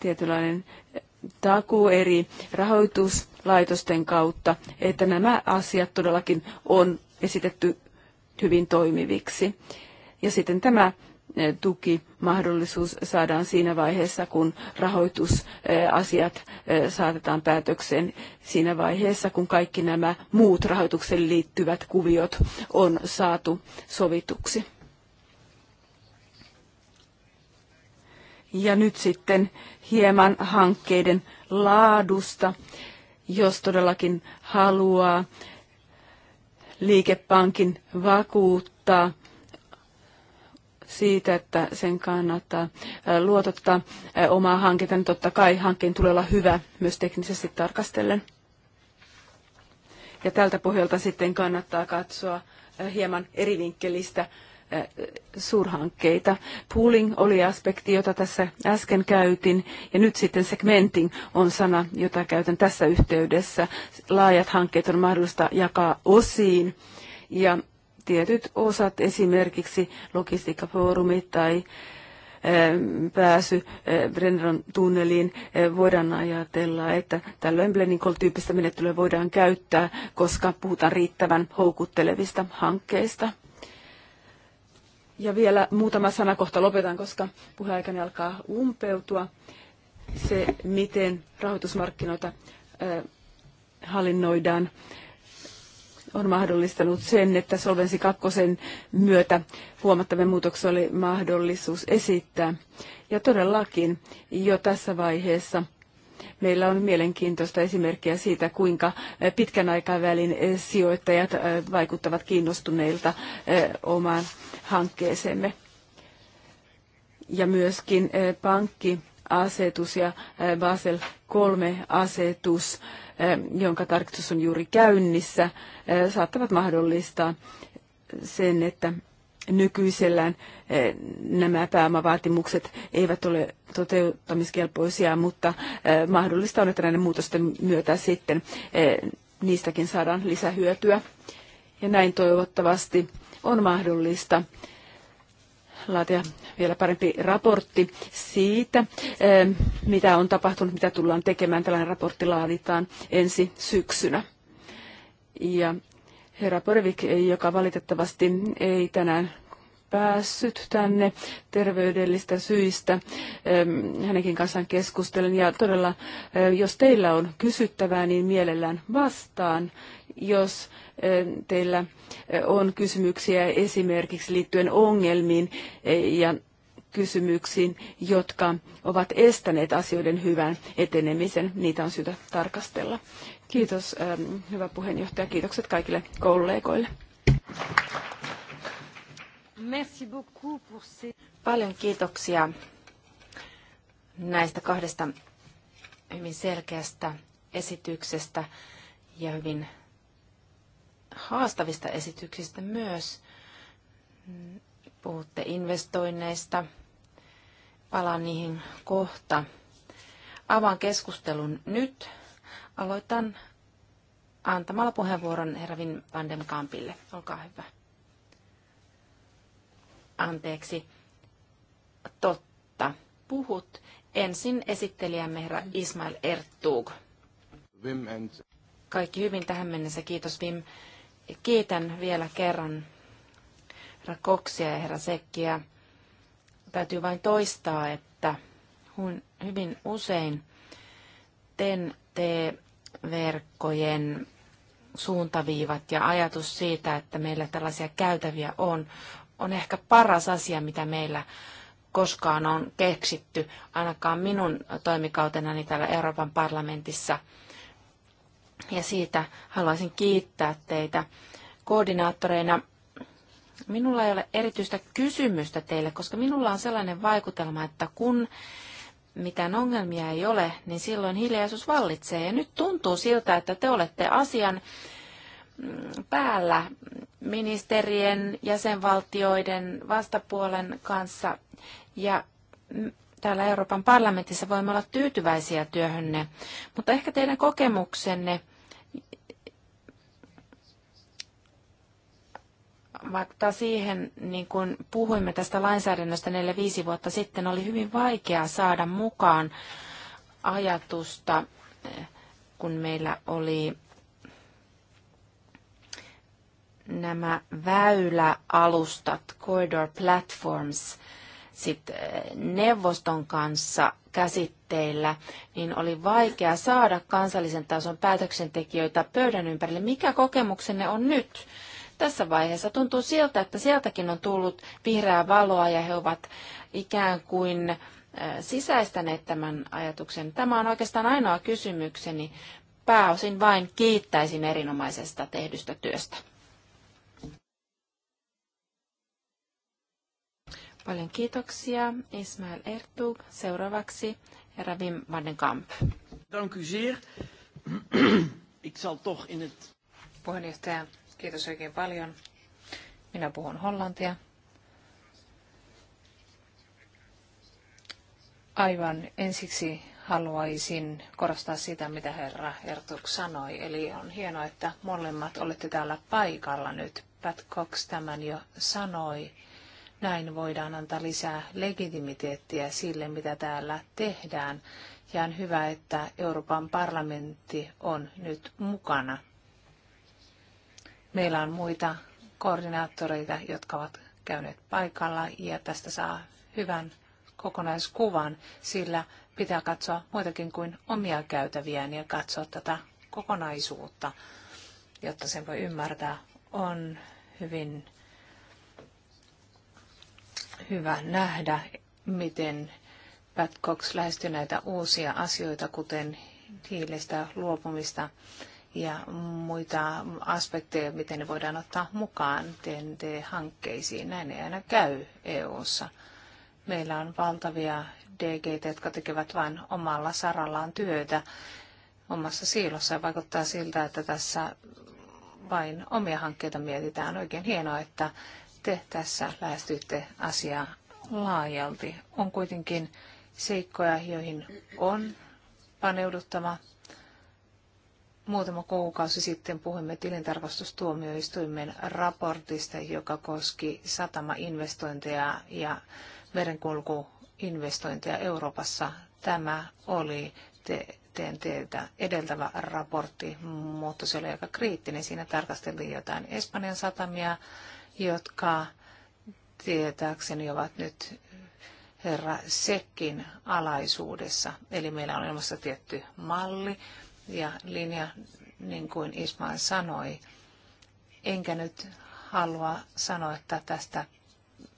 tietynlainen takuu eri rahoituslaitosten kautta, että nämä asiat todellakin on esitetty hyvin toimiviksi. Ja sitten tämä tuki mahdollisuus saadaan siinä vaiheessa, kun rahoitusasiat eh, saatetaan päätökseen siinä vaiheessa, kun kaikki nämä muut rahoitukseen liittyvät kuviot on saatu sovituksi. Ja nyt sitten hieman hankkeiden laadusta, jos todellakin haluaa liikepankin vakuuttaa siitä, että sen kannattaa luotottaa omaa hanketta, niin totta kai hankkeen tulee olla hyvä myös teknisesti tarkastellen. Ja tältä pohjalta sitten kannattaa katsoa hieman eri vinkkelistä suurhankkeita. Pooling oli aspekti, jota tässä äsken käytin, ja nyt sitten segmenting on sana, jota käytän tässä yhteydessä. Laajat hankkeet on mahdollista jakaa osiin, ja tietyt osat, esimerkiksi logistiikkafoorumi tai ähm, pääsy äh, Brenneron tunneliin, äh, voidaan ajatella, että tällöin blending tyyppistä menettelyä voidaan käyttää, koska puhutaan riittävän houkuttelevista hankkeista. Ja vielä muutama sana kohta lopetan, koska puheaikani alkaa umpeutua. Se, miten rahoitusmarkkinoita äh, hallinnoidaan on mahdollistanut sen, että Solvensi 2 myötä huomattavan muutoksia oli mahdollisuus esittää. Ja todellakin jo tässä vaiheessa meillä on mielenkiintoista esimerkkiä siitä, kuinka pitkän aikavälin sijoittajat vaikuttavat kiinnostuneilta omaan hankkeeseemme. Ja myöskin pankkiasetus ja Basel 3-asetus jonka tarkoitus on juuri käynnissä, saattavat mahdollistaa sen, että nykyisellään nämä pääomavaatimukset eivät ole toteuttamiskelpoisia, mutta mahdollista on, että näiden muutosten myötä sitten niistäkin saadaan lisähyötyä. Ja näin toivottavasti on mahdollista laatia vielä parempi raportti siitä, eh, mitä on tapahtunut, mitä tullaan tekemään. Tällainen raportti laaditaan ensi syksynä. Ja herra Porvik, joka valitettavasti ei tänään päässyt tänne terveydellistä syistä. Eh, hänenkin kanssaan keskustelen ja todella, eh, jos teillä on kysyttävää, niin mielellään vastaan jos teillä on kysymyksiä esimerkiksi liittyen ongelmiin ja kysymyksiin, jotka ovat estäneet asioiden hyvän etenemisen. Niitä on syytä tarkastella. Kiitos, hyvä puheenjohtaja. Kiitokset kaikille kollegoille. Paljon kiitoksia näistä kahdesta hyvin selkeästä esityksestä ja hyvin haastavista esityksistä myös. Puhutte investoinneista. Palaan niihin kohta. Avaan keskustelun nyt. Aloitan antamalla puheenvuoron Hervin van den Kampille. Olkaa hyvä. Anteeksi. Totta. Puhut ensin esittelijämme herra Ismail Ertug. Kaikki hyvin tähän mennessä. Kiitos Vim. Ja kiitän vielä kerran herra Koksia ja herra Sekkiä. Täytyy vain toistaa, että hyvin usein TEN-T-verkkojen suuntaviivat ja ajatus siitä, että meillä tällaisia käytäviä on, on ehkä paras asia, mitä meillä koskaan on keksitty, ainakaan minun toimikautenani täällä Euroopan parlamentissa – ja siitä haluaisin kiittää teitä koordinaattoreina. Minulla ei ole erityistä kysymystä teille, koska minulla on sellainen vaikutelma, että kun mitään ongelmia ei ole, niin silloin hiljaisuus vallitsee. Ja nyt tuntuu siltä, että te olette asian mm, päällä ministerien, jäsenvaltioiden, vastapuolen kanssa. Ja mm, täällä Euroopan parlamentissa voimme olla tyytyväisiä työhönne, mutta ehkä teidän kokemuksenne – vaikka siihen, niin kuin puhuimme tästä lainsäädännöstä 4-5 vuotta sitten, oli hyvin vaikea saada mukaan ajatusta, eh, kun meillä oli nämä väyläalustat, corridor platforms, sit eh, neuvoston kanssa käsitteillä, niin oli vaikea saada kansallisen tason päätöksentekijöitä pöydän ympärille. Mikä kokemuksenne on nyt? tässä vaiheessa. Tuntuu siltä, että sieltäkin on tullut vihreää valoa ja he ovat ikään kuin äh, sisäistäneet tämän ajatuksen. Tämä on oikeastaan ainoa kysymykseni. Pääosin vain kiittäisin erinomaisesta tehdystä työstä. Paljon kiitoksia, Ismail Ertug. Seuraavaksi herra Wim van den Kamp. Dank u zeer. [clears throat] Ik zal toch in het... Puheenjohtaja, Kiitos oikein paljon. Minä puhun hollantia. Aivan ensiksi haluaisin korostaa sitä, mitä herra Ertuk sanoi. Eli on hienoa, että molemmat olette täällä paikalla nyt. Pat Cox tämän jo sanoi. Näin voidaan antaa lisää legitimiteettiä sille, mitä täällä tehdään. Ja on hyvä, että Euroopan parlamentti on nyt mukana Meillä on muita koordinaattoreita, jotka ovat käyneet paikalla ja tästä saa hyvän kokonaiskuvan, sillä pitää katsoa muitakin kuin omia käytäviään ja katsoa tätä kokonaisuutta, jotta sen voi ymmärtää. On hyvin hyvä nähdä, miten Pat Cox lähestyi näitä uusia asioita, kuten hiilestä luopumista ja muita aspekteja, miten ne voidaan ottaa mukaan TNT-hankkeisiin. Näin ei aina käy EU:ssa. Meillä on valtavia DG, jotka tekevät vain omalla sarallaan työtä omassa siilossa. Vaikuttaa siltä, että tässä vain omia hankkeita mietitään. Oikein hienoa, että te tässä lähestyitte asiaa laajalti. On kuitenkin seikkoja, joihin on paneuduttava Muutama kuukausi sitten puhuimme tilintarkastustuomioistuimen raportista, joka koski satamainvestointeja ja merenkulkuinvestointeja Euroopassa. Tämä oli te- TNTltä edeltävä raportti, mutta se oli aika kriittinen. Siinä tarkasteltiin jotain Espanjan satamia, jotka tietääkseni ovat nyt herra Sekin alaisuudessa. Eli meillä on olemassa tietty malli, ja linja, niin kuin Ismail sanoi. Enkä nyt halua sanoa, että tästä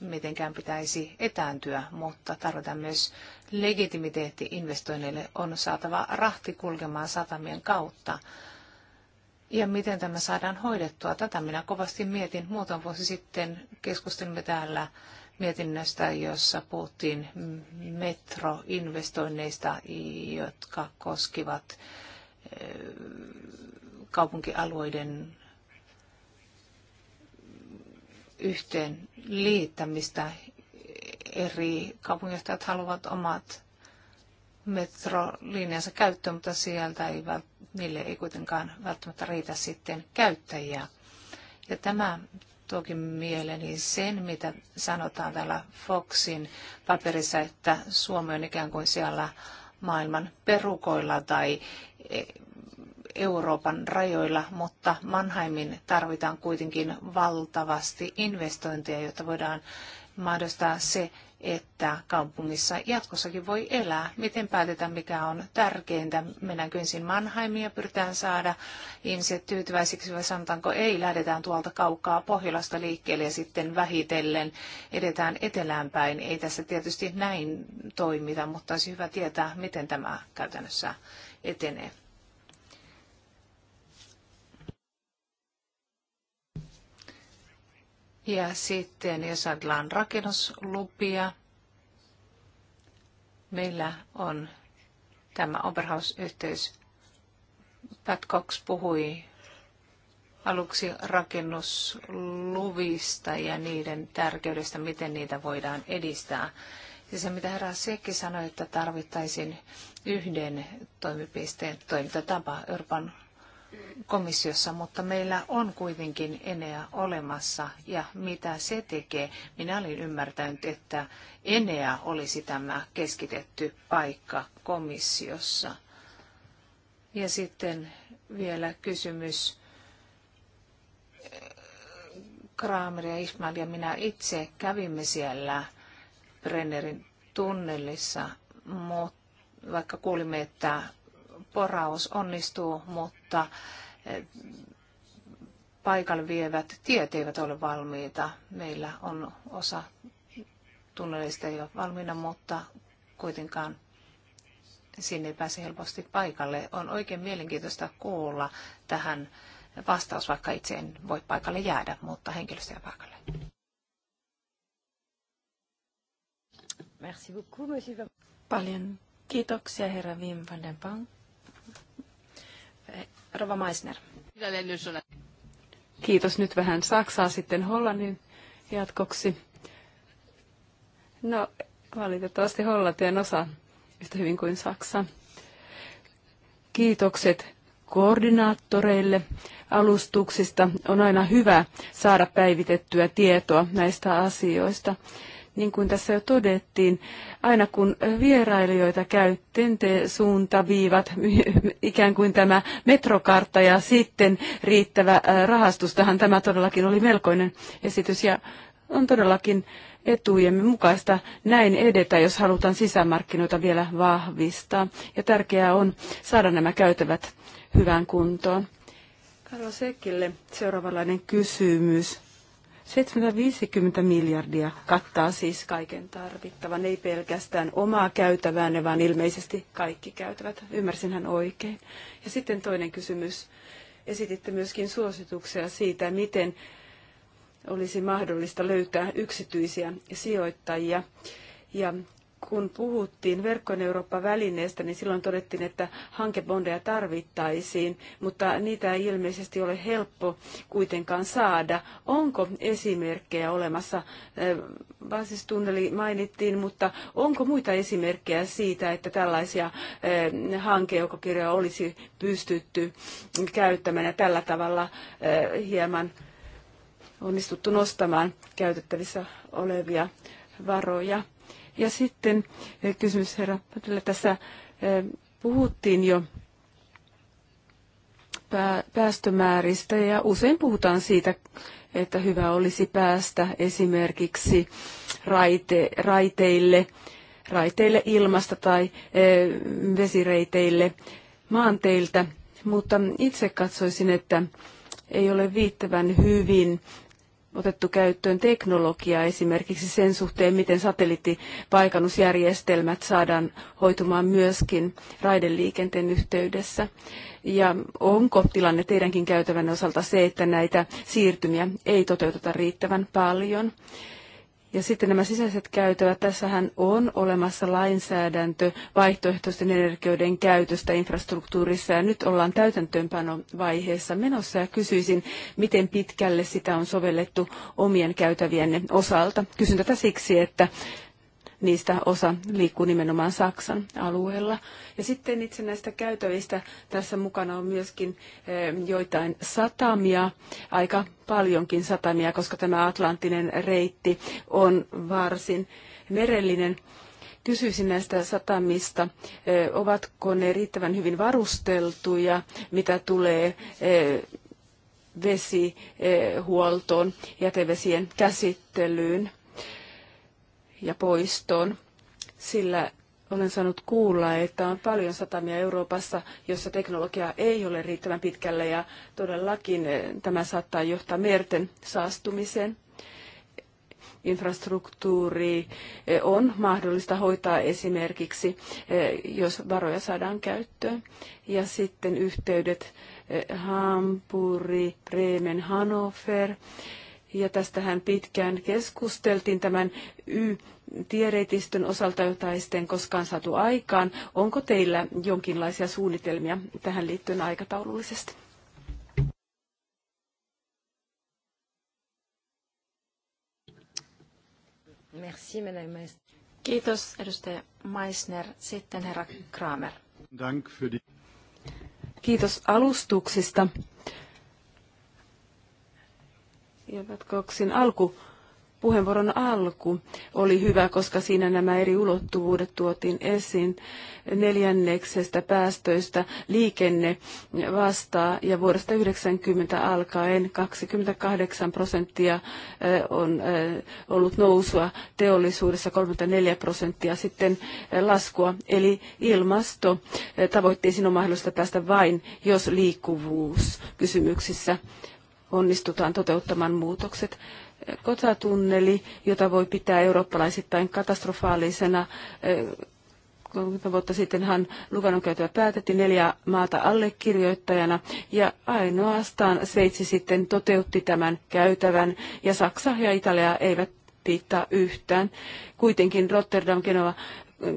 mitenkään pitäisi etääntyä, mutta tarvitaan myös legitimiteetti investoinneille. On saatava rahti kulkemaan satamien kautta. Ja miten tämä saadaan hoidettua? Tätä minä kovasti mietin. Muutama vuosi sitten keskustelimme täällä mietinnöstä, jossa puhuttiin metroinvestoinneista, jotka koskivat kaupunkialueiden yhteen liittämistä. Eri kaupunginjohtajat haluavat omat metrolinjansa käyttöön, mutta sieltä ei, niille ei kuitenkaan välttämättä riitä sitten käyttäjiä. Ja tämä toki mieleeni sen, mitä sanotaan täällä Foxin paperissa, että Suomi on ikään kuin siellä maailman perukoilla tai e, Euroopan rajoilla, mutta Mannheimin tarvitaan kuitenkin valtavasti investointeja, jotta voidaan mahdollistaa se, että kaupungissa jatkossakin voi elää. Miten päätetään, mikä on tärkeintä? Mennäänkö ensin Mannheimia, pyritään saada ihmiset tyytyväisiksi vai sanotaanko ei, lähdetään tuolta kaukaa Pohjolasta liikkeelle ja sitten vähitellen edetään etelään päin. Ei tässä tietysti näin toimita, mutta olisi hyvä tietää, miten tämä käytännössä etenee. Ja sitten jos ajatellaan rakennuslupia, meillä on tämä Oberhaus-yhteys. Pat puhui aluksi rakennusluvista ja niiden tärkeydestä, miten niitä voidaan edistää. Ja se, mitä herra Sekki sanoi, että tarvittaisiin yhden toimipisteen toimintatapa Euroopan komissiossa, mutta meillä on kuitenkin Enea olemassa. Ja mitä se tekee? Minä olin ymmärtänyt, että Enea olisi tämä keskitetty paikka komissiossa. Ja sitten vielä kysymys Kramer ja Ismail ja minä itse kävimme siellä Brennerin tunnelissa, mutta vaikka kuulimme, että poraus onnistuu, mutta e, paikalle vievät tiet eivät ole valmiita. Meillä on osa tunnelista jo valmiina, mutta kuitenkaan sinne ei pääse helposti paikalle. On oikein mielenkiintoista kuulla tähän vastaus, vaikka itse en voi paikalle jäädä, mutta henkilöstöä paikalle. Merci beaucoup, monsieur. Paljon kiitoksia, herra Wim van den Bank. Rova Meisner. Kiitos. Nyt vähän Saksaa sitten Hollannin jatkoksi. No, valitettavasti Hollanti en osaa yhtä hyvin kuin Saksa. Kiitokset koordinaattoreille alustuksista. On aina hyvä saada päivitettyä tietoa näistä asioista. Niin kuin tässä jo todettiin, aina kun vierailijoita käy, suuntaviivat, [laughs] ikään kuin tämä metrokartta ja sitten riittävä tähän tämä todellakin oli melkoinen esitys ja on todellakin etujemme mukaista näin edetä, jos halutaan sisämarkkinoita vielä vahvistaa. Ja tärkeää on saada nämä käytävät hyvään kuntoon. Karo Sekille seuraavanlainen kysymys. 750 miljardia kattaa siis kaiken tarvittavan, ei pelkästään omaa käytävään, vaan ilmeisesti kaikki käytävät. hän oikein. Ja sitten toinen kysymys. Esititte myöskin suosituksia siitä, miten olisi mahdollista löytää yksityisiä sijoittajia. Ja kun puhuttiin verkkojen Eurooppa-välineestä, niin silloin todettiin, että hankebondeja tarvittaisiin, mutta niitä ei ilmeisesti ole helppo kuitenkaan saada. Onko esimerkkejä olemassa? Basistunneli mainittiin, mutta onko muita esimerkkejä siitä, että tällaisia hankejoukokirjoja olisi pystytty käyttämään ja tällä tavalla hieman onnistuttu nostamaan käytettävissä olevia varoja. Ja sitten eh, kysymys herra Padilla. Tässä eh, puhuttiin jo päästömääristä ja usein puhutaan siitä, että hyvä olisi päästä esimerkiksi raite, raiteille, raiteille ilmasta tai eh, vesireiteille maanteiltä, mutta itse katsoisin, että ei ole viittävän hyvin otettu käyttöön teknologiaa esimerkiksi sen suhteen, miten satelliittipaikannusjärjestelmät saadaan hoitumaan myöskin raideliikenteen yhteydessä. Ja onko tilanne teidänkin käytävän osalta se, että näitä siirtymiä ei toteuteta riittävän paljon? Ja sitten nämä sisäiset käytävät, tässähän on olemassa lainsäädäntö vaihtoehtoisten energioiden käytöstä infrastruktuurissa ja nyt ollaan täytäntöönpanovaiheessa menossa ja kysyisin, miten pitkälle sitä on sovellettu omien käytävienne osalta. Kysyn tätä siksi, että niistä osa liikkuu nimenomaan Saksan alueella. Ja sitten itse näistä käytävistä tässä mukana on myöskin eh, joitain satamia, aika paljonkin satamia, koska tämä atlanttinen reitti on varsin merellinen kysyisin näistä satamista, eh, ovatko ne riittävän hyvin varusteltuja, mitä tulee eh, vesihuoltoon, jätevesien käsittelyyn ja poistoon, sillä olen saanut kuulla, että on paljon satamia Euroopassa, jossa teknologia ei ole riittävän pitkälle ja todellakin eh, tämä saattaa johtaa merten saastumiseen. Infrastruktuuri eh, on mahdollista hoitaa esimerkiksi, eh, jos varoja saadaan käyttöön. Ja sitten yhteydet Hampuri, Bremen, Hannover ja tästähän pitkään keskusteltiin tämän y tiereitistön osalta, jota ei sitten koskaan saatu aikaan. Onko teillä jonkinlaisia suunnitelmia tähän liittyen aikataulullisesti? Merci, Madame Kiitos, edustaja Meissner. Sitten herra Kramer. Kiitos alustuksista. Ja Vatkoksin alku, puheenvuoron alku oli hyvä, koska siinä nämä eri ulottuvuudet tuotiin esiin. Neljänneksestä päästöistä liikenne vastaa ja vuodesta 90 alkaen 28 prosenttia on ollut nousua teollisuudessa, 34 prosenttia sitten laskua. Eli ilmasto tavoitteisiin on mahdollista päästä vain, jos liikkuvuus kysymyksissä onnistutaan toteuttamaan muutokset. Kotatunneli, jota voi pitää eurooppalaisittain katastrofaalisena, 30 vuotta sittenhan luvan on käytyä päätettiin neljä maata allekirjoittajana ja ainoastaan Sveitsi sitten toteutti tämän käytävän ja Saksa ja Italia eivät piittaa yhtään. Kuitenkin Rotterdam Genova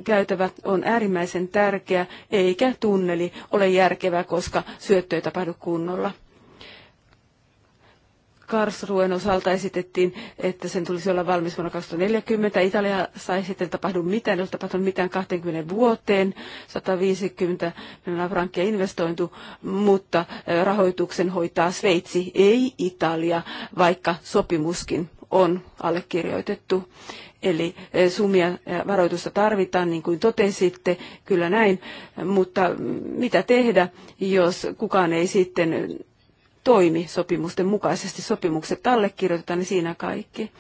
käytävä on äärimmäisen tärkeä eikä tunneli ole järkevä, koska syöttö ei tapahdu kunnolla. Karsruen osalta esitettiin, että sen tulisi olla valmis vuonna 2040. Italiassa ei sitten tapahdu mitään, ei ole tapahtunut mitään 20 vuoteen, 150 miljoonaa frankkia investointu, mutta rahoituksen hoitaa Sveitsi, ei Italia, vaikka sopimuskin on allekirjoitettu. Eli sumia ja varoitusta tarvitaan, niin kuin totesitte, kyllä näin, mutta mitä tehdä, jos kukaan ei sitten toimi sopimusten mukaisesti. Sopimukset allekirjoitetaan, niin siinä kaikki.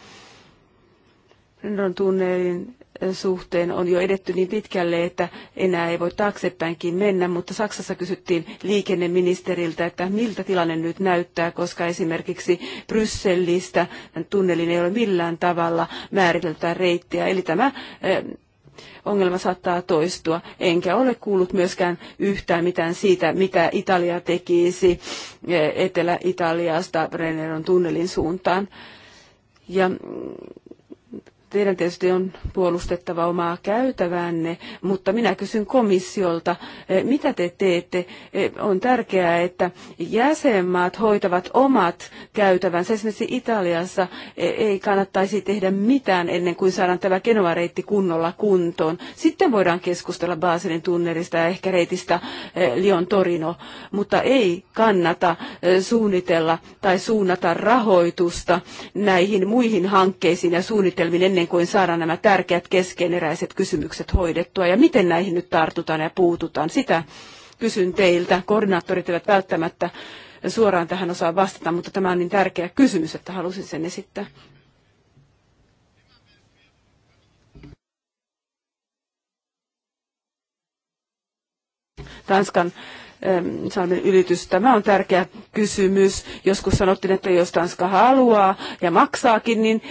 Rendon tunnelin suhteen on jo edetty niin pitkälle, että enää ei voi taaksepäinkin mennä, mutta Saksassa kysyttiin liikenneministeriltä, että miltä tilanne nyt näyttää, koska esimerkiksi Brysselistä tunnelin ei ole millään tavalla määriteltyä reittiä. Eli tämä eh, ongelma saattaa toistua. Enkä ole kuullut myöskään yhtään mitään siitä, mitä Italia tekisi eh, Etelä-Italiasta Brenneron tunnelin suuntaan. Ja mm, Teidän tietysti on puolustettava omaa käytävänne, mutta minä kysyn komissiolta, eh, mitä te teette? Eh, on tärkeää, että jäsenmaat hoitavat omat käytävänsä. Esimerkiksi Italiassa eh, ei kannattaisi tehdä mitään ennen kuin saadaan tämä Genova-reitti kunnolla kuntoon. Sitten voidaan keskustella Baselin tunnelista ja ehkä reitistä Lion Torino, mutta ei kannata suunnitella tai suunnata rahoitusta näihin muihin hankkeisiin ja suunnitelmiin ennen ennen kuin saadaan nämä tärkeät keskeneräiset kysymykset hoidettua ja miten näihin nyt tartutaan ja puututaan. Sitä kysyn teiltä. Koordinaattorit eivät välttämättä suoraan tähän osaa vastata, mutta tämä on niin tärkeä kysymys, että halusin sen esittää. Tanskan salmin ylitys. Tämä on tärkeä kysymys. Joskus sanottiin, että jos Tanska haluaa ja maksaakin, niin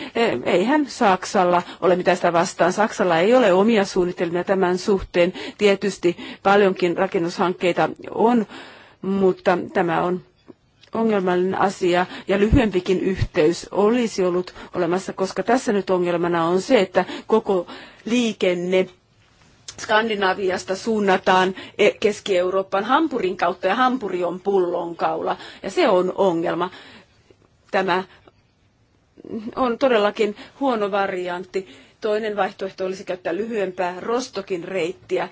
eihän Saksalla ole mitään sitä vastaan. Saksalla ei ole omia suunnitelmia tämän suhteen. Tietysti paljonkin rakennushankkeita on, mutta tämä on ongelmallinen asia ja lyhyempikin yhteys olisi ollut olemassa, koska tässä nyt ongelmana on se, että koko liikenne Skandinaviasta suunnataan e- Keski-Eurooppaan Hampurin kautta ja Hampuri on pullonkaula ja se on ongelma. Tämä on todellakin huono variantti. Toinen vaihtoehto olisi käyttää lyhyempää Rostokin reittiä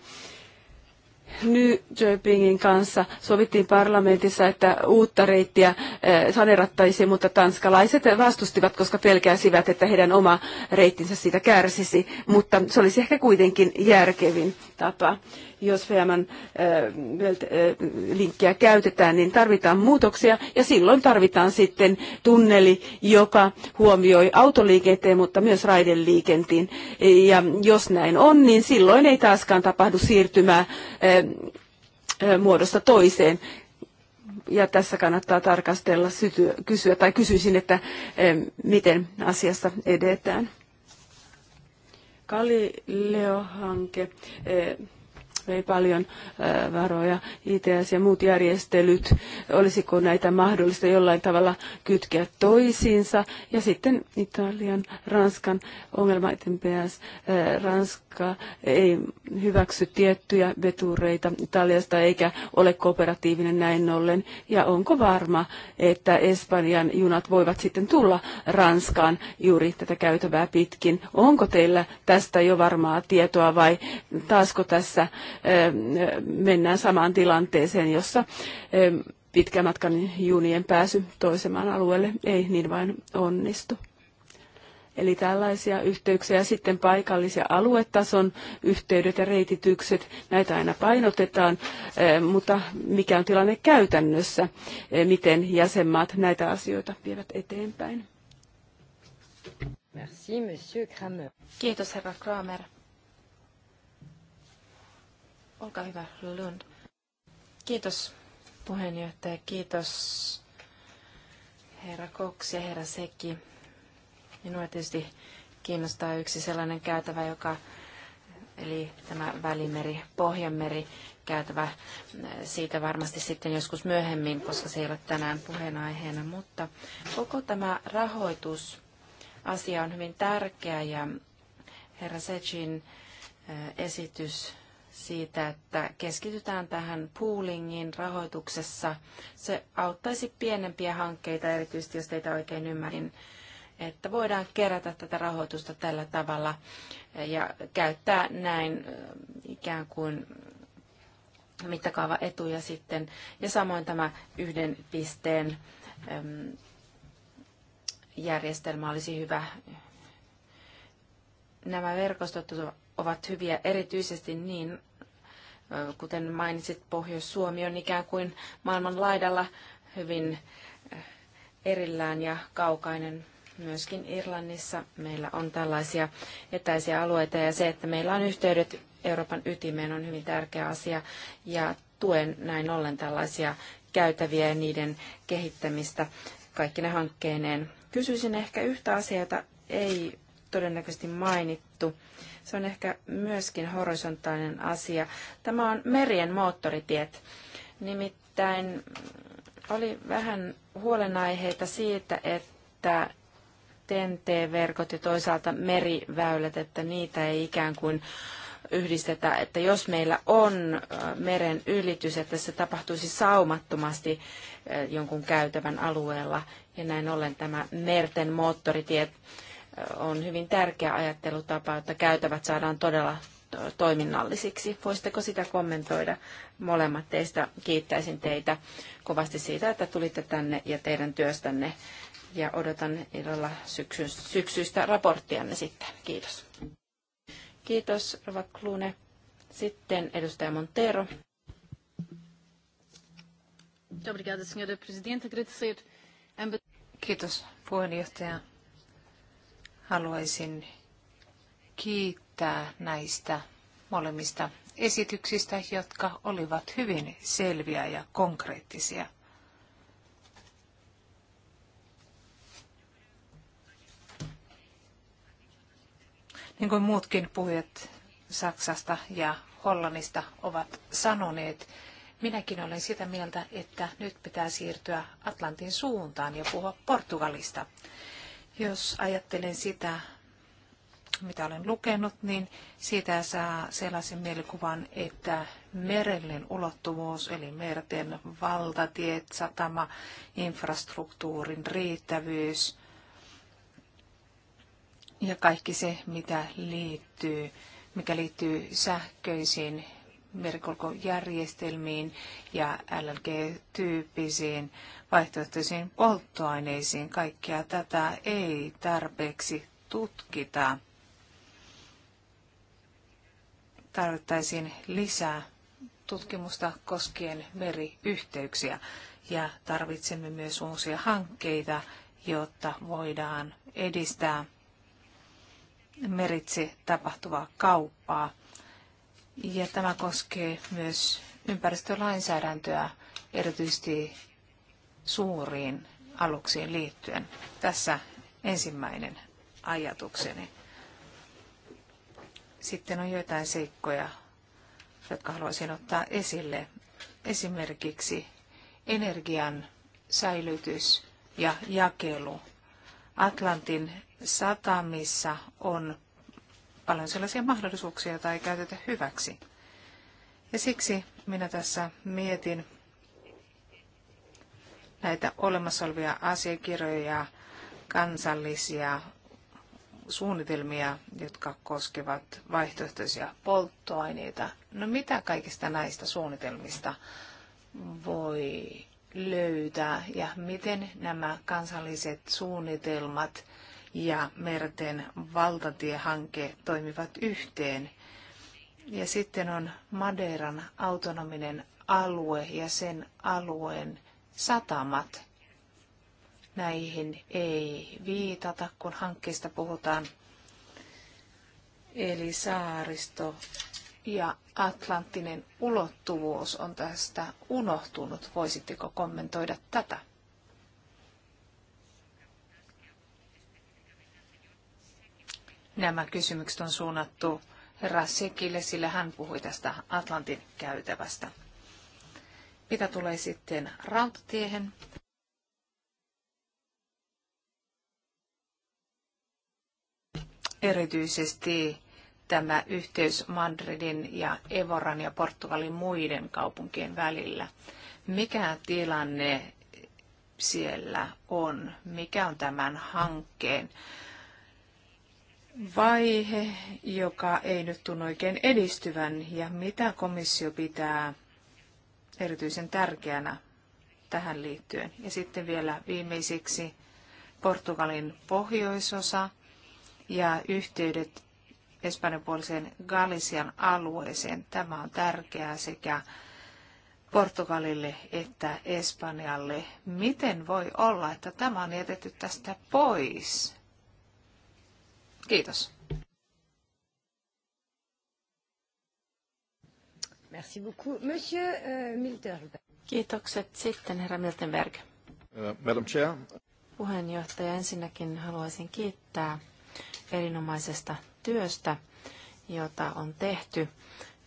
Nyköpingin kanssa sovittiin parlamentissa, että uutta reittiä eh, sanerattaisiin, mutta tanskalaiset vastustivat, koska pelkäsivät, että heidän oma reittinsä siitä kärsisi, mutta se olisi ehkä kuitenkin järkevin tapa jos VMn linkkiä käytetään, niin tarvitaan muutoksia ja silloin tarvitaan sitten tunneli, joka huomioi autoliikenteen, mutta myös raideliikenteen. Ja jos näin on, niin silloin ei taaskaan tapahdu siirtymää eh, eh, muodosta toiseen. Ja tässä kannattaa tarkastella, sytyä, kysyä tai kysyisin, että eh, miten asiassa edetään. Galileo-hanke vei paljon varoja, ITS ja muut järjestelyt. Olisiko näitä mahdollista jollain tavalla kytkeä toisiinsa? Ja sitten Italian, Ranskan ongelma, PS, Ranska ei hyväksy tiettyjä vetureita Italiasta eikä ole kooperatiivinen näin ollen. Ja onko varma, että Espanjan junat voivat sitten tulla Ranskaan juuri tätä käytävää pitkin? Onko teillä tästä jo varmaa tietoa vai taasko tässä mennään samaan tilanteeseen, jossa pitkän matkan junien pääsy toisemaan alueelle ei niin vain onnistu. Eli tällaisia yhteyksiä ja sitten paikallisia aluetason yhteydet ja reititykset, näitä aina painotetaan, mutta mikä on tilanne käytännössä, miten jäsenmaat näitä asioita vievät eteenpäin. Merci, monsieur Kramer. Kiitos, herra Kramer. Olkaa hyvä, Lund. Kiitos puheenjohtaja, kiitos herra Cox ja herra Sekki. Minua tietysti kiinnostaa yksi sellainen käytävä, joka, eli tämä Välimeri, Pohjanmeri käytävä. Siitä varmasti sitten joskus myöhemmin, koska se ei ole tänään puheenaiheena, mutta koko tämä rahoitusasia on hyvin tärkeä ja herra Sechin esitys siitä, että keskitytään tähän poolingin rahoituksessa. Se auttaisi pienempiä hankkeita, erityisesti jos teitä oikein ymmärrin, että voidaan kerätä tätä rahoitusta tällä tavalla ja käyttää näin ikään kuin mittakaavaetuja etuja sitten. Ja samoin tämä yhden pisteen järjestelmä olisi hyvä. Nämä verkostot ovat hyviä erityisesti niin Kuten mainitsit, Pohjois-Suomi on ikään kuin maailman laidalla hyvin erillään ja kaukainen. Myöskin Irlannissa meillä on tällaisia etäisiä alueita ja se, että meillä on yhteydet Euroopan ytimeen on hyvin tärkeä asia ja tuen näin ollen tällaisia käytäviä ja niiden kehittämistä kaikkina hankkeineen. Kysyisin ehkä yhtä asiaa, jota ei todennäköisesti mainittu mainittu. Se on ehkä myöskin horisontaalinen asia. Tämä on merien moottoritiet. Nimittäin oli vähän huolenaiheita siitä, että TNT-verkot ja toisaalta meriväylät, että niitä ei ikään kuin yhdistetä, että jos meillä on meren ylitys, että se tapahtuisi saumattomasti jonkun käytävän alueella, ja näin ollen tämä merten moottoritiet on hyvin tärkeä ajattelutapa, että käytävät saadaan todella toiminnallisiksi. Voisitteko sitä kommentoida? Molemmat teistä kiittäisin teitä kovasti siitä, että tulitte tänne ja teidän työstänne. Ja odotan ilolla syksy, syksyistä raporttianne sitten. Kiitos. Kiitos, Rova Klune. Sitten edustaja Montero. Kiitos, puheenjohtaja. Haluaisin kiittää näistä molemmista esityksistä, jotka olivat hyvin selviä ja konkreettisia. Niin kuin muutkin puhujat Saksasta ja Hollannista ovat sanoneet, minäkin olen sitä mieltä, että nyt pitää siirtyä Atlantin suuntaan ja puhua Portugalista. Jos ajattelen sitä, mitä olen lukenut, niin siitä saa sellaisen mielikuvan, että merellinen ulottuvuus, eli merten valtatiet, satama, infrastruktuurin riittävyys ja kaikki se, mitä liittyy, mikä liittyy sähköisiin merikulkujärjestelmiin ja LNG-tyyppisiin vaihtoehtoisiin polttoaineisiin. Kaikkea tätä ei tarpeeksi tutkita. Tarvittaisiin lisää tutkimusta koskien meriyhteyksiä ja tarvitsemme myös uusia hankkeita, jotta voidaan edistää meritse tapahtuvaa kauppaa ja tämä koskee myös ympäristölainsäädäntöä erityisesti suuriin aluksiin liittyen. Tässä ensimmäinen ajatukseni. Sitten on joitain seikkoja, jotka haluaisin ottaa esille. Esimerkiksi energian säilytys ja jakelu. Atlantin satamissa on paljon sellaisia mahdollisuuksia, joita ei käytetä hyväksi. Ja siksi minä tässä mietin näitä olemassa olevia asiakirjoja, kansallisia suunnitelmia, jotka koskevat vaihtoehtoisia polttoaineita. No mitä kaikista näistä suunnitelmista voi löytää ja miten nämä kansalliset suunnitelmat ja merten valtatiehanke toimivat yhteen. Ja sitten on Madeiran autonominen alue ja sen alueen satamat. Näihin ei viitata, kun hankkeista puhutaan. Eli saaristo ja atlanttinen ulottuvuus on tästä unohtunut. Voisitteko kommentoida tätä? nämä kysymykset on suunnattu herra Sekille, sillä hän puhui tästä Atlantin käytävästä. Mitä tulee sitten rautatiehen? Erityisesti tämä yhteys Madridin ja Evoran ja Portugalin muiden kaupunkien välillä. Mikä tilanne siellä on? Mikä on tämän hankkeen vaihe, joka ei nyt tunnu oikein edistyvän, ja mitä komissio pitää erityisen tärkeänä tähän liittyen. Ja sitten vielä viimeisiksi Portugalin pohjoisosa ja yhteydet espanjanpuoliseen galician alueeseen. Tämä on tärkeää sekä Portugalille että Espanjalle. Miten voi olla, että tämä on jätetty tästä pois? Kiitos. Merci beaucoup. Monsieur euh, Miltenberg. Kiitokset. Sitten herra Miltenberg. Äh, Madam Chair. Puheenjohtaja, ensinnäkin haluaisin kiittää erinomaisesta työstä, jota on tehty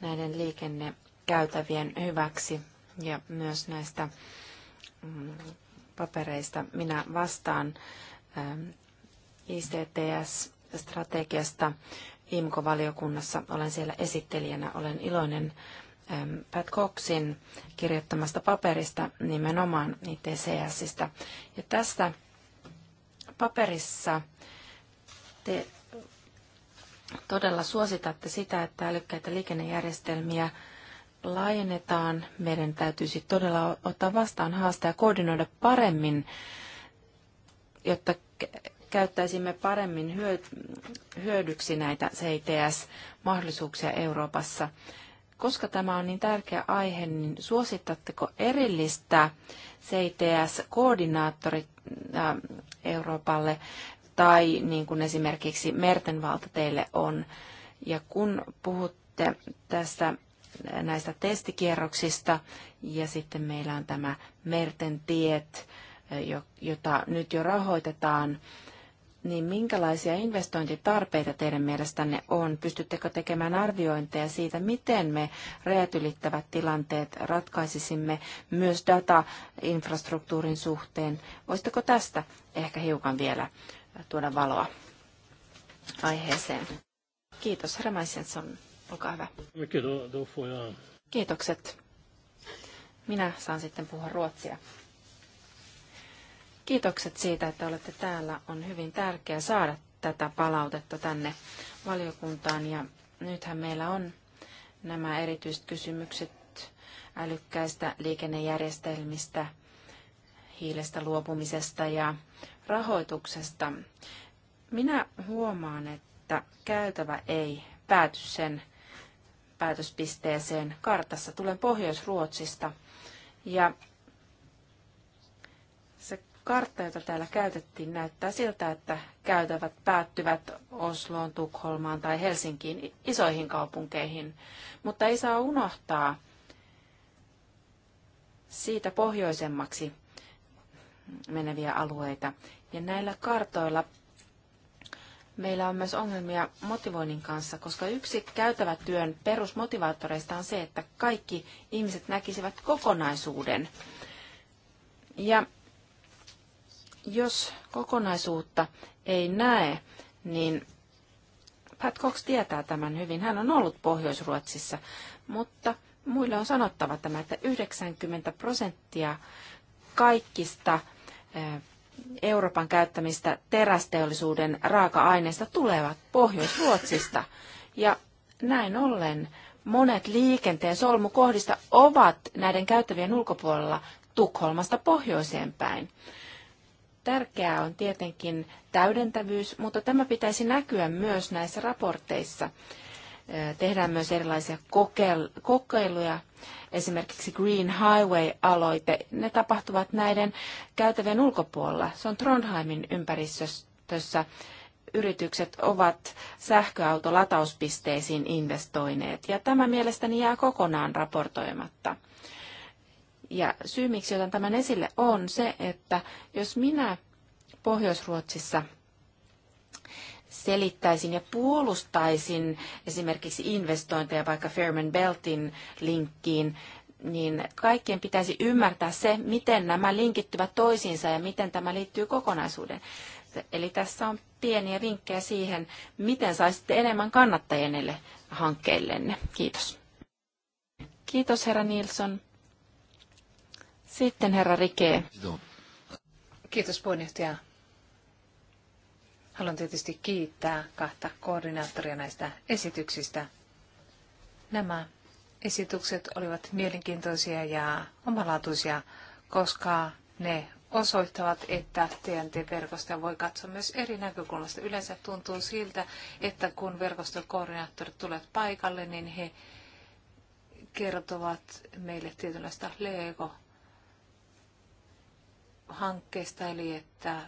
näiden liikennekäytävien hyväksi ja myös näistä mm, papereista. Minä vastaan ähm, ICTS strategiasta imco valiokunnassa Olen siellä esittelijänä. Olen iloinen Pat Coxin kirjoittamasta paperista nimenomaan ITCSistä. Ja tässä paperissa te todella suositatte sitä, että älykkäitä liikennejärjestelmiä laajennetaan. Meidän täytyisi todella ottaa vastaan haaste ja koordinoida paremmin, jotta käyttäisimme paremmin hyödyksi näitä cts mahdollisuuksia Euroopassa. Koska tämä on niin tärkeä aihe, niin suosittatteko erillistä cts koordinaattorit äh, Euroopalle tai niin kuin esimerkiksi Mertenvalta teille on? Ja kun puhutte tästä äh, näistä testikierroksista ja sitten meillä on tämä Merten tiet, äh, jota nyt jo rahoitetaan niin minkälaisia investointitarpeita teidän mielestänne on? Pystyttekö tekemään arviointeja siitä, miten me rajat ylittävät tilanteet ratkaisisimme myös datainfrastruktuurin suhteen? Voisitteko tästä ehkä hiukan vielä tuoda valoa aiheeseen? Kiitos, herra Maisensson. Olkaa hyvä. Kiitokset. Minä saan sitten puhua ruotsia. Kiitokset siitä, että olette täällä. On hyvin tärkeää saada tätä palautetta tänne valiokuntaan. Ja nythän meillä on nämä erityiset kysymykset älykkäistä liikennejärjestelmistä, hiilestä luopumisesta ja rahoituksesta. Minä huomaan, että käytävä ei pääty sen päätöspisteeseen kartassa. Tulen Pohjois-Ruotsista ja kartta, jota täällä käytettiin, näyttää siltä, että käytävät päättyvät Osloon, Tukholmaan tai Helsinkiin, isoihin kaupunkeihin. Mutta ei saa unohtaa siitä pohjoisemmaksi meneviä alueita. Ja näillä kartoilla meillä on myös ongelmia motivoinnin kanssa, koska yksi käytävä työn perusmotivaattoreista on se, että kaikki ihmiset näkisivät kokonaisuuden. Ja jos kokonaisuutta ei näe, niin Pat Cox tietää tämän hyvin. Hän on ollut Pohjois-Ruotsissa, mutta muille on sanottava tämä, että 90 prosenttia kaikista eh, Euroopan käyttämistä terästeollisuuden raaka-aineista tulevat Pohjois-Ruotsista. Ja näin ollen monet liikenteen solmukohdista ovat näiden käyttävien ulkopuolella Tukholmasta pohjoiseen päin. Tärkeää on tietenkin täydentävyys, mutta tämä pitäisi näkyä myös näissä raporteissa. Tehdään myös erilaisia kokeiluja, esimerkiksi Green Highway-aloite. Ne tapahtuvat näiden käytävien ulkopuolella. Se on Trondheimin ympäristössä. Yritykset ovat sähköautolatauspisteisiin investoineet, ja tämä mielestäni jää kokonaan raportoimatta. Ja syy, miksi otan tämän esille, on se, että jos minä Pohjois-Ruotsissa selittäisin ja puolustaisin esimerkiksi investointeja vaikka Fairman Beltin linkkiin, niin kaikkien pitäisi ymmärtää se, miten nämä linkittyvät toisiinsa ja miten tämä liittyy kokonaisuuden. Eli tässä on pieniä vinkkejä siihen, miten saisitte enemmän kannattajienelle hankkeillenne. Kiitos. Kiitos herra Nilsson. Sitten herra Rike. Kiitos puheenjohtaja. Haluan tietysti kiittää kahta koordinaattoria näistä esityksistä. Nämä esitykset olivat mielenkiintoisia ja omalaatuisia, koska ne osoittavat, että TNT-verkosta voi katsoa myös eri näkökulmasta. Yleensä tuntuu siltä, että kun verkostokoordinaattorit tulevat paikalle, niin he kertovat meille tietynlaista lego hankkeesta, eli että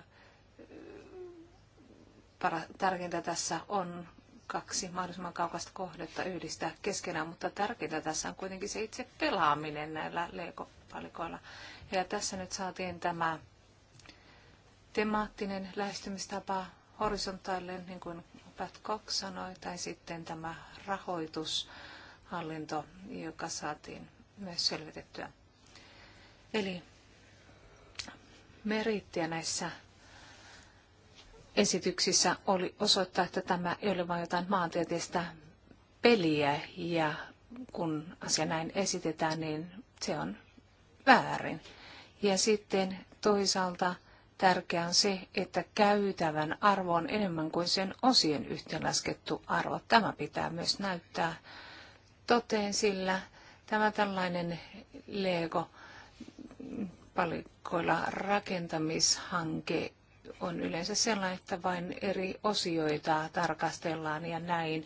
tärkeintä tässä on kaksi mahdollisimman kaukasta kohdetta yhdistää keskenään, mutta tärkeintä tässä on kuitenkin se itse pelaaminen näillä leikopalikoilla. Ja tässä nyt saatiin tämä temaattinen lähestymistapa horisontaalinen, niin kuin Pat Cox sanoi, tai sitten tämä rahoitushallinto, joka saatiin myös selvitettyä. Eli merittiä näissä esityksissä oli osoittaa, että tämä ei ole vain jotain maantieteistä peliä ja kun asia näin esitetään, niin se on väärin. Ja sitten toisaalta tärkeää on se, että käytävän arvo on enemmän kuin sen osien yhteenlaskettu arvo. Tämä pitää myös näyttää toteen, sillä tämä tällainen Lego palikoilla rakentamishanke on yleensä sellainen, että vain eri osioita tarkastellaan ja näin.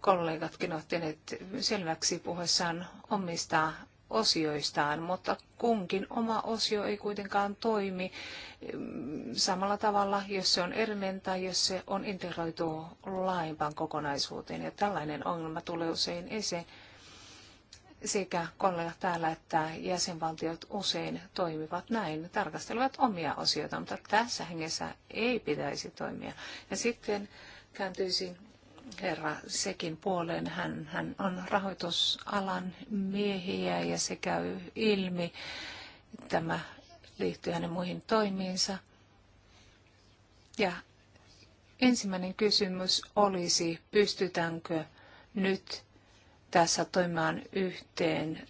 Kollegatkin ottivat selväksi puhuessaan omista osioistaan, mutta kunkin oma osio ei kuitenkaan toimi samalla tavalla, jos se on erillinen tai jos se on integroitu laajempaan kokonaisuuteen. Ja tällainen ongelma tulee usein esiin sekä kollegat täällä että jäsenvaltiot usein toimivat näin, tarkastelevat omia osioita, mutta tässä hengessä ei pitäisi toimia. Ja sitten kääntyisin herra sekin puoleen. Hän, hän on rahoitusalan miehiä ja se käy ilmi. Tämä liittyy hänen muihin toimiinsa. Ja ensimmäinen kysymys olisi, pystytäänkö nyt tässä toimimaan yhteen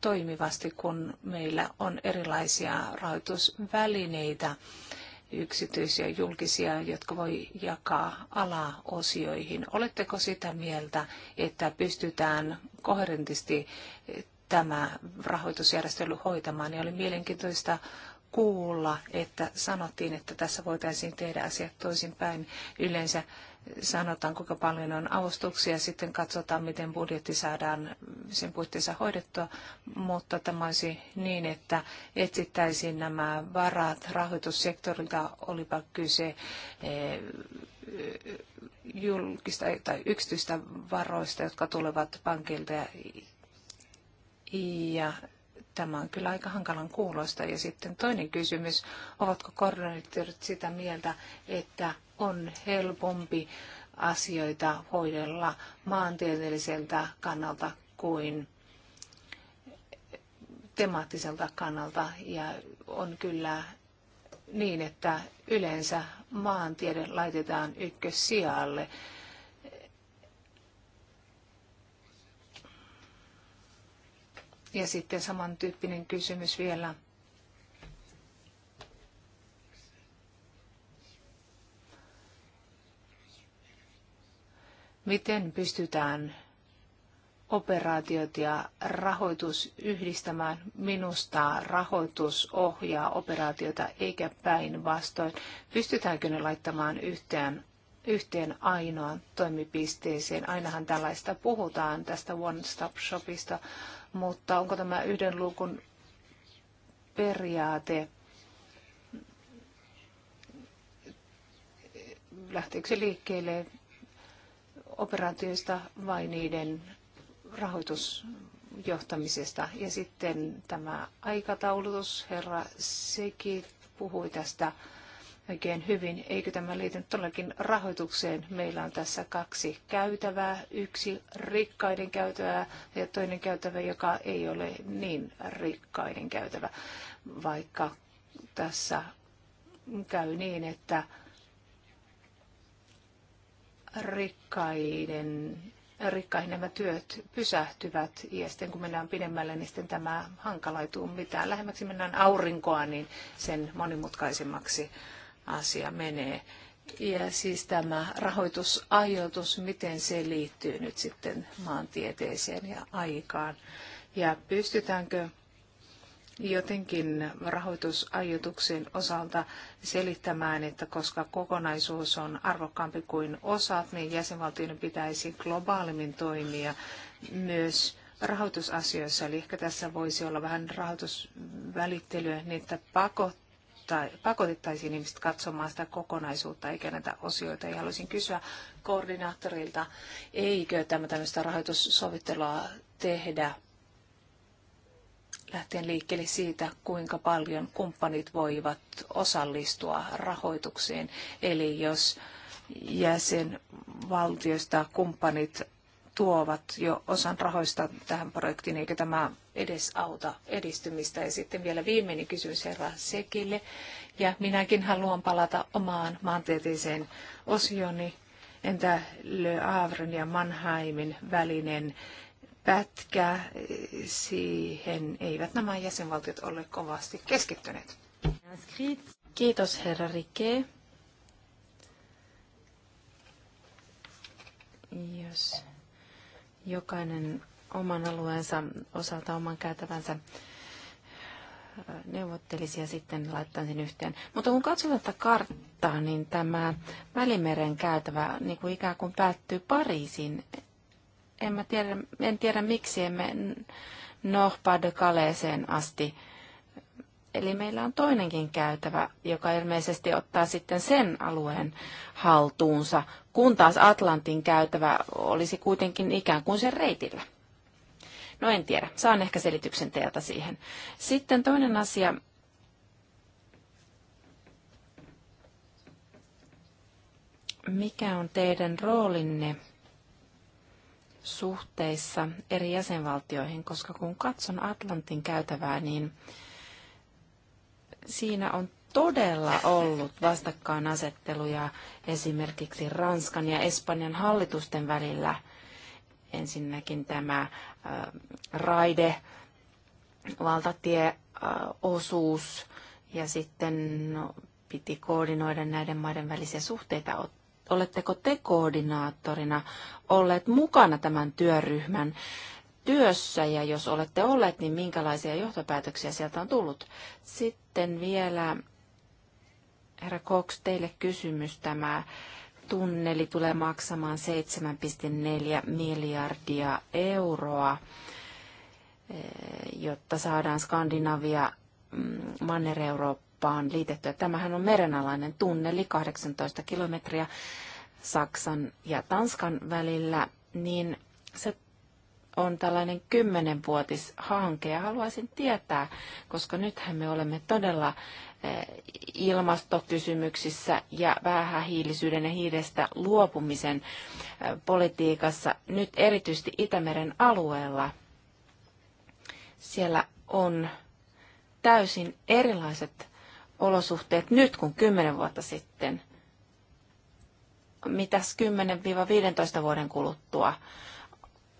toimivasti, kun meillä on erilaisia rahoitusvälineitä, yksityisiä ja julkisia, jotka voi jakaa alaosioihin. Oletteko sitä mieltä, että pystytään koherentisti tämä rahoitusjärjestely hoitamaan? Ja oli mielenkiintoista kuulla, että sanottiin, että tässä voitaisiin tehdä asiat toisinpäin. Yleensä sanotaan, kuinka paljon on avustuksia, sitten katsotaan, miten budjetti saadaan sen puitteissa hoidettua, mutta tämä olisi niin, että etsittäisiin nämä varat rahoitussektorilta, olipa kyse eh, julkista tai yksityistä varoista, jotka tulevat pankilta ja, ja tämä on kyllä aika hankalan kuulosta. Ja sitten toinen kysymys, ovatko koordinaattorit sitä mieltä, että on helpompi asioita hoidella maantieteelliseltä kannalta kuin temaattiselta kannalta. Ja on kyllä niin, että yleensä maantiede laitetaan ykkössijalle. Ja sitten samantyyppinen kysymys vielä – Miten pystytään operaatiot ja rahoitus yhdistämään. Minusta rahoitus ohjaa operaatiota eikä päinvastoin. Pystytäänkö ne laittamaan yhteen, yhteen ainoan toimipisteeseen? Ainahan tällaista puhutaan tästä One Stop Shopista, mutta onko tämä yhden luukun periaate? Lähteekö se liikkeelle operaatioista vai niiden rahoitusjohtamisesta. Ja sitten tämä aikataulutus, herra Seki puhui tästä oikein hyvin. Eikö tämä liity todellakin rahoitukseen? Meillä on tässä kaksi käytävää. Yksi rikkaiden käytävä ja toinen käytävä, joka ei ole niin rikkaiden käytävä. Vaikka tässä käy niin, että rikkaiden, rikkaiden nämä työt pysähtyvät ja sitten kun mennään pidemmälle, niin sitten tämä hankalaituu mitään. Lähemmäksi mennään aurinkoa, niin sen monimutkaisemmaksi asia menee. Ja siis tämä rahoitusajoitus, miten se liittyy nyt sitten maantieteeseen ja aikaan. Ja pystytäänkö jotenkin rahoitusajoituksien osalta selittämään, että koska kokonaisuus on arvokkaampi kuin osat, niin jäsenvaltioiden pitäisi globaalimmin toimia myös rahoitusasioissa. Eli ehkä tässä voisi olla vähän rahoitusvälittelyä, niin että pakottaa tai pakotettaisiin ihmiset katsomaan sitä kokonaisuutta eikä näitä osioita. Ja haluaisin kysyä koordinaattorilta, eikö tämä tämmöistä rahoitussovittelua tehdä lähtien liikkeelle siitä, kuinka paljon kumppanit voivat osallistua rahoitukseen. Eli jos jäsenvaltioista kumppanit tuovat jo osan rahoista tähän projektiin, eikä tämä edes auta edistymistä. Ja sitten vielä viimeinen kysymys herra Sekille. Ja minäkin haluan palata omaan maantieteeseen osioni. Entä Le Havren ja Mannheimin välinen pätkä. Eh, siihen eivät nämä jäsenvaltiot ole kovasti keskittyneet. Kiitos herra Rike. Jos jokainen oman alueensa osalta oman käytävänsä eh, neuvottelisi ja sitten laittaisin yhteen. Mutta kun katsotaan tätä karttaa, niin tämä Välimeren käytävä niin kuin ikään kuin päättyy Pariisin en, mä tiedä, en tiedä miksi emme nohpad Kaleeseen asti. Eli meillä on toinenkin käytävä, joka ilmeisesti ottaa sitten sen alueen haltuunsa, kun taas Atlantin käytävä olisi kuitenkin ikään kuin sen reitillä. No en tiedä, saan ehkä selityksen teiltä siihen. Sitten toinen asia. Mikä on teidän roolinne suhteissa eri jäsenvaltioihin, koska kun katson Atlantin käytävää, niin siinä on todella ollut vastakkainasetteluja esimerkiksi Ranskan ja Espanjan hallitusten välillä. Ensinnäkin tämä äh, raide, valtatieosuus äh, ja sitten no, piti koordinoida näiden maiden välisiä suhteita oletteko te koordinaattorina olleet mukana tämän työryhmän työssä ja jos olette olleet, niin minkälaisia johtopäätöksiä sieltä on tullut? Sitten vielä, herra Cox, teille kysymys tämä tunneli tulee maksamaan 7,4 miljardia euroa, eh, jotta saadaan Skandinavia, mm, Manner-Eurooppa Eurooppaan liitettyä. Tämähän on merenalainen tunneli, 18 kilometriä Saksan ja Tanskan välillä, niin se on tällainen kymmenenvuotishanke ja haluaisin tietää, koska nythän me olemme todella eh, ilmastokysymyksissä ja vähähiilisyyden ja hiilestä luopumisen eh, politiikassa, nyt erityisesti Itämeren alueella. Siellä on täysin erilaiset olosuhteet nyt kuin 10 vuotta sitten? Mitäs 10-15 vuoden kuluttua?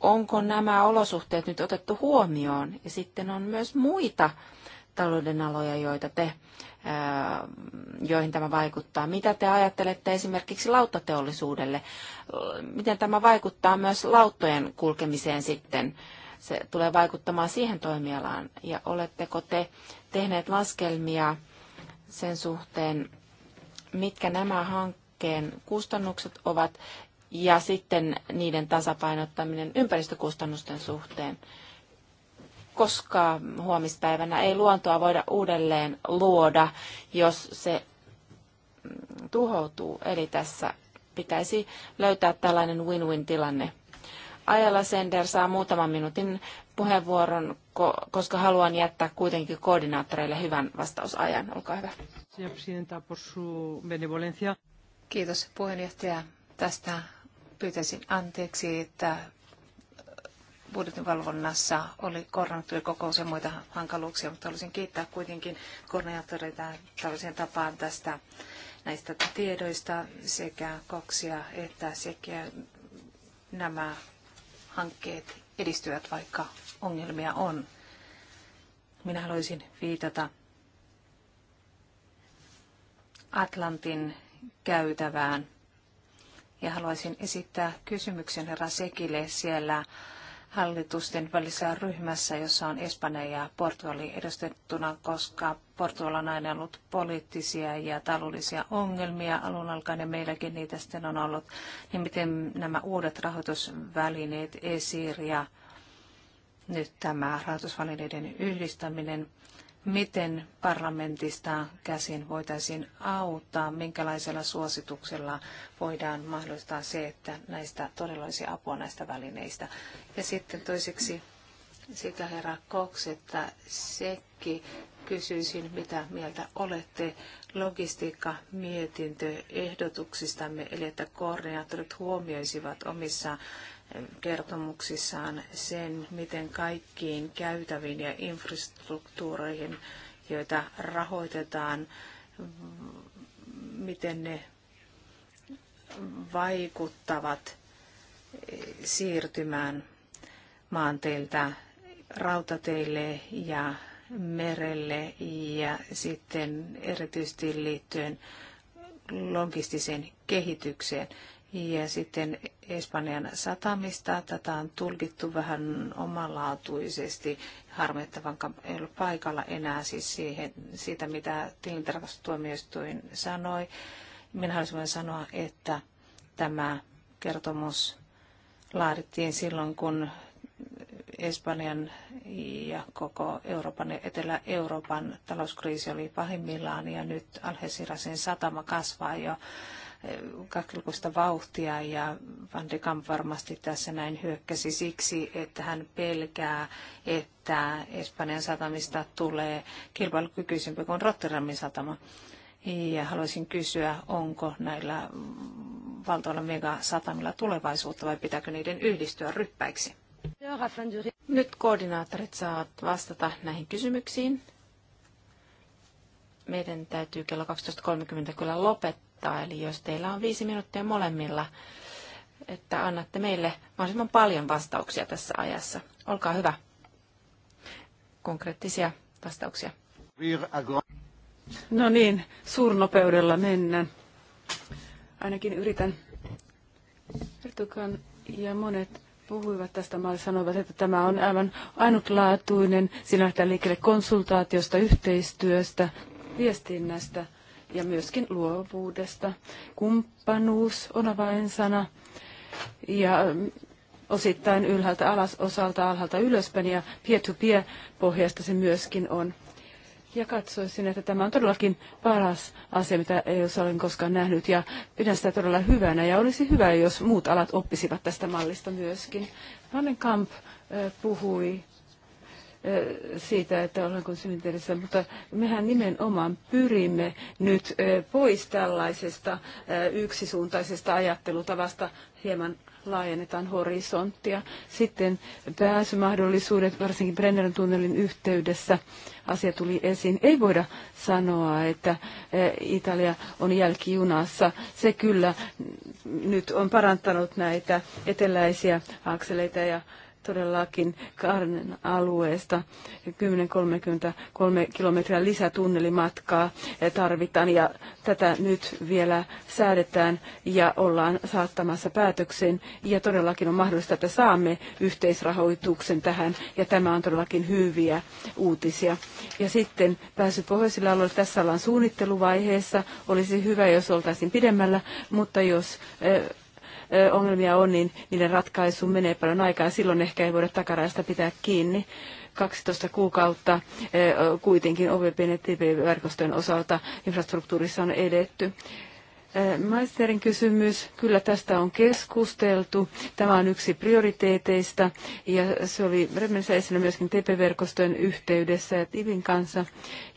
Onko nämä olosuhteet nyt otettu huomioon? Ja sitten on myös muita talouden aloja, joita te, joihin tämä vaikuttaa. Mitä te ajattelette esimerkiksi lauttateollisuudelle? Miten tämä vaikuttaa myös lauttojen kulkemiseen sitten? Se tulee vaikuttamaan siihen toimialaan. Ja oletteko te tehneet laskelmia sen suhteen, mitkä nämä hankkeen kustannukset ovat ja sitten niiden tasapainottaminen ympäristökustannusten suhteen, koska huomispäivänä ei luontoa voida uudelleen luoda, jos se mm, tuhoutuu. Eli tässä pitäisi löytää tällainen win-win-tilanne. Ajalla Sender saa muutaman minuutin puheenvuoron, koska haluan jättää kuitenkin koordinaattoreille hyvän vastausajan. Olkaa hyvä. Kiitos puheenjohtaja. Tästä pyytäisin anteeksi, että budjetin valvonnassa oli koordinaattorikokous ja muita hankaluuksia, mutta haluaisin kiittää kuitenkin koordinaattoreita tällaiseen tapaan tästä näistä tiedoista sekä koksia että sekä nämä hankkeet edistyvät, vaikka ongelmia on. Minä haluaisin viitata Atlantin käytävään ja haluaisin esittää kysymyksen herra Sekille siellä hallitusten välisessä ryhmässä, jossa on Espanja ja Portugali edustettuna, koska Portugal on aina ollut poliittisia ja taloudellisia ongelmia alun alkaen ja meilläkin niitä sitten on ollut. Niin miten nämä uudet rahoitusvälineet, ESIR ja nyt tämä rahoitusvälineiden yhdistäminen, miten parlamentista käsin voitaisiin auttaa, minkälaisella suosituksella voidaan mahdollistaa se, että näistä todella olisi apua näistä välineistä. Ja sitten toiseksi sitä herra Cox että Sekki kysyisin, mitä mieltä olette logistiikka mietintöehdotuksistamme, eli että koordinaattorit huomioisivat omissa kertomuksissaan sen, miten kaikkiin käytäviin ja infrastruktuureihin, joita rahoitetaan, miten ne vaikuttavat eh, siirtymään maanteilta rautateille ja merelle ja sitten erityisesti liittyen logistiseen kehitykseen. Ja sitten Espanjan satamista tätä on tulkittu vähän omalaatuisesti. Harmittavan ei ollut paikalla enää siis siihen, siitä, mitä tilintarkastustuomioistuin sanoi. Minä haluaisin sanoa, että tämä kertomus laadittiin silloin, kun Espanjan ja koko Euroopan ja Etelä-Euroopan talouskriisi oli pahimmillaan ja nyt Alhesirasin satama kasvaa jo kakkelkoista vauhtia ja Van de Kamp varmasti tässä näin hyökkäsi siksi, että hän pelkää, että Espanjan satamista tulee kilpailukykyisempi kuin Rotterdamin satama. Ja haluaisin kysyä, onko näillä valtoilla megasatamilla tulevaisuutta vai pitääkö niiden yhdistyä ryppäiksi? Nyt koordinaattorit saavat vastata näihin kysymyksiin. Meidän täytyy kello 12.30 kyllä lopettaa asettaa. Eli jos teillä on viisi minuuttia molemmilla, että annatte meille mahdollisimman paljon vastauksia tässä ajassa. Olkaa hyvä. Konkreettisia vastauksia. No niin, suurnopeudella mennään. Ainakin yritän. Ertukan ja monet puhuivat tästä mallista, sanoivat, että tämä on aivan ainutlaatuinen. Siinä lähtee liikkeelle konsultaatiosta, yhteistyöstä, viestinnästä – ja myöskin luovuudesta. Kumppanuus on avainsana ja mm, osittain ylhäältä alas, osalta alhaalta ylöspäin ja peer-to-peer-pohjasta se myöskin on. Ja katsoisin, että tämä on todellakin paras asia, mitä ei olen koskaan nähnyt ja pidän sitä todella hyvänä ja olisi hyvä, jos muut alat oppisivat tästä mallista myöskin. Vanne Kamp puhui siitä, että ollaanko synteerissä, mutta mehän nimenomaan pyrimme nyt pois tällaisesta yksisuuntaisesta ajattelutavasta hieman laajennetaan horisonttia. Sitten pääsymahdollisuudet, varsinkin Brennerin tunnelin yhteydessä asia tuli esiin. Ei voida sanoa, että Italia on jälkijunassa. Se kyllä nyt on parantanut näitä eteläisiä akseleita ja todellakin Karnen alueesta 10-33 kilometriä lisätunnelimatkaa tarvitaan ja tätä nyt vielä säädetään ja ollaan saattamassa päätöksen ja todellakin on mahdollista, että saamme yhteisrahoituksen tähän ja tämä on todellakin hyviä uutisia. Ja sitten pääsy pohjoisilla alueilla, tässä ollaan suunnitteluvaiheessa, olisi hyvä, jos oltaisiin pidemmällä, mutta jos eh, ongelmia on, niin niiden ratkaisuun menee paljon aikaa ja silloin ehkä ei voida takaraista pitää kiinni. 12 kuukautta kuitenkin ovp verkostojen osalta infrastruktuurissa on edetty. Äh, maisterin kysymys, kyllä tästä on keskusteltu. Tämä on yksi prioriteeteista ja se oli Remensä esillä myöskin TP-verkostojen yhteydessä ja TIVin kanssa.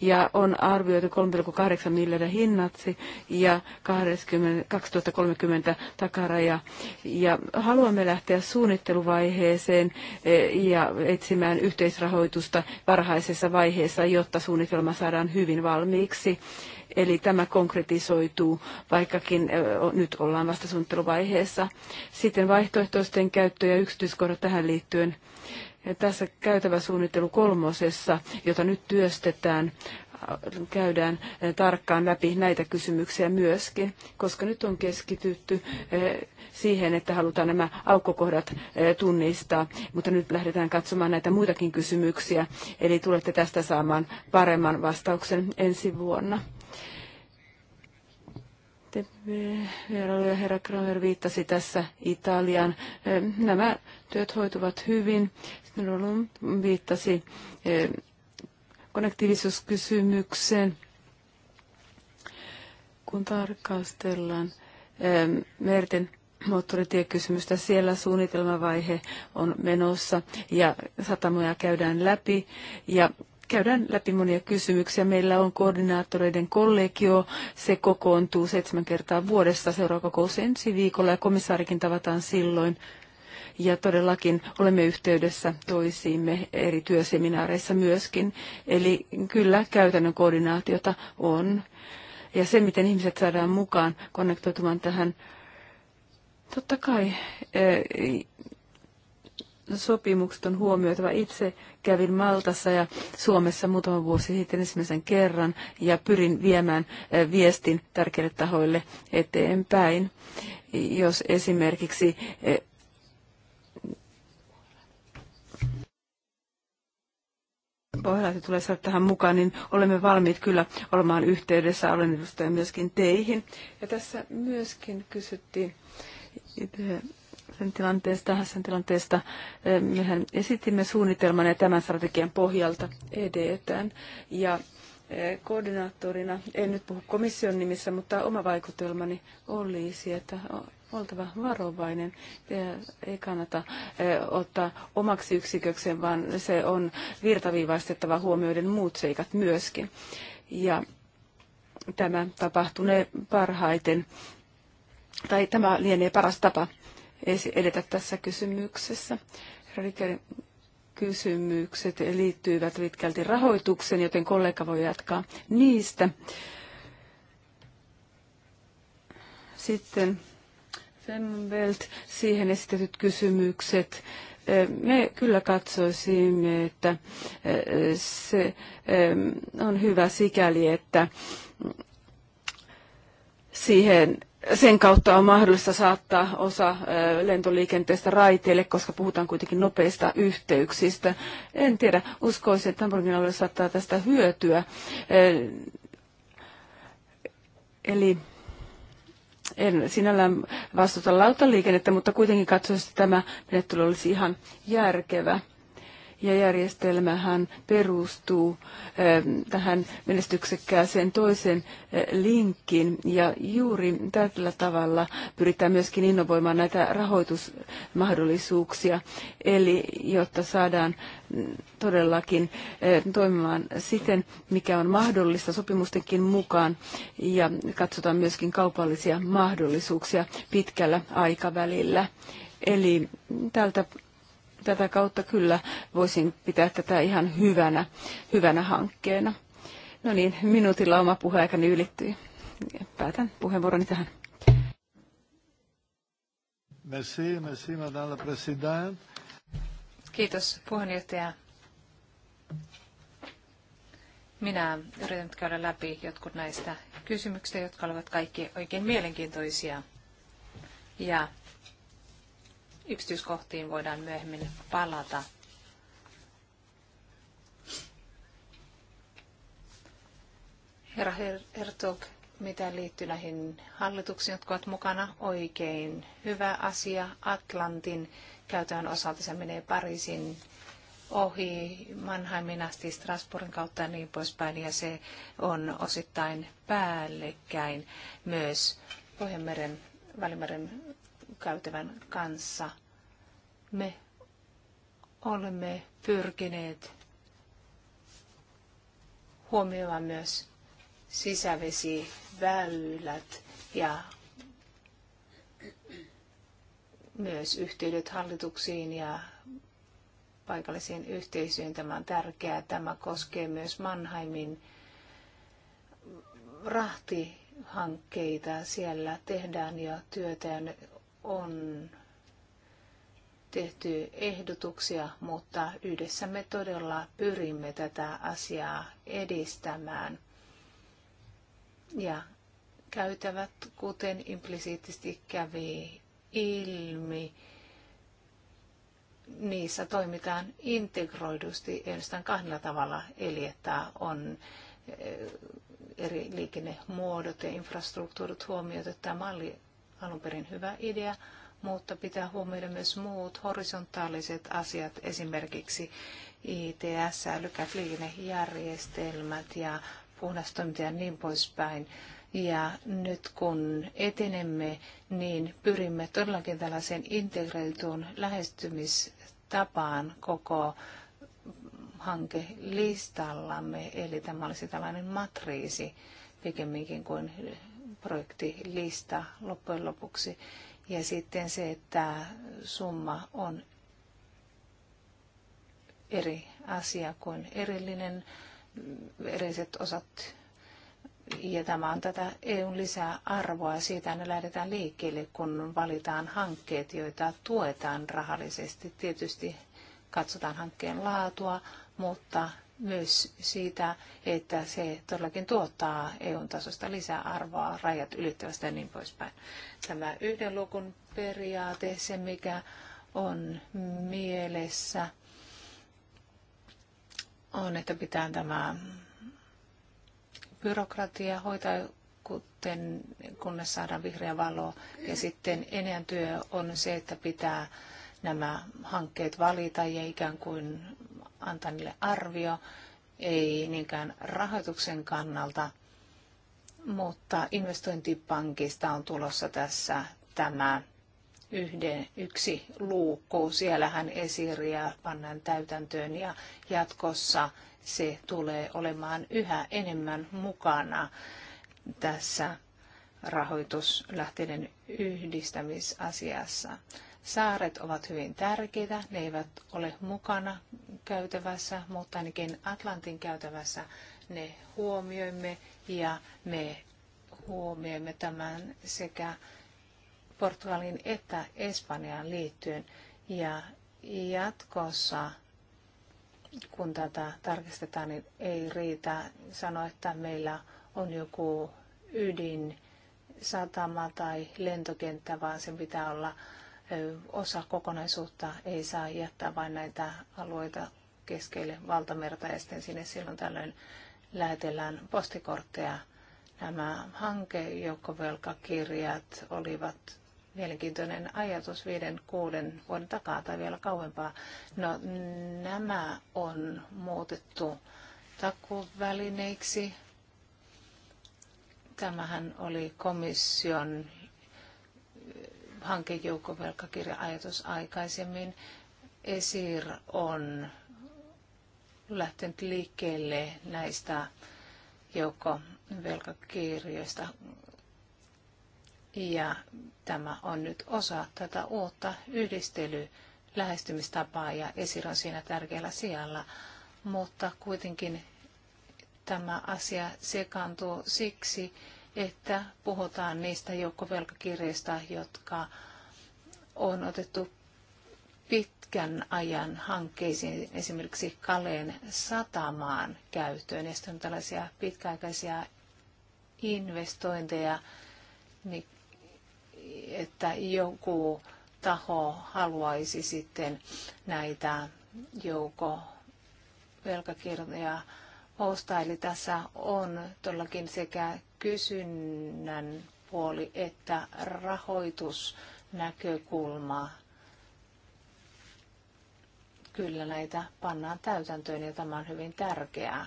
Ja on arvioitu 3,8 miljardia hinnaksi ja 20, 2030 takaraja. Ja haluamme lähteä suunnitteluvaiheeseen äh, ja etsimään yhteisrahoitusta varhaisessa vaiheessa, jotta suunnitelma saadaan hyvin valmiiksi. Eli tämä konkretisoituu, vaikkakin nyt ollaan vasta suunnitteluvaiheessa. Sitten vaihtoehtoisten käyttö ja yksityiskohdat tähän liittyen. Tässä käytävä suunnittelu kolmosessa, jota nyt työstetään, käydään tarkkaan läpi näitä kysymyksiä myöskin, koska nyt on keskitytty siihen, että halutaan nämä aukkokohdat tunnistaa, mutta nyt lähdetään katsomaan näitä muitakin kysymyksiä, eli tulette tästä saamaan paremman vastauksen ensi vuonna. Vierailu ja herra Kramer viittasi tässä Italian. Eh, nämä työt hoituvat hyvin. Sitten Rolun viittasi eh, konnektiivisuuskysymykseen. Kun tarkastellaan eh, merten moottoritiekysymystä. Siellä suunnitelmavaihe on menossa ja satamoja käydään läpi ja käydään läpi monia kysymyksiä. Meillä on koordinaattoreiden kollegio, se kokoontuu seitsemän kertaa vuodessa kokous ensi viikolla ja komissaarikin tavataan silloin. Ja todellakin olemme yhteydessä toisiimme eri työseminaareissa myöskin. Eli kyllä käytännön koordinaatiota on. Ja se, miten ihmiset saadaan mukaan konnektoitumaan tähän, totta kai eh, sopimukset on huomioitava. Itse kävin Maltassa ja Suomessa muutama vuosi sitten ensimmäisen kerran ja pyrin viemään viestin tärkeille tahoille eteenpäin. Jos esimerkiksi pohjalaiset tulee saada tähän mukaan, niin olemme valmiit kyllä olemaan yhteydessä. Olen edustaja myöskin teihin. Ja tässä myöskin kysyttiin naisten tilanteesta, Hassan tilanteesta. Mehän esitimme suunnitelman ja tämän strategian pohjalta edetään. Ja koordinaattorina, en nyt puhu komission nimissä, mutta oma vaikutelmani oli että oltava varovainen. Ei kannata ottaa omaksi yksikökseen, vaan se on virtaviivaistettava huomioiden muut seikat myöskin. Ja tämä tapahtunee parhaiten, tai tämä lienee paras tapa edetä tässä kysymyksessä. Radikerin kysymykset liittyvät pitkälti rahoitukseen, joten kollega voi jatkaa niistä. Sitten Femmelt, siihen esitetyt kysymykset. Me kyllä katsoisimme, että se on hyvä sikäli, että siihen sen kautta on mahdollista saattaa osa lentoliikenteestä raiteille, koska puhutaan kuitenkin nopeista yhteyksistä. En tiedä, uskoisin, että Hamburgin alue saattaa tästä hyötyä. Eli en sinällään vastuuta lautaliikennettä, mutta kuitenkin katsoisin, että tämä menettely olisi ihan järkevä ja järjestelmähän perustuu eh, tähän menestyksekkääseen toisen eh, linkkiin ja juuri tällä tavalla pyritään myöskin innovoimaan näitä rahoitusmahdollisuuksia, eli jotta saadaan mm, todellakin eh, toimimaan siten, mikä on mahdollista sopimustenkin mukaan ja katsotaan myöskin kaupallisia mahdollisuuksia pitkällä aikavälillä. Eli tältä tätä kautta kyllä voisin pitää tätä ihan hyvänä, hyvänä hankkeena. No niin, minuutilla oma puheaikani ylittyi. Päätän puheenvuoroni tähän. Merci, merci, madame la présidente. Kiitos puheenjohtaja. Minä yritän käydä läpi jotkut näistä kysymyksistä, jotka olivat kaikki oikein mielenkiintoisia. Ja yksityiskohtiin voidaan myöhemmin palata. Herra Hertog, mitä liittyy näihin hallituksiin, jotka ovat mukana, oikein hyvä asia. Atlantin käytön osalta se menee Pariisin ohi Mannheimin asti Strasbourgin kautta ja niin poispäin. Ja se on osittain päällekkäin myös Pohjanmeren, Välimeren käytävän kanssa. Me olemme pyrkineet huomioimaan myös sisävesiväylät ja myös yhteydet hallituksiin ja paikallisiin yhteisöihin. Tämä on tärkeää. Tämä koskee myös Mannheimin rahtihankkeita. Siellä tehdään jo työtä ja on tehty ehdotuksia, mutta yhdessä me todella pyrimme tätä asiaa edistämään. Ja käytävät, kuten implisiittisesti kävi ilmi, niissä toimitaan integroidusti ennestään kahdella tavalla, eli että on eh, eri liikennemuodot ja infrastruktuurit huomioitu. että malli alun perin hyvä idea, mutta pitää huomioida myös muut horisontaaliset asiat, esimerkiksi ITS, älykät liikennejärjestelmät ja puhdas ja niin poispäin. Ja nyt kun etenemme, niin pyrimme todellakin tällaiseen integreituun lähestymistapaan koko hankelistallamme, eli tämä olisi tällainen matriisi pikemminkin kuin projektilista loppujen lopuksi. Ja sitten se, että summa on eri asia kuin erillinen, erilliset osat. Ja tämä on tätä EUn lisää arvoa. Siitä ne lähdetään liikkeelle, kun valitaan hankkeet, joita tuetaan rahallisesti. Tietysti katsotaan hankkeen laatua, mutta myös siitä, että se todellakin tuottaa EUn tasosta lisäarvoa, rajat ylittävästä ja niin poispäin. Tämä yhden lukun periaate, se mikä on mielessä, on, että pitää tämä byrokratia hoitaa kuten, kunnes saadaan vihreä valo. Ja sitten enää työ on se, että pitää nämä hankkeet valita ja ikään kuin antaa niille arvio, ei niinkään rahoituksen kannalta, mutta investointipankista on tulossa tässä tämä yhden, yksi luukku. Siellähän esiriä pannaan täytäntöön ja jatkossa se tulee olemaan yhä enemmän mukana tässä rahoituslähteiden yhdistämisasiassa. Saaret ovat hyvin tärkeitä, ne eivät ole mukana käytävässä, mutta ainakin Atlantin käytävässä ne huomioimme ja me huomioimme tämän sekä Portugalin että Espanjaan liittyen. Ja jatkossa, kun tätä tarkistetaan, niin ei riitä sanoa, että meillä on joku ydin satama tai lentokenttä, vaan sen pitää olla osa kokonaisuutta ei saa jättää vain näitä alueita keskelle valtamerta ja sitten sinne silloin tällöin lähetellään postikortteja. Nämä hankejoukkovelkakirjat olivat mielenkiintoinen ajatus viiden, kuuden vuoden takaa tai vielä kauempaa. No nämä on muutettu takuvälineiksi. Tämähän oli komission hankejoukkovelkakirja-ajatus aikaisemmin. ESIR on lähtenyt liikkeelle näistä joukkovelkakirjoista ja tämä on nyt osa tätä uutta yhdistelylähestymistapaa ja ESIR on siinä tärkeällä sijalla, mutta kuitenkin tämä asia sekaantuu siksi, että puhutaan niistä joukkovelkakirjeistä, jotka on otettu pitkän ajan hankkeisiin, esimerkiksi Kaleen satamaan käyttöön. Ja sitten on tällaisia pitkäaikaisia investointeja, niin että joku taho haluaisi sitten näitä joukkovelkakirjoja velkakirjoja hosta, eli tässä on todellakin sekä kysynnän puoli että rahoitusnäkökulma. Kyllä näitä pannaan täytäntöön ja tämä on hyvin tärkeää.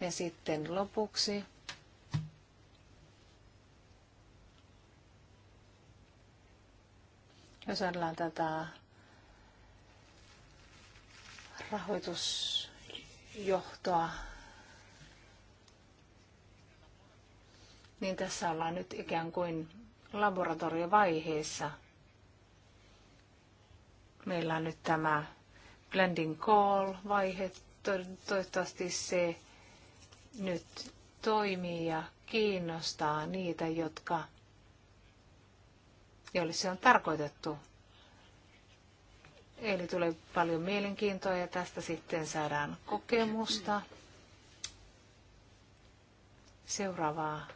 Ja sitten lopuksi jos ajatellaan tätä rahoitusjohtoa niin tässä ollaan nyt ikään kuin laboratoriovaiheessa. Meillä on nyt tämä blending call-vaihe. Toivottavasti se nyt toimii ja kiinnostaa niitä, jotka, joille se on tarkoitettu. Eli tulee paljon mielenkiintoa ja tästä sitten saadaan kokemusta. Seuraavaa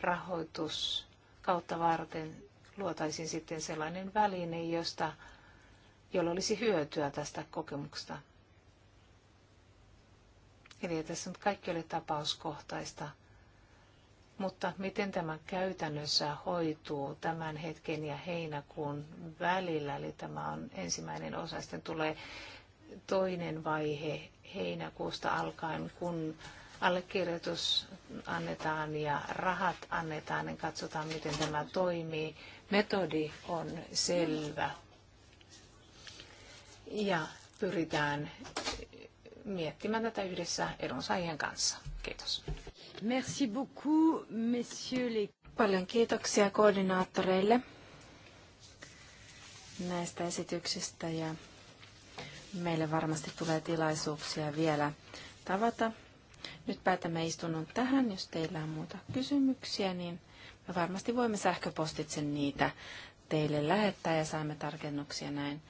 rahoitus kautta varten luotaisiin sitten sellainen väline, josta, jolla olisi hyötyä tästä kokemuksesta. Eli tässä nyt kaikki oli tapauskohtaista. Mutta miten tämä käytännössä hoituu tämän hetken ja heinäkuun välillä, eli tämä on ensimmäinen osa, sitten tulee toinen vaihe heinäkuusta alkaen, kun allekirjoitus annetaan ja rahat annetaan, niin katsotaan miten tämä toimii. Metodi on selvä ja pyritään miettimään tätä yhdessä edunsaajien kanssa. Kiitos. Merci beaucoup, messieurs les... Paljon kiitoksia koordinaattoreille näistä esityksistä ja meille varmasti tulee tilaisuuksia vielä tavata nyt päätämme istunnon tähän. Jos teillä on muuta kysymyksiä, niin me varmasti voimme sähköpostitse niitä teille lähettää ja saamme tarkennuksia näin.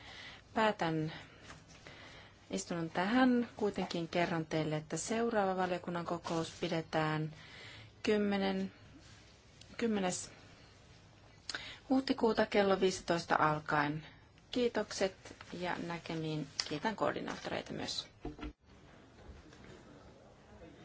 Päätän istunnon tähän. Kuitenkin kerron teille, että seuraava valiokunnan kokous pidetään 10. 10. huhtikuuta kello 15 alkaen. Kiitokset ja näkemiin. Kiitän koordinaattoreita myös.